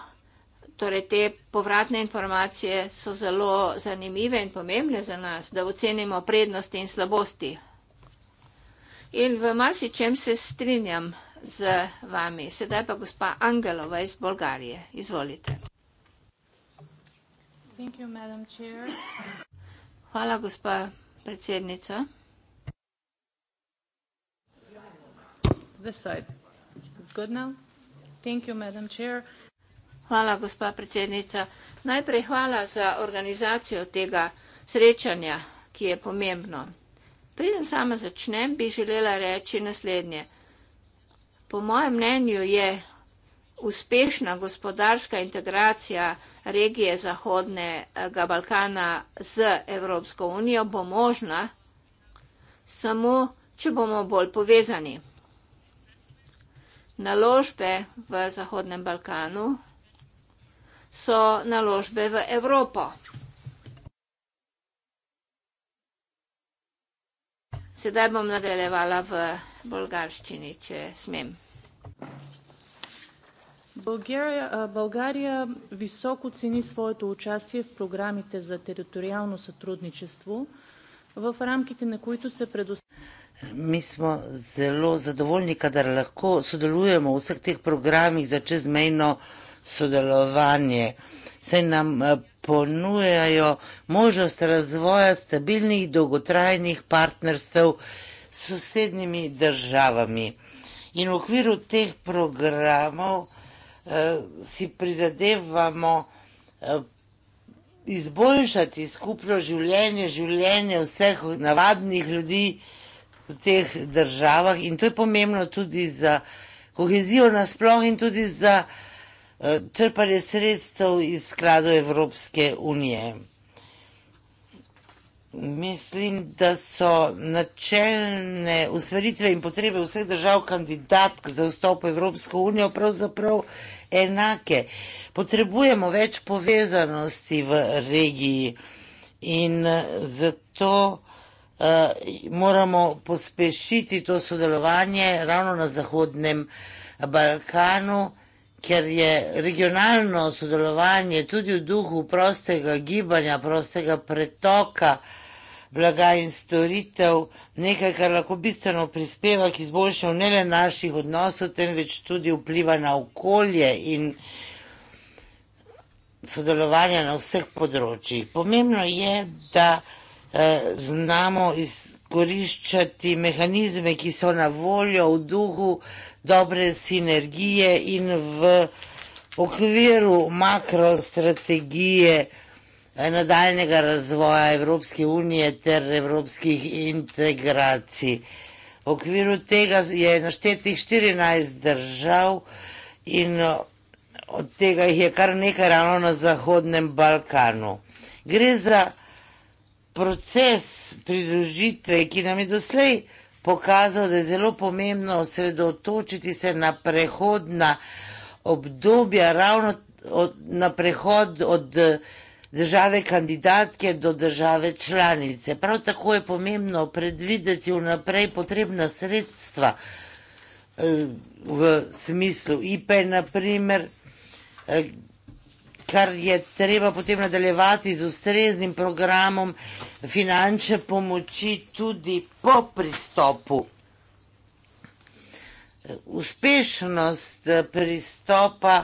torej te povratne informacije so zelo zanimive in pomembne za nas, da ocenimo prednosti in slabosti. In v marsičem se strinjam z vami. Sedaj pa gospa Angelova iz Bolgarije. Izvolite. Hvala, gospa predsednica. this side. It's good now? Thank you, Madam Chair. Hvala, gospa predsednica. Najprej hvala za organizacijo tega srečanja, ki je pomembno. Preden sama začnem, bi želela reči naslednje. Po mojem mnenju je uspešna gospodarska integracija regije Zahodnega Balkana z Evropsko unijo bo možna samo, če bomo bolj povezani naložbe v Zahodnem Balkanu so naložbe v Evropo. Sedaj bom nadaljevala v bolgarščini, če smem. Bulgarija, eh, Bulgarija visoko ceni svojo učastje v programih za teritorijalno sotrudničenstvo, v ramkite na kojih se predvsem. Mi smo zelo zadovoljni, kadar lahko sodelujemo v vseh teh programih za čezmejno sodelovanje. Saj nam eh, ponujajo možnost razvoja stabilnih, dolgotrajnih partnerstev s sosednjimi državami. In v okviru teh programov eh, si prizadevamo eh, izboljšati skupno življenje, življenje vseh navadnih ljudi, eh, v teh državah in to je pomembno tudi za kohezijo nasploh in tudi za črpanje eh, sredstev iz skladov Evropske unije. Mislim, da so načelne usmeritve in potrebe vseh držav kandidatk za vstop v Evropsko unijo pravzaprav enake. Potrebujemo več povezanosti v regiji in eh, zato. Eh, moramo pospešiti to sodelovanje ravno na Zahodnem Balkanu, ker je regionalno sodelovanje tudi v duhu prostega gibanja, prostega pretoka blaga in storitev nekaj, kar lahko bistveno prispeva k izboljšanju ne le naših odnosov, temveč tudi vpliva na okolje in sodelovanja na vseh področjih. Pomembno je, da Eh, znamo izkoriščati mehanizme, ki so na voljo v duhu dobre sinergije in v okviru makrostrategije eh, nadaljnega razvoja Evropske unije ter evropskih integracij. V okviru tega je naštetih 14 držav in eh, od tega jih je kar nekaj ravno na Zahodnem Balkanu. Gre za proces pridružitve, ki nam je doslej pokazal, da je zelo pomembno osredotočiti se na prehodna obdobja, ravno od, na prehod od države kandidatke do države članice. Prav tako je pomembno predvideti vnaprej potrebna sredstva eh, v smislu IPE, naprimer, eh, kar je treba potem nadaljevati z ustreznim programom finančne pomoči tudi po pristopu. Uspešnost eh, pristopa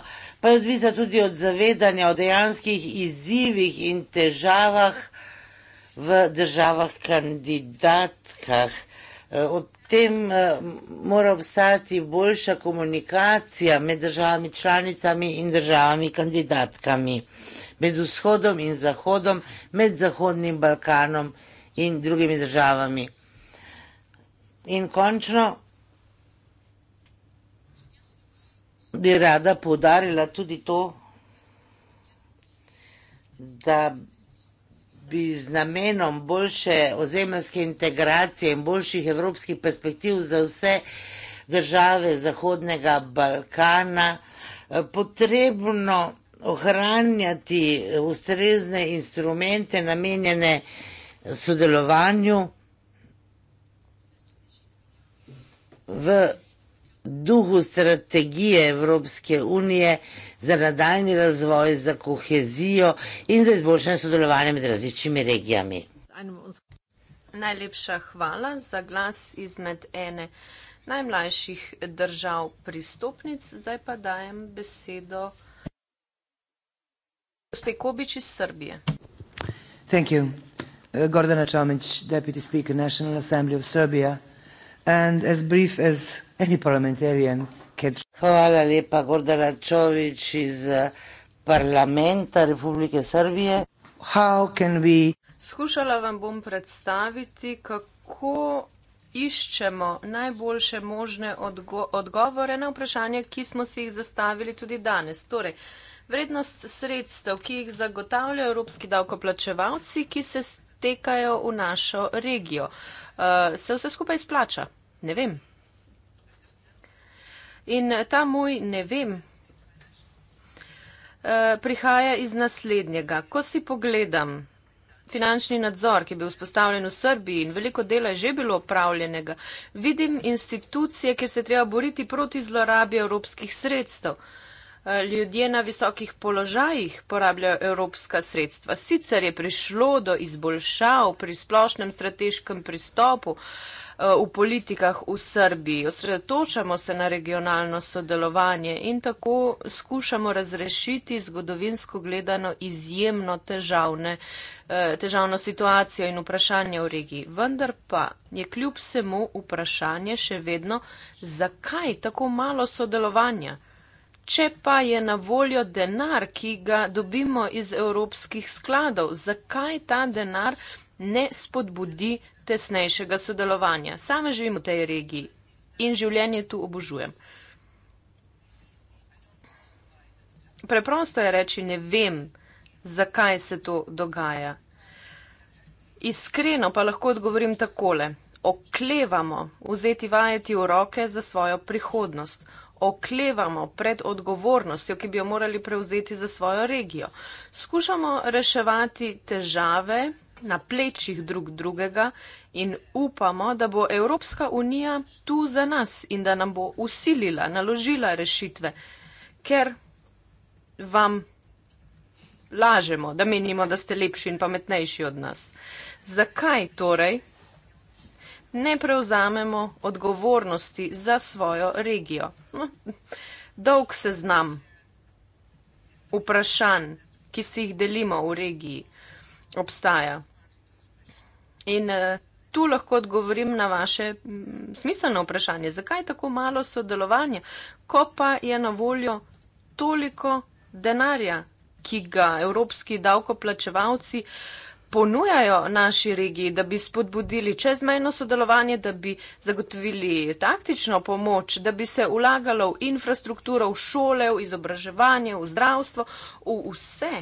pa je odvisna tudi od zavedanja o dejanskih izzivih in težavah v državah kandidatkah. Eh, o tem eh, mora obstajati boljša komunikacija med državami članicami in državami kandidatkami, med vzhodom in zahodom, med Zahodnim Balkanom in drugimi državami. In končno bi rada poudarila tudi to, da bi bi z namenom boljše ozemljske integracije in boljših evropskih perspektiv za vse države Zahodnega Balkana eh, potrebno ohranjati ustrezne instrumente namenjene sodelovanju v duhu strategije Evropske unije za nadaljni razvoj, za kohezijo in za izboljšanje sodelovanja med različnimi regijami. Najlepša hvala za glas izmed ene najmlajših držav pristopnic. Zdaj pa dajem besedo gospe Kobič iz Srbije. Thank you. Uh, Gordana Čomić, Deputy Speaker, National Assembly of Serbia. And as brief as any parliamentarian Ker... Hvala lepa, Gorda Račovič iz eh, parlamenta Republike Srbije. We... Skušala vam bom predstaviti, kako iščemo najboljše možne odgo odgovore na vprašanje, ki smo si jih zastavili tudi danes. Torej, vrednost sredstev, ki jih zagotavljajo evropski davkoplačevalci, ki se stekajo v našo regijo. Uh, se vse skupaj splača? Ne vem. In ta moj ne vem eh, prihaja iz naslednjega. Ko si pogledam finančni nadzor, ki je bil vzpostavljen v Srbiji in veliko dela je že bilo opravljenega, vidim institucije, kjer se treba boriti proti zlorabi evropskih sredstev ljudje na visokih položajih porabljajo evropska sredstva. Sicer je prišlo do izboljšav pri splošnem strateškem pristopu eh, v politikah v Srbiji. Osredotočamo se na regionalno sodelovanje in tako skušamo razrešiti zgodovinsko gledano izjemno težavne, eh, težavno situacijo in vprašanje v regiji. Vendar pa je kljub vsemu vprašanje še vedno, zakaj tako malo sodelovanja? Če pa je na voljo denar, ki ga dobimo iz evropskih skladov, zakaj ta denar ne spodbudi tesnejšega sodelovanja? Sama živim v tej regiji in življenje tu obožujem. Preprosto je reči, ne vem, zakaj se to dogaja. Iskreno pa lahko odgovorim takole. Oklevamo vzeti vajeti v roke za svojo prihodnost oklevamo pred odgovornostjo, ki bi jo morali prevzeti za svojo regijo. Skušamo reševati težave na plečih drug drugega in upamo, da bo Evropska unija tu za nas in da nam bo usilila, naložila rešitve, ker vam. Lažemo, da menimo, da ste lepši in pametnejši od nas. Zakaj torej ne prevzamemo odgovornosti za svojo regijo? *laughs* Dolg se znam vprašanj, ki si jih delimo v regiji, obstaja. In eh, tu lahko odgovorim na vaše mm, smiselno vprašanje, zakaj tako malo sodelovanja, ko pa je na voljo toliko denarja, ki ga evropski davkoplačevalci uh, ponujajo naši regiji, da bi spodbudili čezmejno sodelovanje, da bi zagotovili taktično pomoč, da bi se ulagalo v infrastrukturo, v šole, v izobraževanje, v zdravstvo, v vse,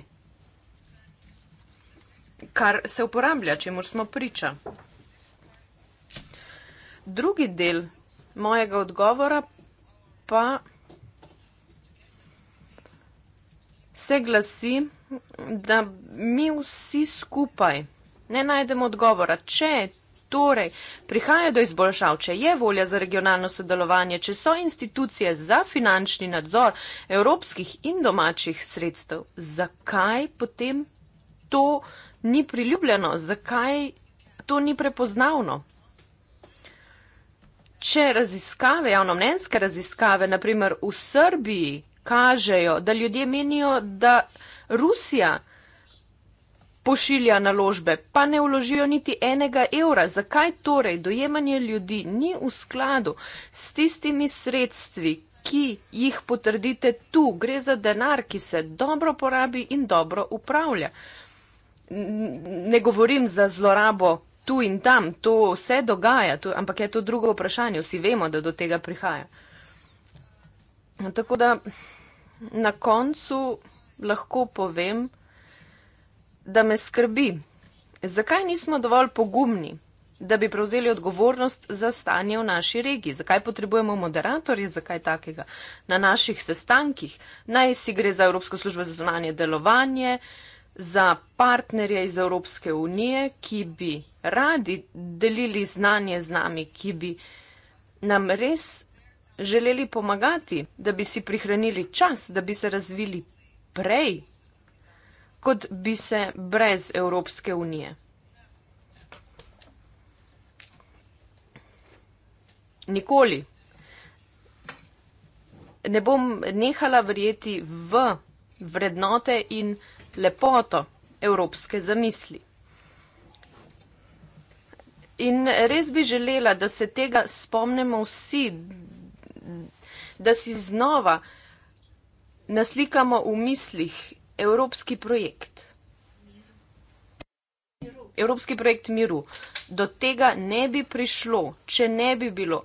kar se uporablja, če mor smo priča. Drugi del mojega odgovora pa se glasi, da je to, da mi vsi skupaj ne najdemo odgovora, če torej prihaja do izboljšav, če je volja za regionalno sodelovanje, če so institucije za finančni nadzor evropskih in domačih sredstev, zakaj potem to ni priljubljeno, zakaj to ni prepoznavno. Če raziskave, javnomnenjske raziskave, naprimer v Srbiji, kažejo, da ljudje menijo, da Rusija pošilja naložbe, pa ne vložijo niti enega evra. Zakaj torej dojemanje ljudi ni v skladu s tistimi sredstvi, ki jih potrdite tu? Gre za denar, ki se dobro porabi in dobro upravlja. Ne govorim za zlorabo tu in tam, to vse dogaja, to, ampak je to drugo vprašanje. Vsi vemo, da do tega prihaja. No, tako da na koncu lahko povem, da me skrbi, zakaj nismo dovolj pogumni, da bi prevzeli odgovornost za stanje v naši regiji, zakaj potrebujemo moderatorje, zakaj takega na naših sestankih, naj si gre za Evropsko službo za zunanje delovanje, za partnerje iz Evropske unije, ki bi radi delili znanje z nami, ki bi nam res želeli pomagati, da bi si prihranili čas, da bi se razvili prej, kot bi se brez Evropske unije. Nikoli ne bom nehala verjeti v vrednote in lepoto evropske zamisli. In res bi želela, da se tega spomnimo vsi, da si znova naslikamo v mislih evropski projekt. Evropski projekt miru. Do tega ne bi prišlo, če ne bi bilo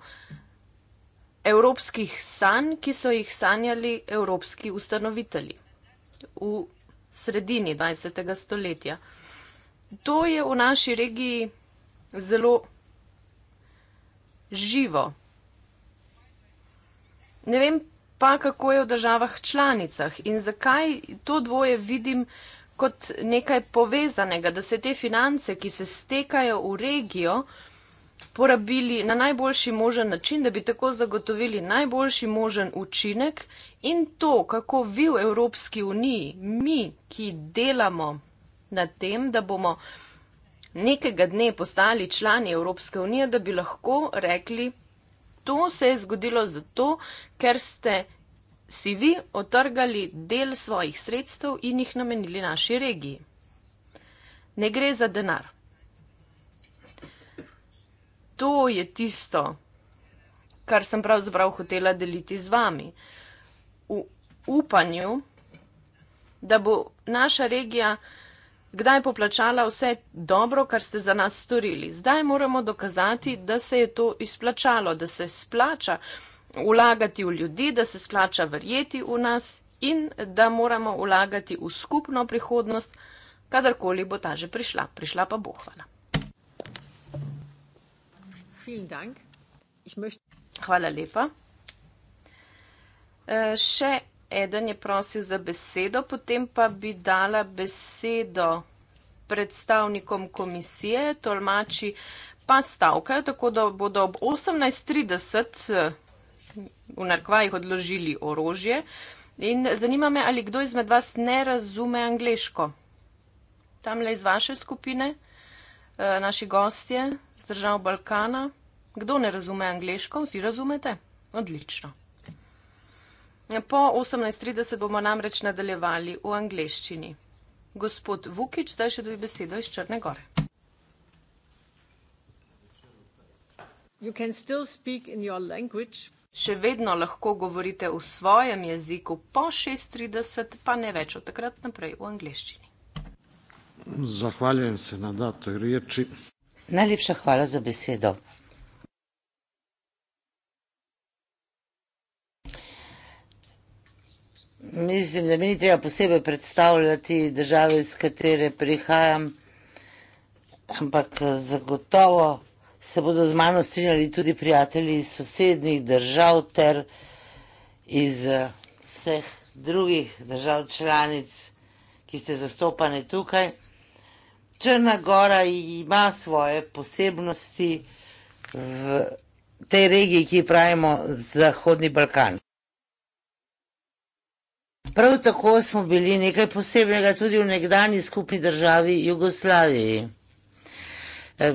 evropskih sanj, ki so jih sanjali evropski ustanovitelji v sredini 20. stoletja. To je v naši regiji zelo živo. Ne vem pa, kako je v državah članicah in zakaj to dvoje vidim kot nekaj povezanega, da se te finance, ki se stekajo v regijo, porabili na najboljši možen način, da bi tako zagotovili najboljši možen učinek in to, kako vi v Evropski uniji, mi, ki delamo na tem, da bomo nekega dne postali člani Evropske unije, da bi lahko rekli, to se je zgodilo zato, ker ste si vi otrgali del svojih sredstev in jih namenili naši regiji. Ne gre za denar. To je tisto, kar sem pravzaprav hotela deliti z vami. V upanju, da bo naša regija kdaj poplačala vse dobro, kar ste za nas storili. Zdaj moramo dokazati, da se je to izplačalo, da se splača vlagati v ljudi, da se splača verjeti v nas in da moramo vlagati v skupno prihodnost, kadarkoli bo ta že prišla. Prišla pa bo hvala. Hvala lepa. Še eden je prosil za besedo, potem pa bi dala besedo predstavnikom komisije, tolmači pa stavkajo, tako da bodo ob 18.30 v narkvajih odložili orožje. In zanima me, ali kdo izmed vas ne razume angliško. Tam le iz vaše skupine, eh, naši gostje z držav Balkana. Kdo ne razume angliško, vsi razumete? Odlično. Po 18.30 bomo namreč nadaljevali v angleščini. Gospod Vukič, zdaj še dobi besedo iz Črne Gore. Še vedno lahko govorite v svojem jeziku po 6.30, pa ne več od takrat naprej v angleščini. Zahvaljujem se na datoj reči. Najlepša hvala za besedo. Mislim, da mi ni treba posebej predstavljati države, iz katere prihajam, ampak zagotovo se bodo z mano strinjali tudi prijatelji iz sosednjih držav ter iz eh, vseh drugih držav članic, ki ste zastopane tukaj. Črna Gora ima svoje posebnosti v tej regiji, ki pravimo Zahodni Balkan. Prav tako smo bili nekaj posebnega tudi v nekdani skupni državi Jugoslaviji. Eh,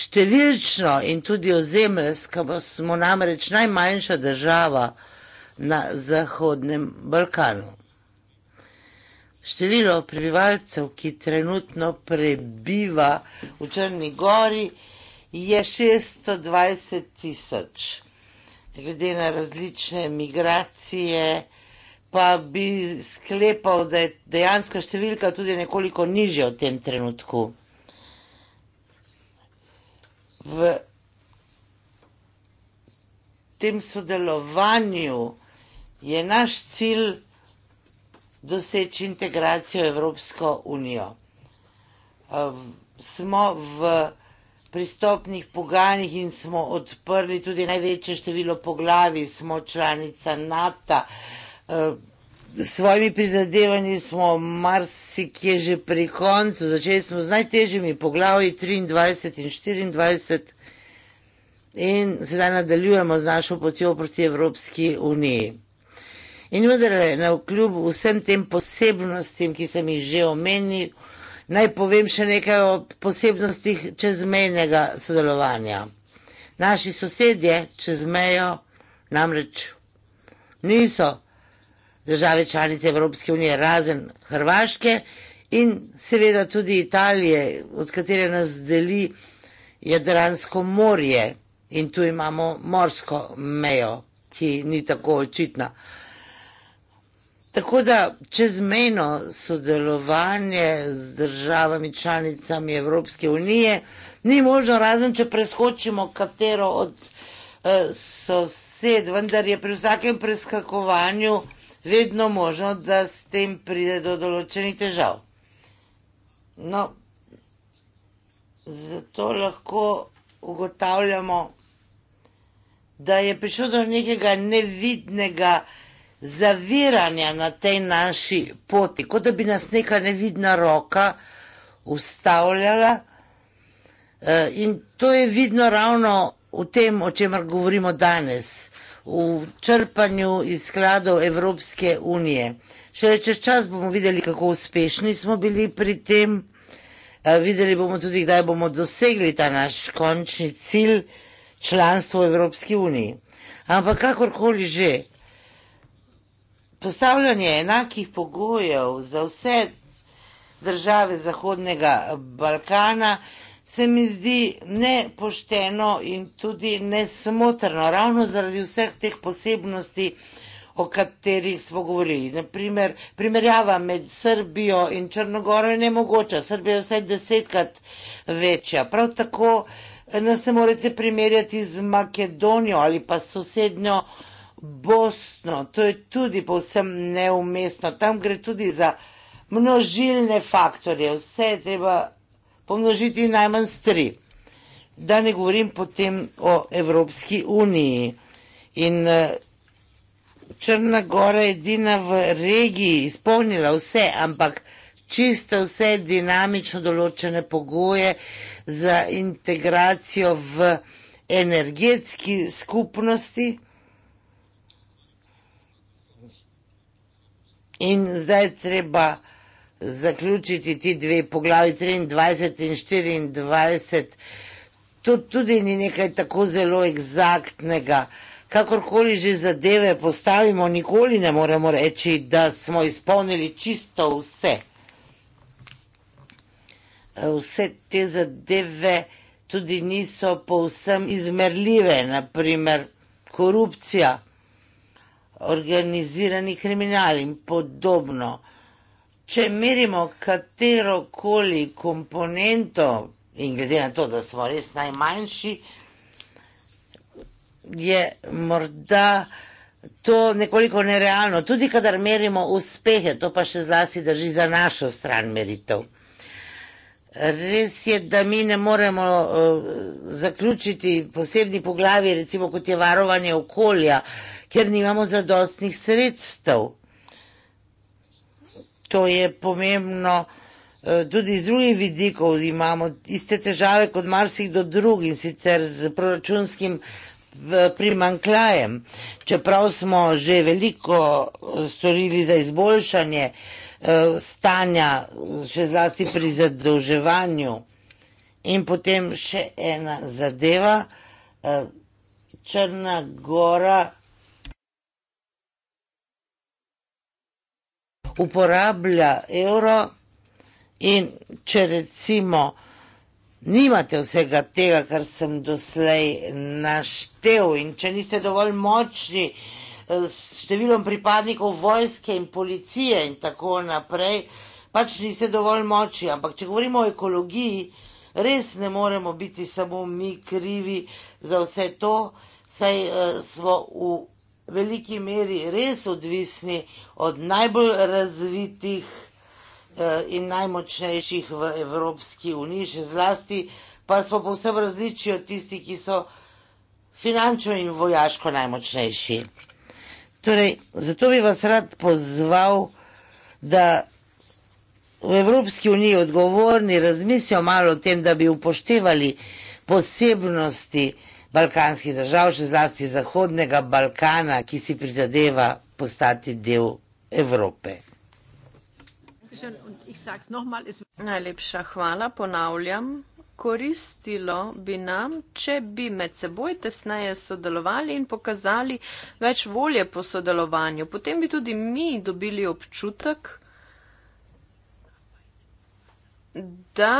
številčno in tudi ozemljsko smo namreč najmanjša država na Zahodnem Balkanu. Število prebivalcev, ki trenutno prebiva v Črni Gori, je 620 tisoč. Glede na različne migracije, pa bi sklepal, da je dejanska številka tudi nekoliko nižja v tem trenutku. V tem sodelovanju je naš cilj doseči integracijo Evropsko unijo. Ehm, smo v pristopnih pogajanjih in smo odprli tudi največje število poglavi, smo članica NATO. Eh, s svojimi prizadevanji smo marsikje že pri koncu, začeli smo z najtežjimi poglavji 23 in 24 in sedaj nadaljujemo z našo potjo proti Evropski uniji. In vendar, na kljub vsem tem posebnostim, ki sem jih že omenil, naj povem še nekaj o posebnostih čezmejnega sodelovanja. Naši sosedje čez mejo namreč niso države članice Evropske unije, razen Hrvaške in seveda tudi Italije, od katere nas deli Jadransko morje in tu imamo morsko mejo, ki ni tako očitna. Tako da čezmejno sodelovanje z državami članicami Evropske unije ni možno, razen če preskočimo katero od eh, sosed, vendar je pri vsakem preskakovanju vedno možno, da s tem pride do določenih težav. No, zato lahko ugotavljamo, da je prišlo do nekega nevidnega zaviranja na tej naši poti, kot da bi nas neka nevidna roka ustavljala. Eh, in to je vidno ravno v tem, o čemer govorimo danes – v črpanju iz skladov Evropske unije. Šele čez čas bomo videli, kako uspešni smo bili pri tem. Eh, videli bomo tudi, kdaj bomo dosegli ta naš končni cilj članstvo v Evropski uniji. Ampak kakorkoli že, postavljanje enakih pogojev za vse države Zahodnega Balkana se mi zdi nepošteno in tudi nesmotrno, ravno zaradi vseh teh posebnosti, o katerih smo govorili. Naprimer, primerjava med Srbijo in Črnogoro je nemogoča. Srbija je vsaj desetkrat večja. Prav tako nas ne morete primerjati z Makedonijo ali pa sosednjo Bosno. To je tudi povsem neumestno. Tam gre tudi za množilne faktorje. Vse je treba pomnožiti najmanj s tri. Da ne govorim potem o Evropski uniji. In eh, Črna Gora je edina v regiji izpolnila vse, ampak čisto vse dinamično določene pogoje za integracijo v energetski skupnosti. In zdaj treba zaključiti ti dve poglavi, 23 in 24, to tudi ni nekaj tako zelo egzaktnega. Kakorkoli že zadeve postavimo, nikoli ne moremo reči, da smo izpolnili čisto vse. Vse te zadeve tudi niso povsem izmerljive, naprimer korupcija, organizirani kriminal in podobno. Če merimo katero koli komponento, in glede na to, da smo res najmanjši, je morda to nekoliko nerealno. Tudi, kadar merimo uspehe, to pa še zlasti drži za našo stran meritev. Res je, da mi ne moremo uh, zaključiti posebni poglavi, recimo kot je varovanje okolja, ker nimamo zadostnih sredstev to je pomembno eh, tudi iz drugih vidikov, imamo iste težave kot marsikdo drug in sicer z proračunskim primankljajem. Čeprav smo že veliko eh, storili za izboljšanje eh, stanja, še zlasti pri zadolževanju. In potem še ena zadeva, Črna gora uporablja evro in če recimo nimate vsega tega, kar sem doslej naštel in če niste dovolj močni eh, s številom pripadnikov vojske in policije in tako naprej, pač niste dovolj močni. Ampak če govorimo o ekologiji, res ne moremo biti samo mi krivi za vse to, saj uh, smo v veliki meri res odvisni od najbolj razvitih eh, in najmočnejših v Evropski uniji, še zlasti pa smo povsem različni od tistih, ki so finančno in vojaško najmočnejši. Torej, zato bi vas rad pozval, da v Evropski uniji odgovorni razmislijo malo o tem, da bi upoštevali posebnosti balkanskih držav, še zlasti Zahodnega Balkana, ki si prizadeva postati del Evrope. Najlepša hvala, ponavljam. Koristilo bi nam, če bi med seboj tesneje sodelovali in pokazali več volje po sodelovanju. Potem bi tudi mi dobili občutek, da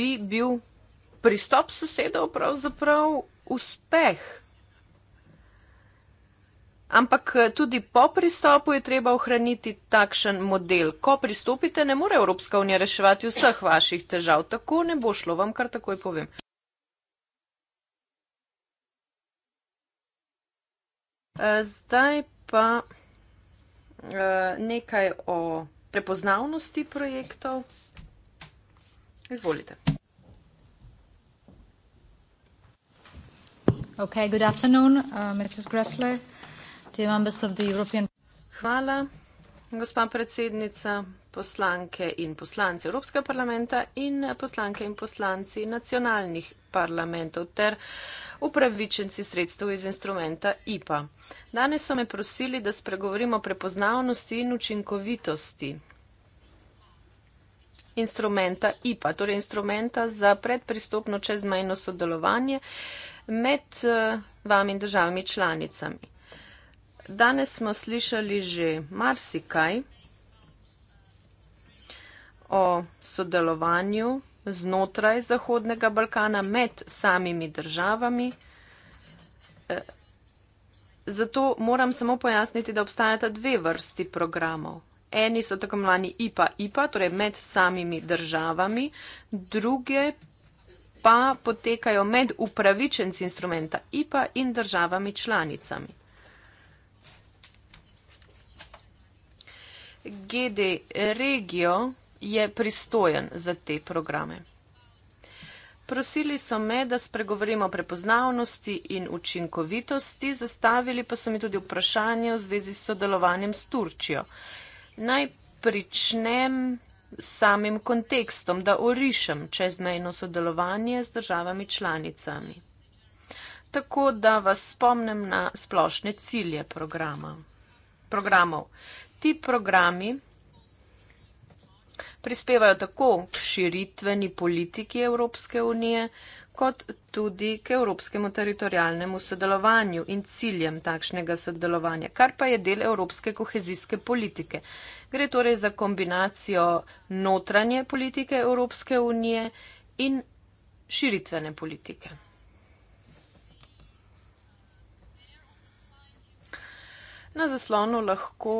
bi bil pristop sosedov pravzaprav uspeh. Ampak eh, tudi po pristopu je treba ohraniti takšen model. Ko pristopite, ne more Evropska unija reševati vseh vaših težav. Tako ne bo šlo, vam kar takoj povem. Eh, zdaj pa eh, nekaj o prepoznavnosti projektov. Izvolite. Okay, good afternoon, uh, Mrs. Gressler, dear members of the European... Hvala, gospa predsednica, poslanke in poslanci Evropskega parlamenta in poslanke in poslanci nacionalnih parlamentov ter upravičenci sredstev iz instrumenta IPA. Danes so me prosili, da spregovorimo o prepoznavnosti in učinkovitosti instrumenta IPA, torej instrumenta za predpristopno čezmejno sodelovanje, uh, med eh, vami in državami članicami. Danes smo slišali že marsikaj o sodelovanju znotraj Zahodnega Balkana med samimi državami. Eh, zato moram samo pojasniti, da obstajata dve vrsti programov. Eni so tako imenovani IPA-IPA, torej med samimi državami, druge pa potekajo med upravičenci instrumenta IPA in državami članicami. GD Regio je pristojen za te programe. Prosili so me, da spregovorimo o prepoznavnosti in učinkovitosti, zastavili pa so mi tudi vprašanje v zvezi s sodelovanjem s Turčijo. Naj pričnem samim kontekstom, da orišem čezmejno sodelovanje z državami članicami. Tako da vas spomnim na splošne cilje programa. programov. Ti programi prispevajo tako k širitveni politiki Evropske unije, kot tudi k evropskemu teritorijalnemu sodelovanju in ciljem takšnega sodelovanja, kar pa je del evropske kohezijske politike. Gre torej za kombinacijo notranje politike Evropske unije in širitvene politike. Na zaslonu lahko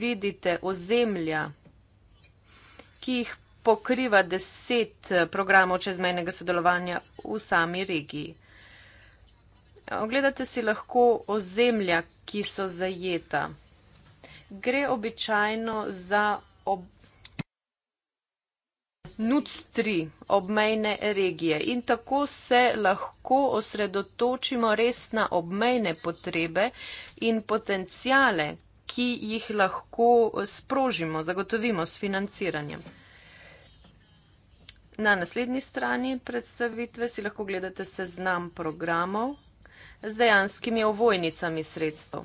vidite ozemlja, ki jih pokriva deset eh, programov čezmejnega sodelovanja v sami regiji. Ogledate si lahko ozemlja, ki so zajeta. Gre običajno za ob... NUC3 obmejne regije in tako se lahko osredotočimo res na obmejne potrebe in potencijale, ki jih lahko sprožimo, zagotovimo s financiranjem. Na naslednji strani predstavitve si lahko gledate seznam programov z dejanskimi ovojnicami sredstev.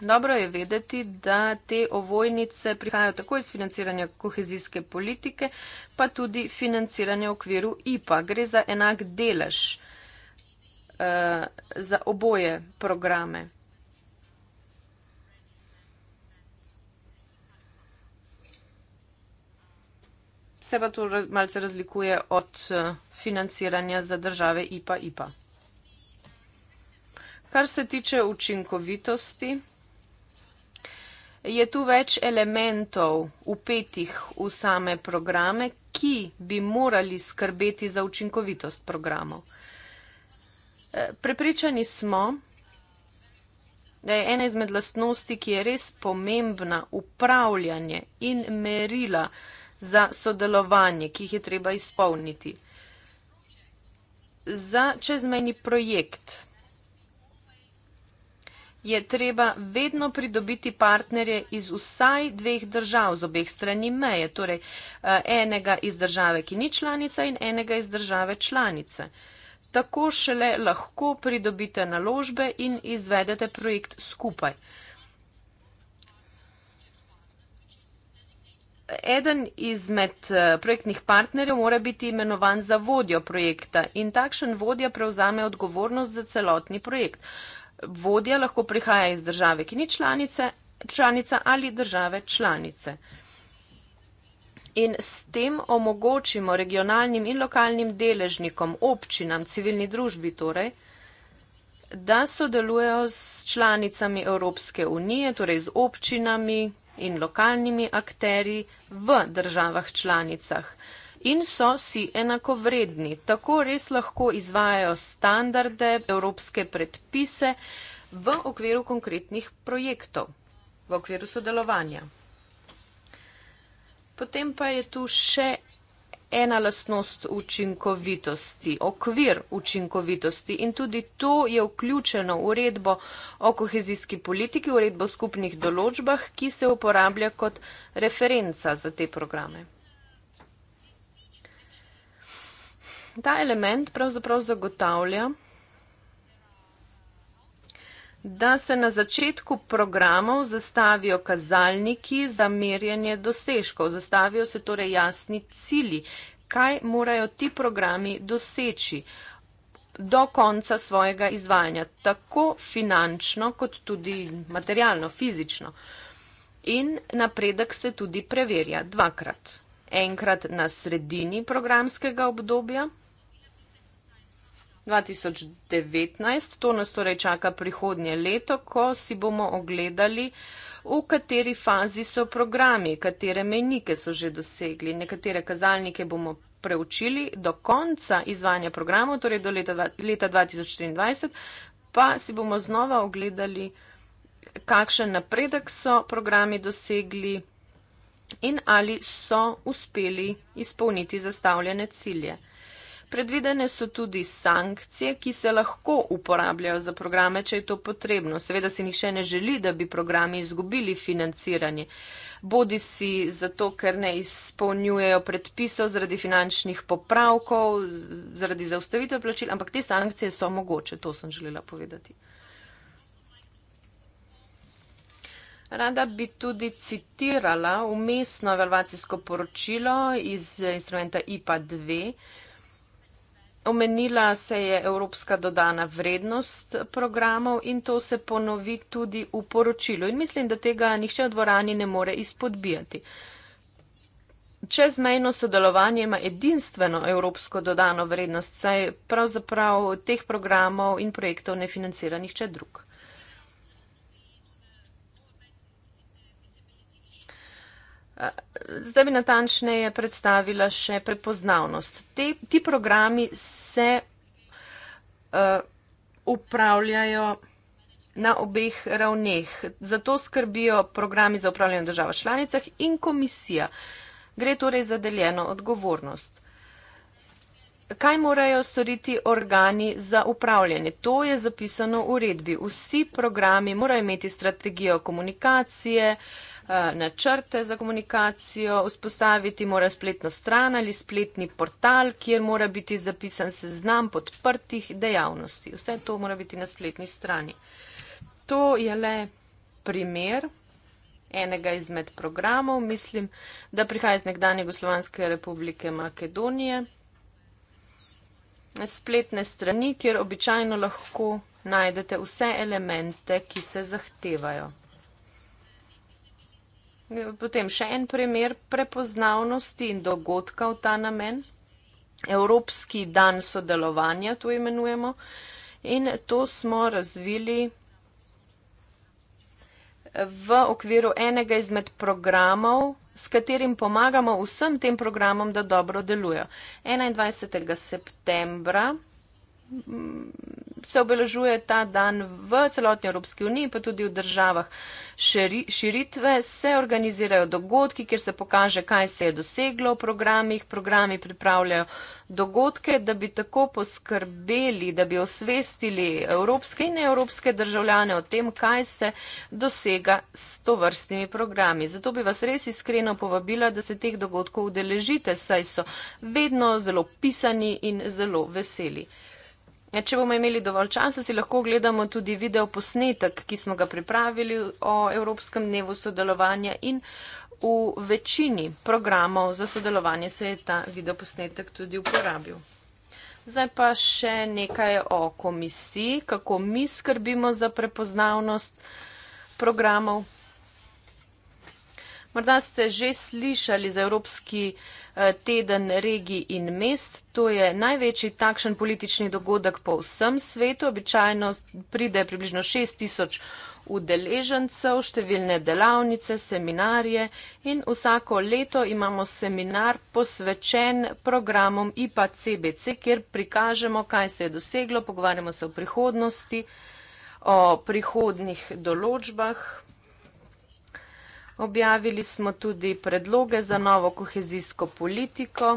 Dobro je vedeti, da te ovojnice prihajajo tako iz financiranja kohezijske politike, pa tudi financiranja v okviru IPA. Gre za enak delež uh, za oboje programe. se pa to malce razlikuje od eh, financiranja za države IPA-IPA. Kar se tiče učinkovitosti, je tu več elementov upetih v same programe, ki bi morali skrbeti za učinkovitost programov. Eh, prepričani smo, da je ena izmed lastnosti, ki je res pomembna, upravljanje in merila, za sodelovanje, ki jih je treba izpolniti. Za čezmejni projekt je treba vedno pridobiti partnerje iz vsaj dveh držav, z obeh strani meje, torej eh, enega iz države, ki ni članica in enega iz države članice. Tako šele lahko pridobite naložbe in izvedete projekt skupaj. eden izmed eh, projektnih partnerjev mora biti imenovan za vodjo projekta in takšen vodja prevzame odgovornost za celotni projekt. Vodja lahko prihaja iz države, ki ni članice, članica ali države članice. In s tem omogočimo regionalnim in lokalnim deležnikom, občinam, civilni družbi torej, da sodelujejo s članicami Evropske unije, torej z občinami, in lokalnimi akteri v državah članicah in so si enakovredni. Tako res lahko izvajajo standarde, evropske predpise v okviru konkretnih projektov, v okviru sodelovanja. Potem pa je tu še ena lastnost učinkovitosti, okvir učinkovitosti in tudi to je vključeno v uredbo o kohezijski politiki, uredbo o skupnih določbah, ki se uporablja kot referenca za te programe. Ta element pravzaprav zagotavlja, da se na začetku programov zastavijo kazalniki za merjanje dosežkov, zastavijo se torej jasni cilji, kaj morajo ti programi doseči do konca svojega izvajanja, tako finančno kot tudi materialno, fizično. In napredek se tudi preverja dvakrat. Enkrat na sredini programskega obdobja, 2019. To nas torej čaka prihodnje leto, ko si bomo ogledali, v kateri fazi so programi, katere menike so že dosegli. Nekatere kazalnike bomo preučili do konca izvanja programov, torej do leta, leta 2023, pa si bomo znova ogledali, kakšen napredek so programi dosegli in ali so uspeli izpolniti zastavljene cilje. Predvidene so tudi sankcije, ki se lahko uporabljajo za programe, če je to potrebno. Seveda si nihče ne želi, da bi programi izgubili financiranje. Bodi si zato, ker ne izpolnjujejo predpisov zaradi finančnih popravkov, zaradi zaustavitve plačil, ampak te sankcije so mogoče, to sem želela povedati. Rada bi tudi citirala umestno evalvacijsko poročilo iz instrumenta IPA 2. Omenila se je evropska dodana vrednost programov in to se ponovi tudi v poročilu. In mislim, da tega nihče v dvorani ne more izpodbijati. Čezmejno sodelovanje ima edinstveno evropsko dodano vrednost, saj pravzaprav teh programov in projektov ne financira nihče drug. Uh, zdaj bi natančneje predstavila še prepoznavnost. Te, ti programi se uh, upravljajo na obeh ravneh. Zato skrbijo programi za upravljanje v državah članicah in komisija. Gre torej za deljeno odgovornost. Kaj morajo storiti organi za upravljanje? To je zapisano v uredbi. Vsi programi morajo imeti strategijo komunikacije, uh, Eh, načrte za komunikacijo, vzpostaviti mora spletno stran ali spletni portal, kjer mora biti zapisan seznam podprtih dejavnosti. Vse to mora biti na spletni strani. To je le primer enega izmed programov. Mislim, da prihaja iz nekdanje Jugoslovanske republike Makedonije. Spletne strani, kjer običajno lahko najdete vse elemente, ki se zahtevajo. Potem še en primer prepoznavnosti in dogodka v ta namen. Evropski dan sodelovanja, to imenujemo, in to smo razvili v okviru enega izmed programov, s katerim pomagamo vsem tem programom, da dobro delujejo. 21. septembra Mm, se obeležuje ta dan v celotni Evropski uniji, pa tudi v državah širitve. Se organizirajo dogodki, kjer se pokaže, kaj se je doseglo v programih. Programi pripravljajo dogodke, da bi tako poskrbeli, da bi osvestili evropske in neevropske državljane o tem, kaj se dosega s to vrstnimi programi. Zato bi vas res iskreno povabila, da se teh dogodkov udeležite, saj so vedno zelo pisani in zelo veseli. Ja, če bomo imeli dovolj časa, si lahko ogledamo tudi video posnetek, ki smo ga pripravili o Evropskem dnevu sodelovanja in v večini programov za sodelovanje se je ta video posnetek tudi uporabil. Zdaj pa še nekaj o komisiji, kako mi skrbimo za prepoznavnost programov. Morda ste že slišali za Evropski eh, teden regij in mest. To je največji takšen politični dogodek po vsem svetu. Običajno pride približno 6 tisoč udeležencev, številne delavnice, seminarje in vsako leto imamo seminar posvečen programom IPA-CBC, kjer prikažemo, kaj se je doseglo, pogovarjamo se o prihodnosti, o prihodnih določbah. Objavili smo tudi predloge za novo kohezijsko politiko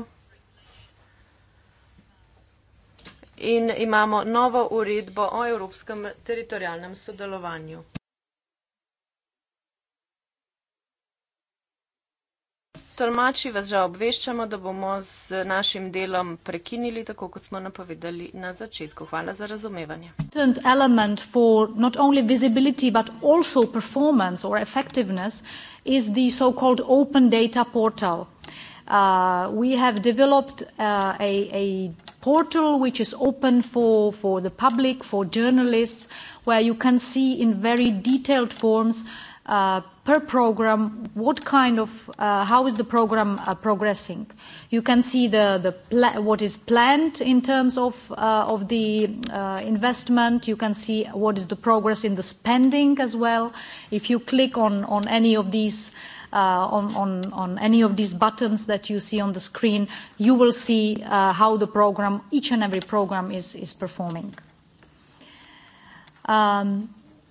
in imamo novo uredbo o evropskem teritorijalnem sodelovanju. Tolmači vas že obveščamo, da bomo z našim delom prekinili, tako kot smo napovedali na začetku. Hvala za razumevanje. Element for not only visibility, but also performance or effectiveness is the so-called open data portal. Uh, we have developed uh, a, a portal which is open for, for the public, for journalists, where you can see in very detailed forms uh, per program, what kind of, uh, how is the program uh, progressing? You can see the, the pla what is planned in terms of, uh, of the uh, investment. You can see what is the progress in the spending as well. If you click on, on any of these, uh, on, on, on any of these buttons that you see on the screen, you will see uh, how the program, each and every program is, is performing. Um,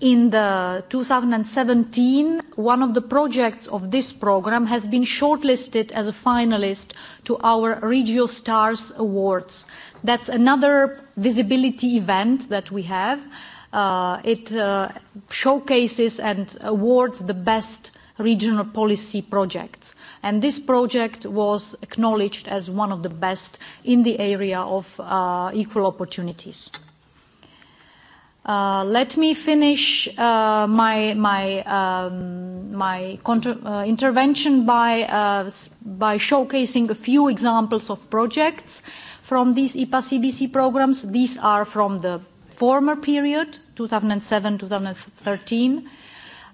In the 2017, one of the projects of this program has been shortlisted as a finalist to our Regio Stars Awards. That's another visibility event that we have. Uh, it uh, showcases and awards the best regional policy projects. And this project was acknowledged as one of the best in the area of uh, equal opportunities. Uh, let me finish uh, my my um, my contra- uh, intervention by uh, by showcasing a few examples of projects from these IPA CBC programs. These are from the former period, 2007 2013.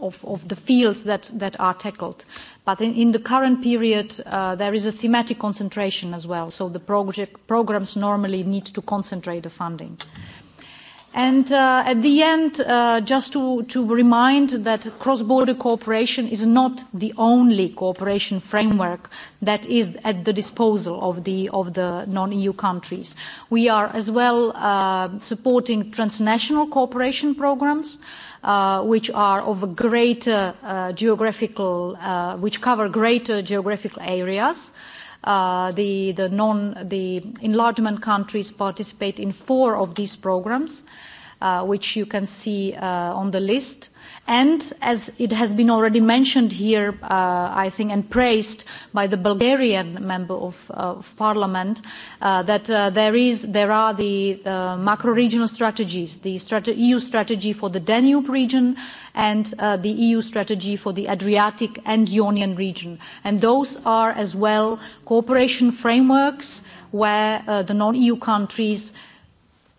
of, of the fields that, that are tackled. But in, in the current period, uh, there is a thematic concentration as well. So the project, programs normally need to concentrate the funding. Mm-hmm. And uh, at the end, uh, just to, to remind that cross border cooperation is not the only cooperation framework that is at the disposal of the, of the non EU countries. We are as well uh, supporting transnational cooperation programs. Uh, which are of a greater uh, geographical, uh, which cover greater geographical areas. Uh, Uh, the, the non, the enlargement countries participate in four of these programs, uh, which you can see uh, on the list. And as it has been already mentioned here, uh, I think, and praised by the Bulgarian member of, uh, of parliament, uh, that uh, there, is, there are the uh, macro regional strategies the strate- EU strategy for the Danube region and uh, the EU strategy for the Adriatic and Ionian region. And those are as well cooperation frameworks where uh, the non EU countries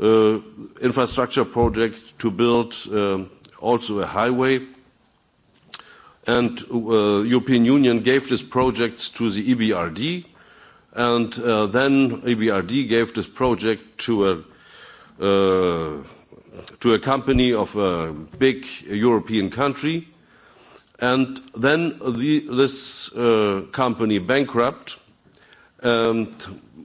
Uh, infrastructure project to build uh, also a highway. Uh, European Union gave this project to the EBRD, and then EBRD gave this project to a company of a big European country. Then this company bankrupt, and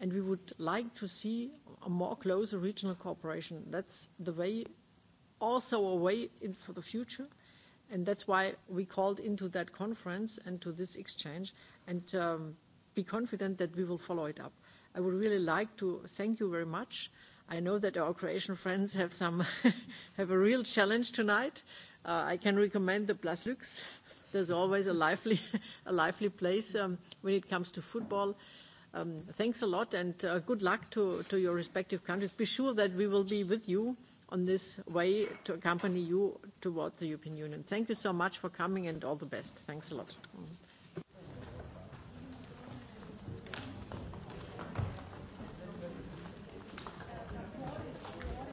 and we would like to see a more close regional cooperation. That's the way, also a way in for the future. And that's why we called into that conference and to this exchange and um, be confident that we will follow it up. I would really like to thank you very much. I know that our Croatian friends have some, *laughs* have a real challenge tonight. Uh, I can recommend the Plaslux. There's always a lively, *laughs* a lively place um, when it comes to football. Um, thanks a lot and uh, good luck to your respective countries. Be sure that we will be with you on this way to accompany you towards the European Union. Thank you so much for coming and all the best. Thanks a lot. Mm.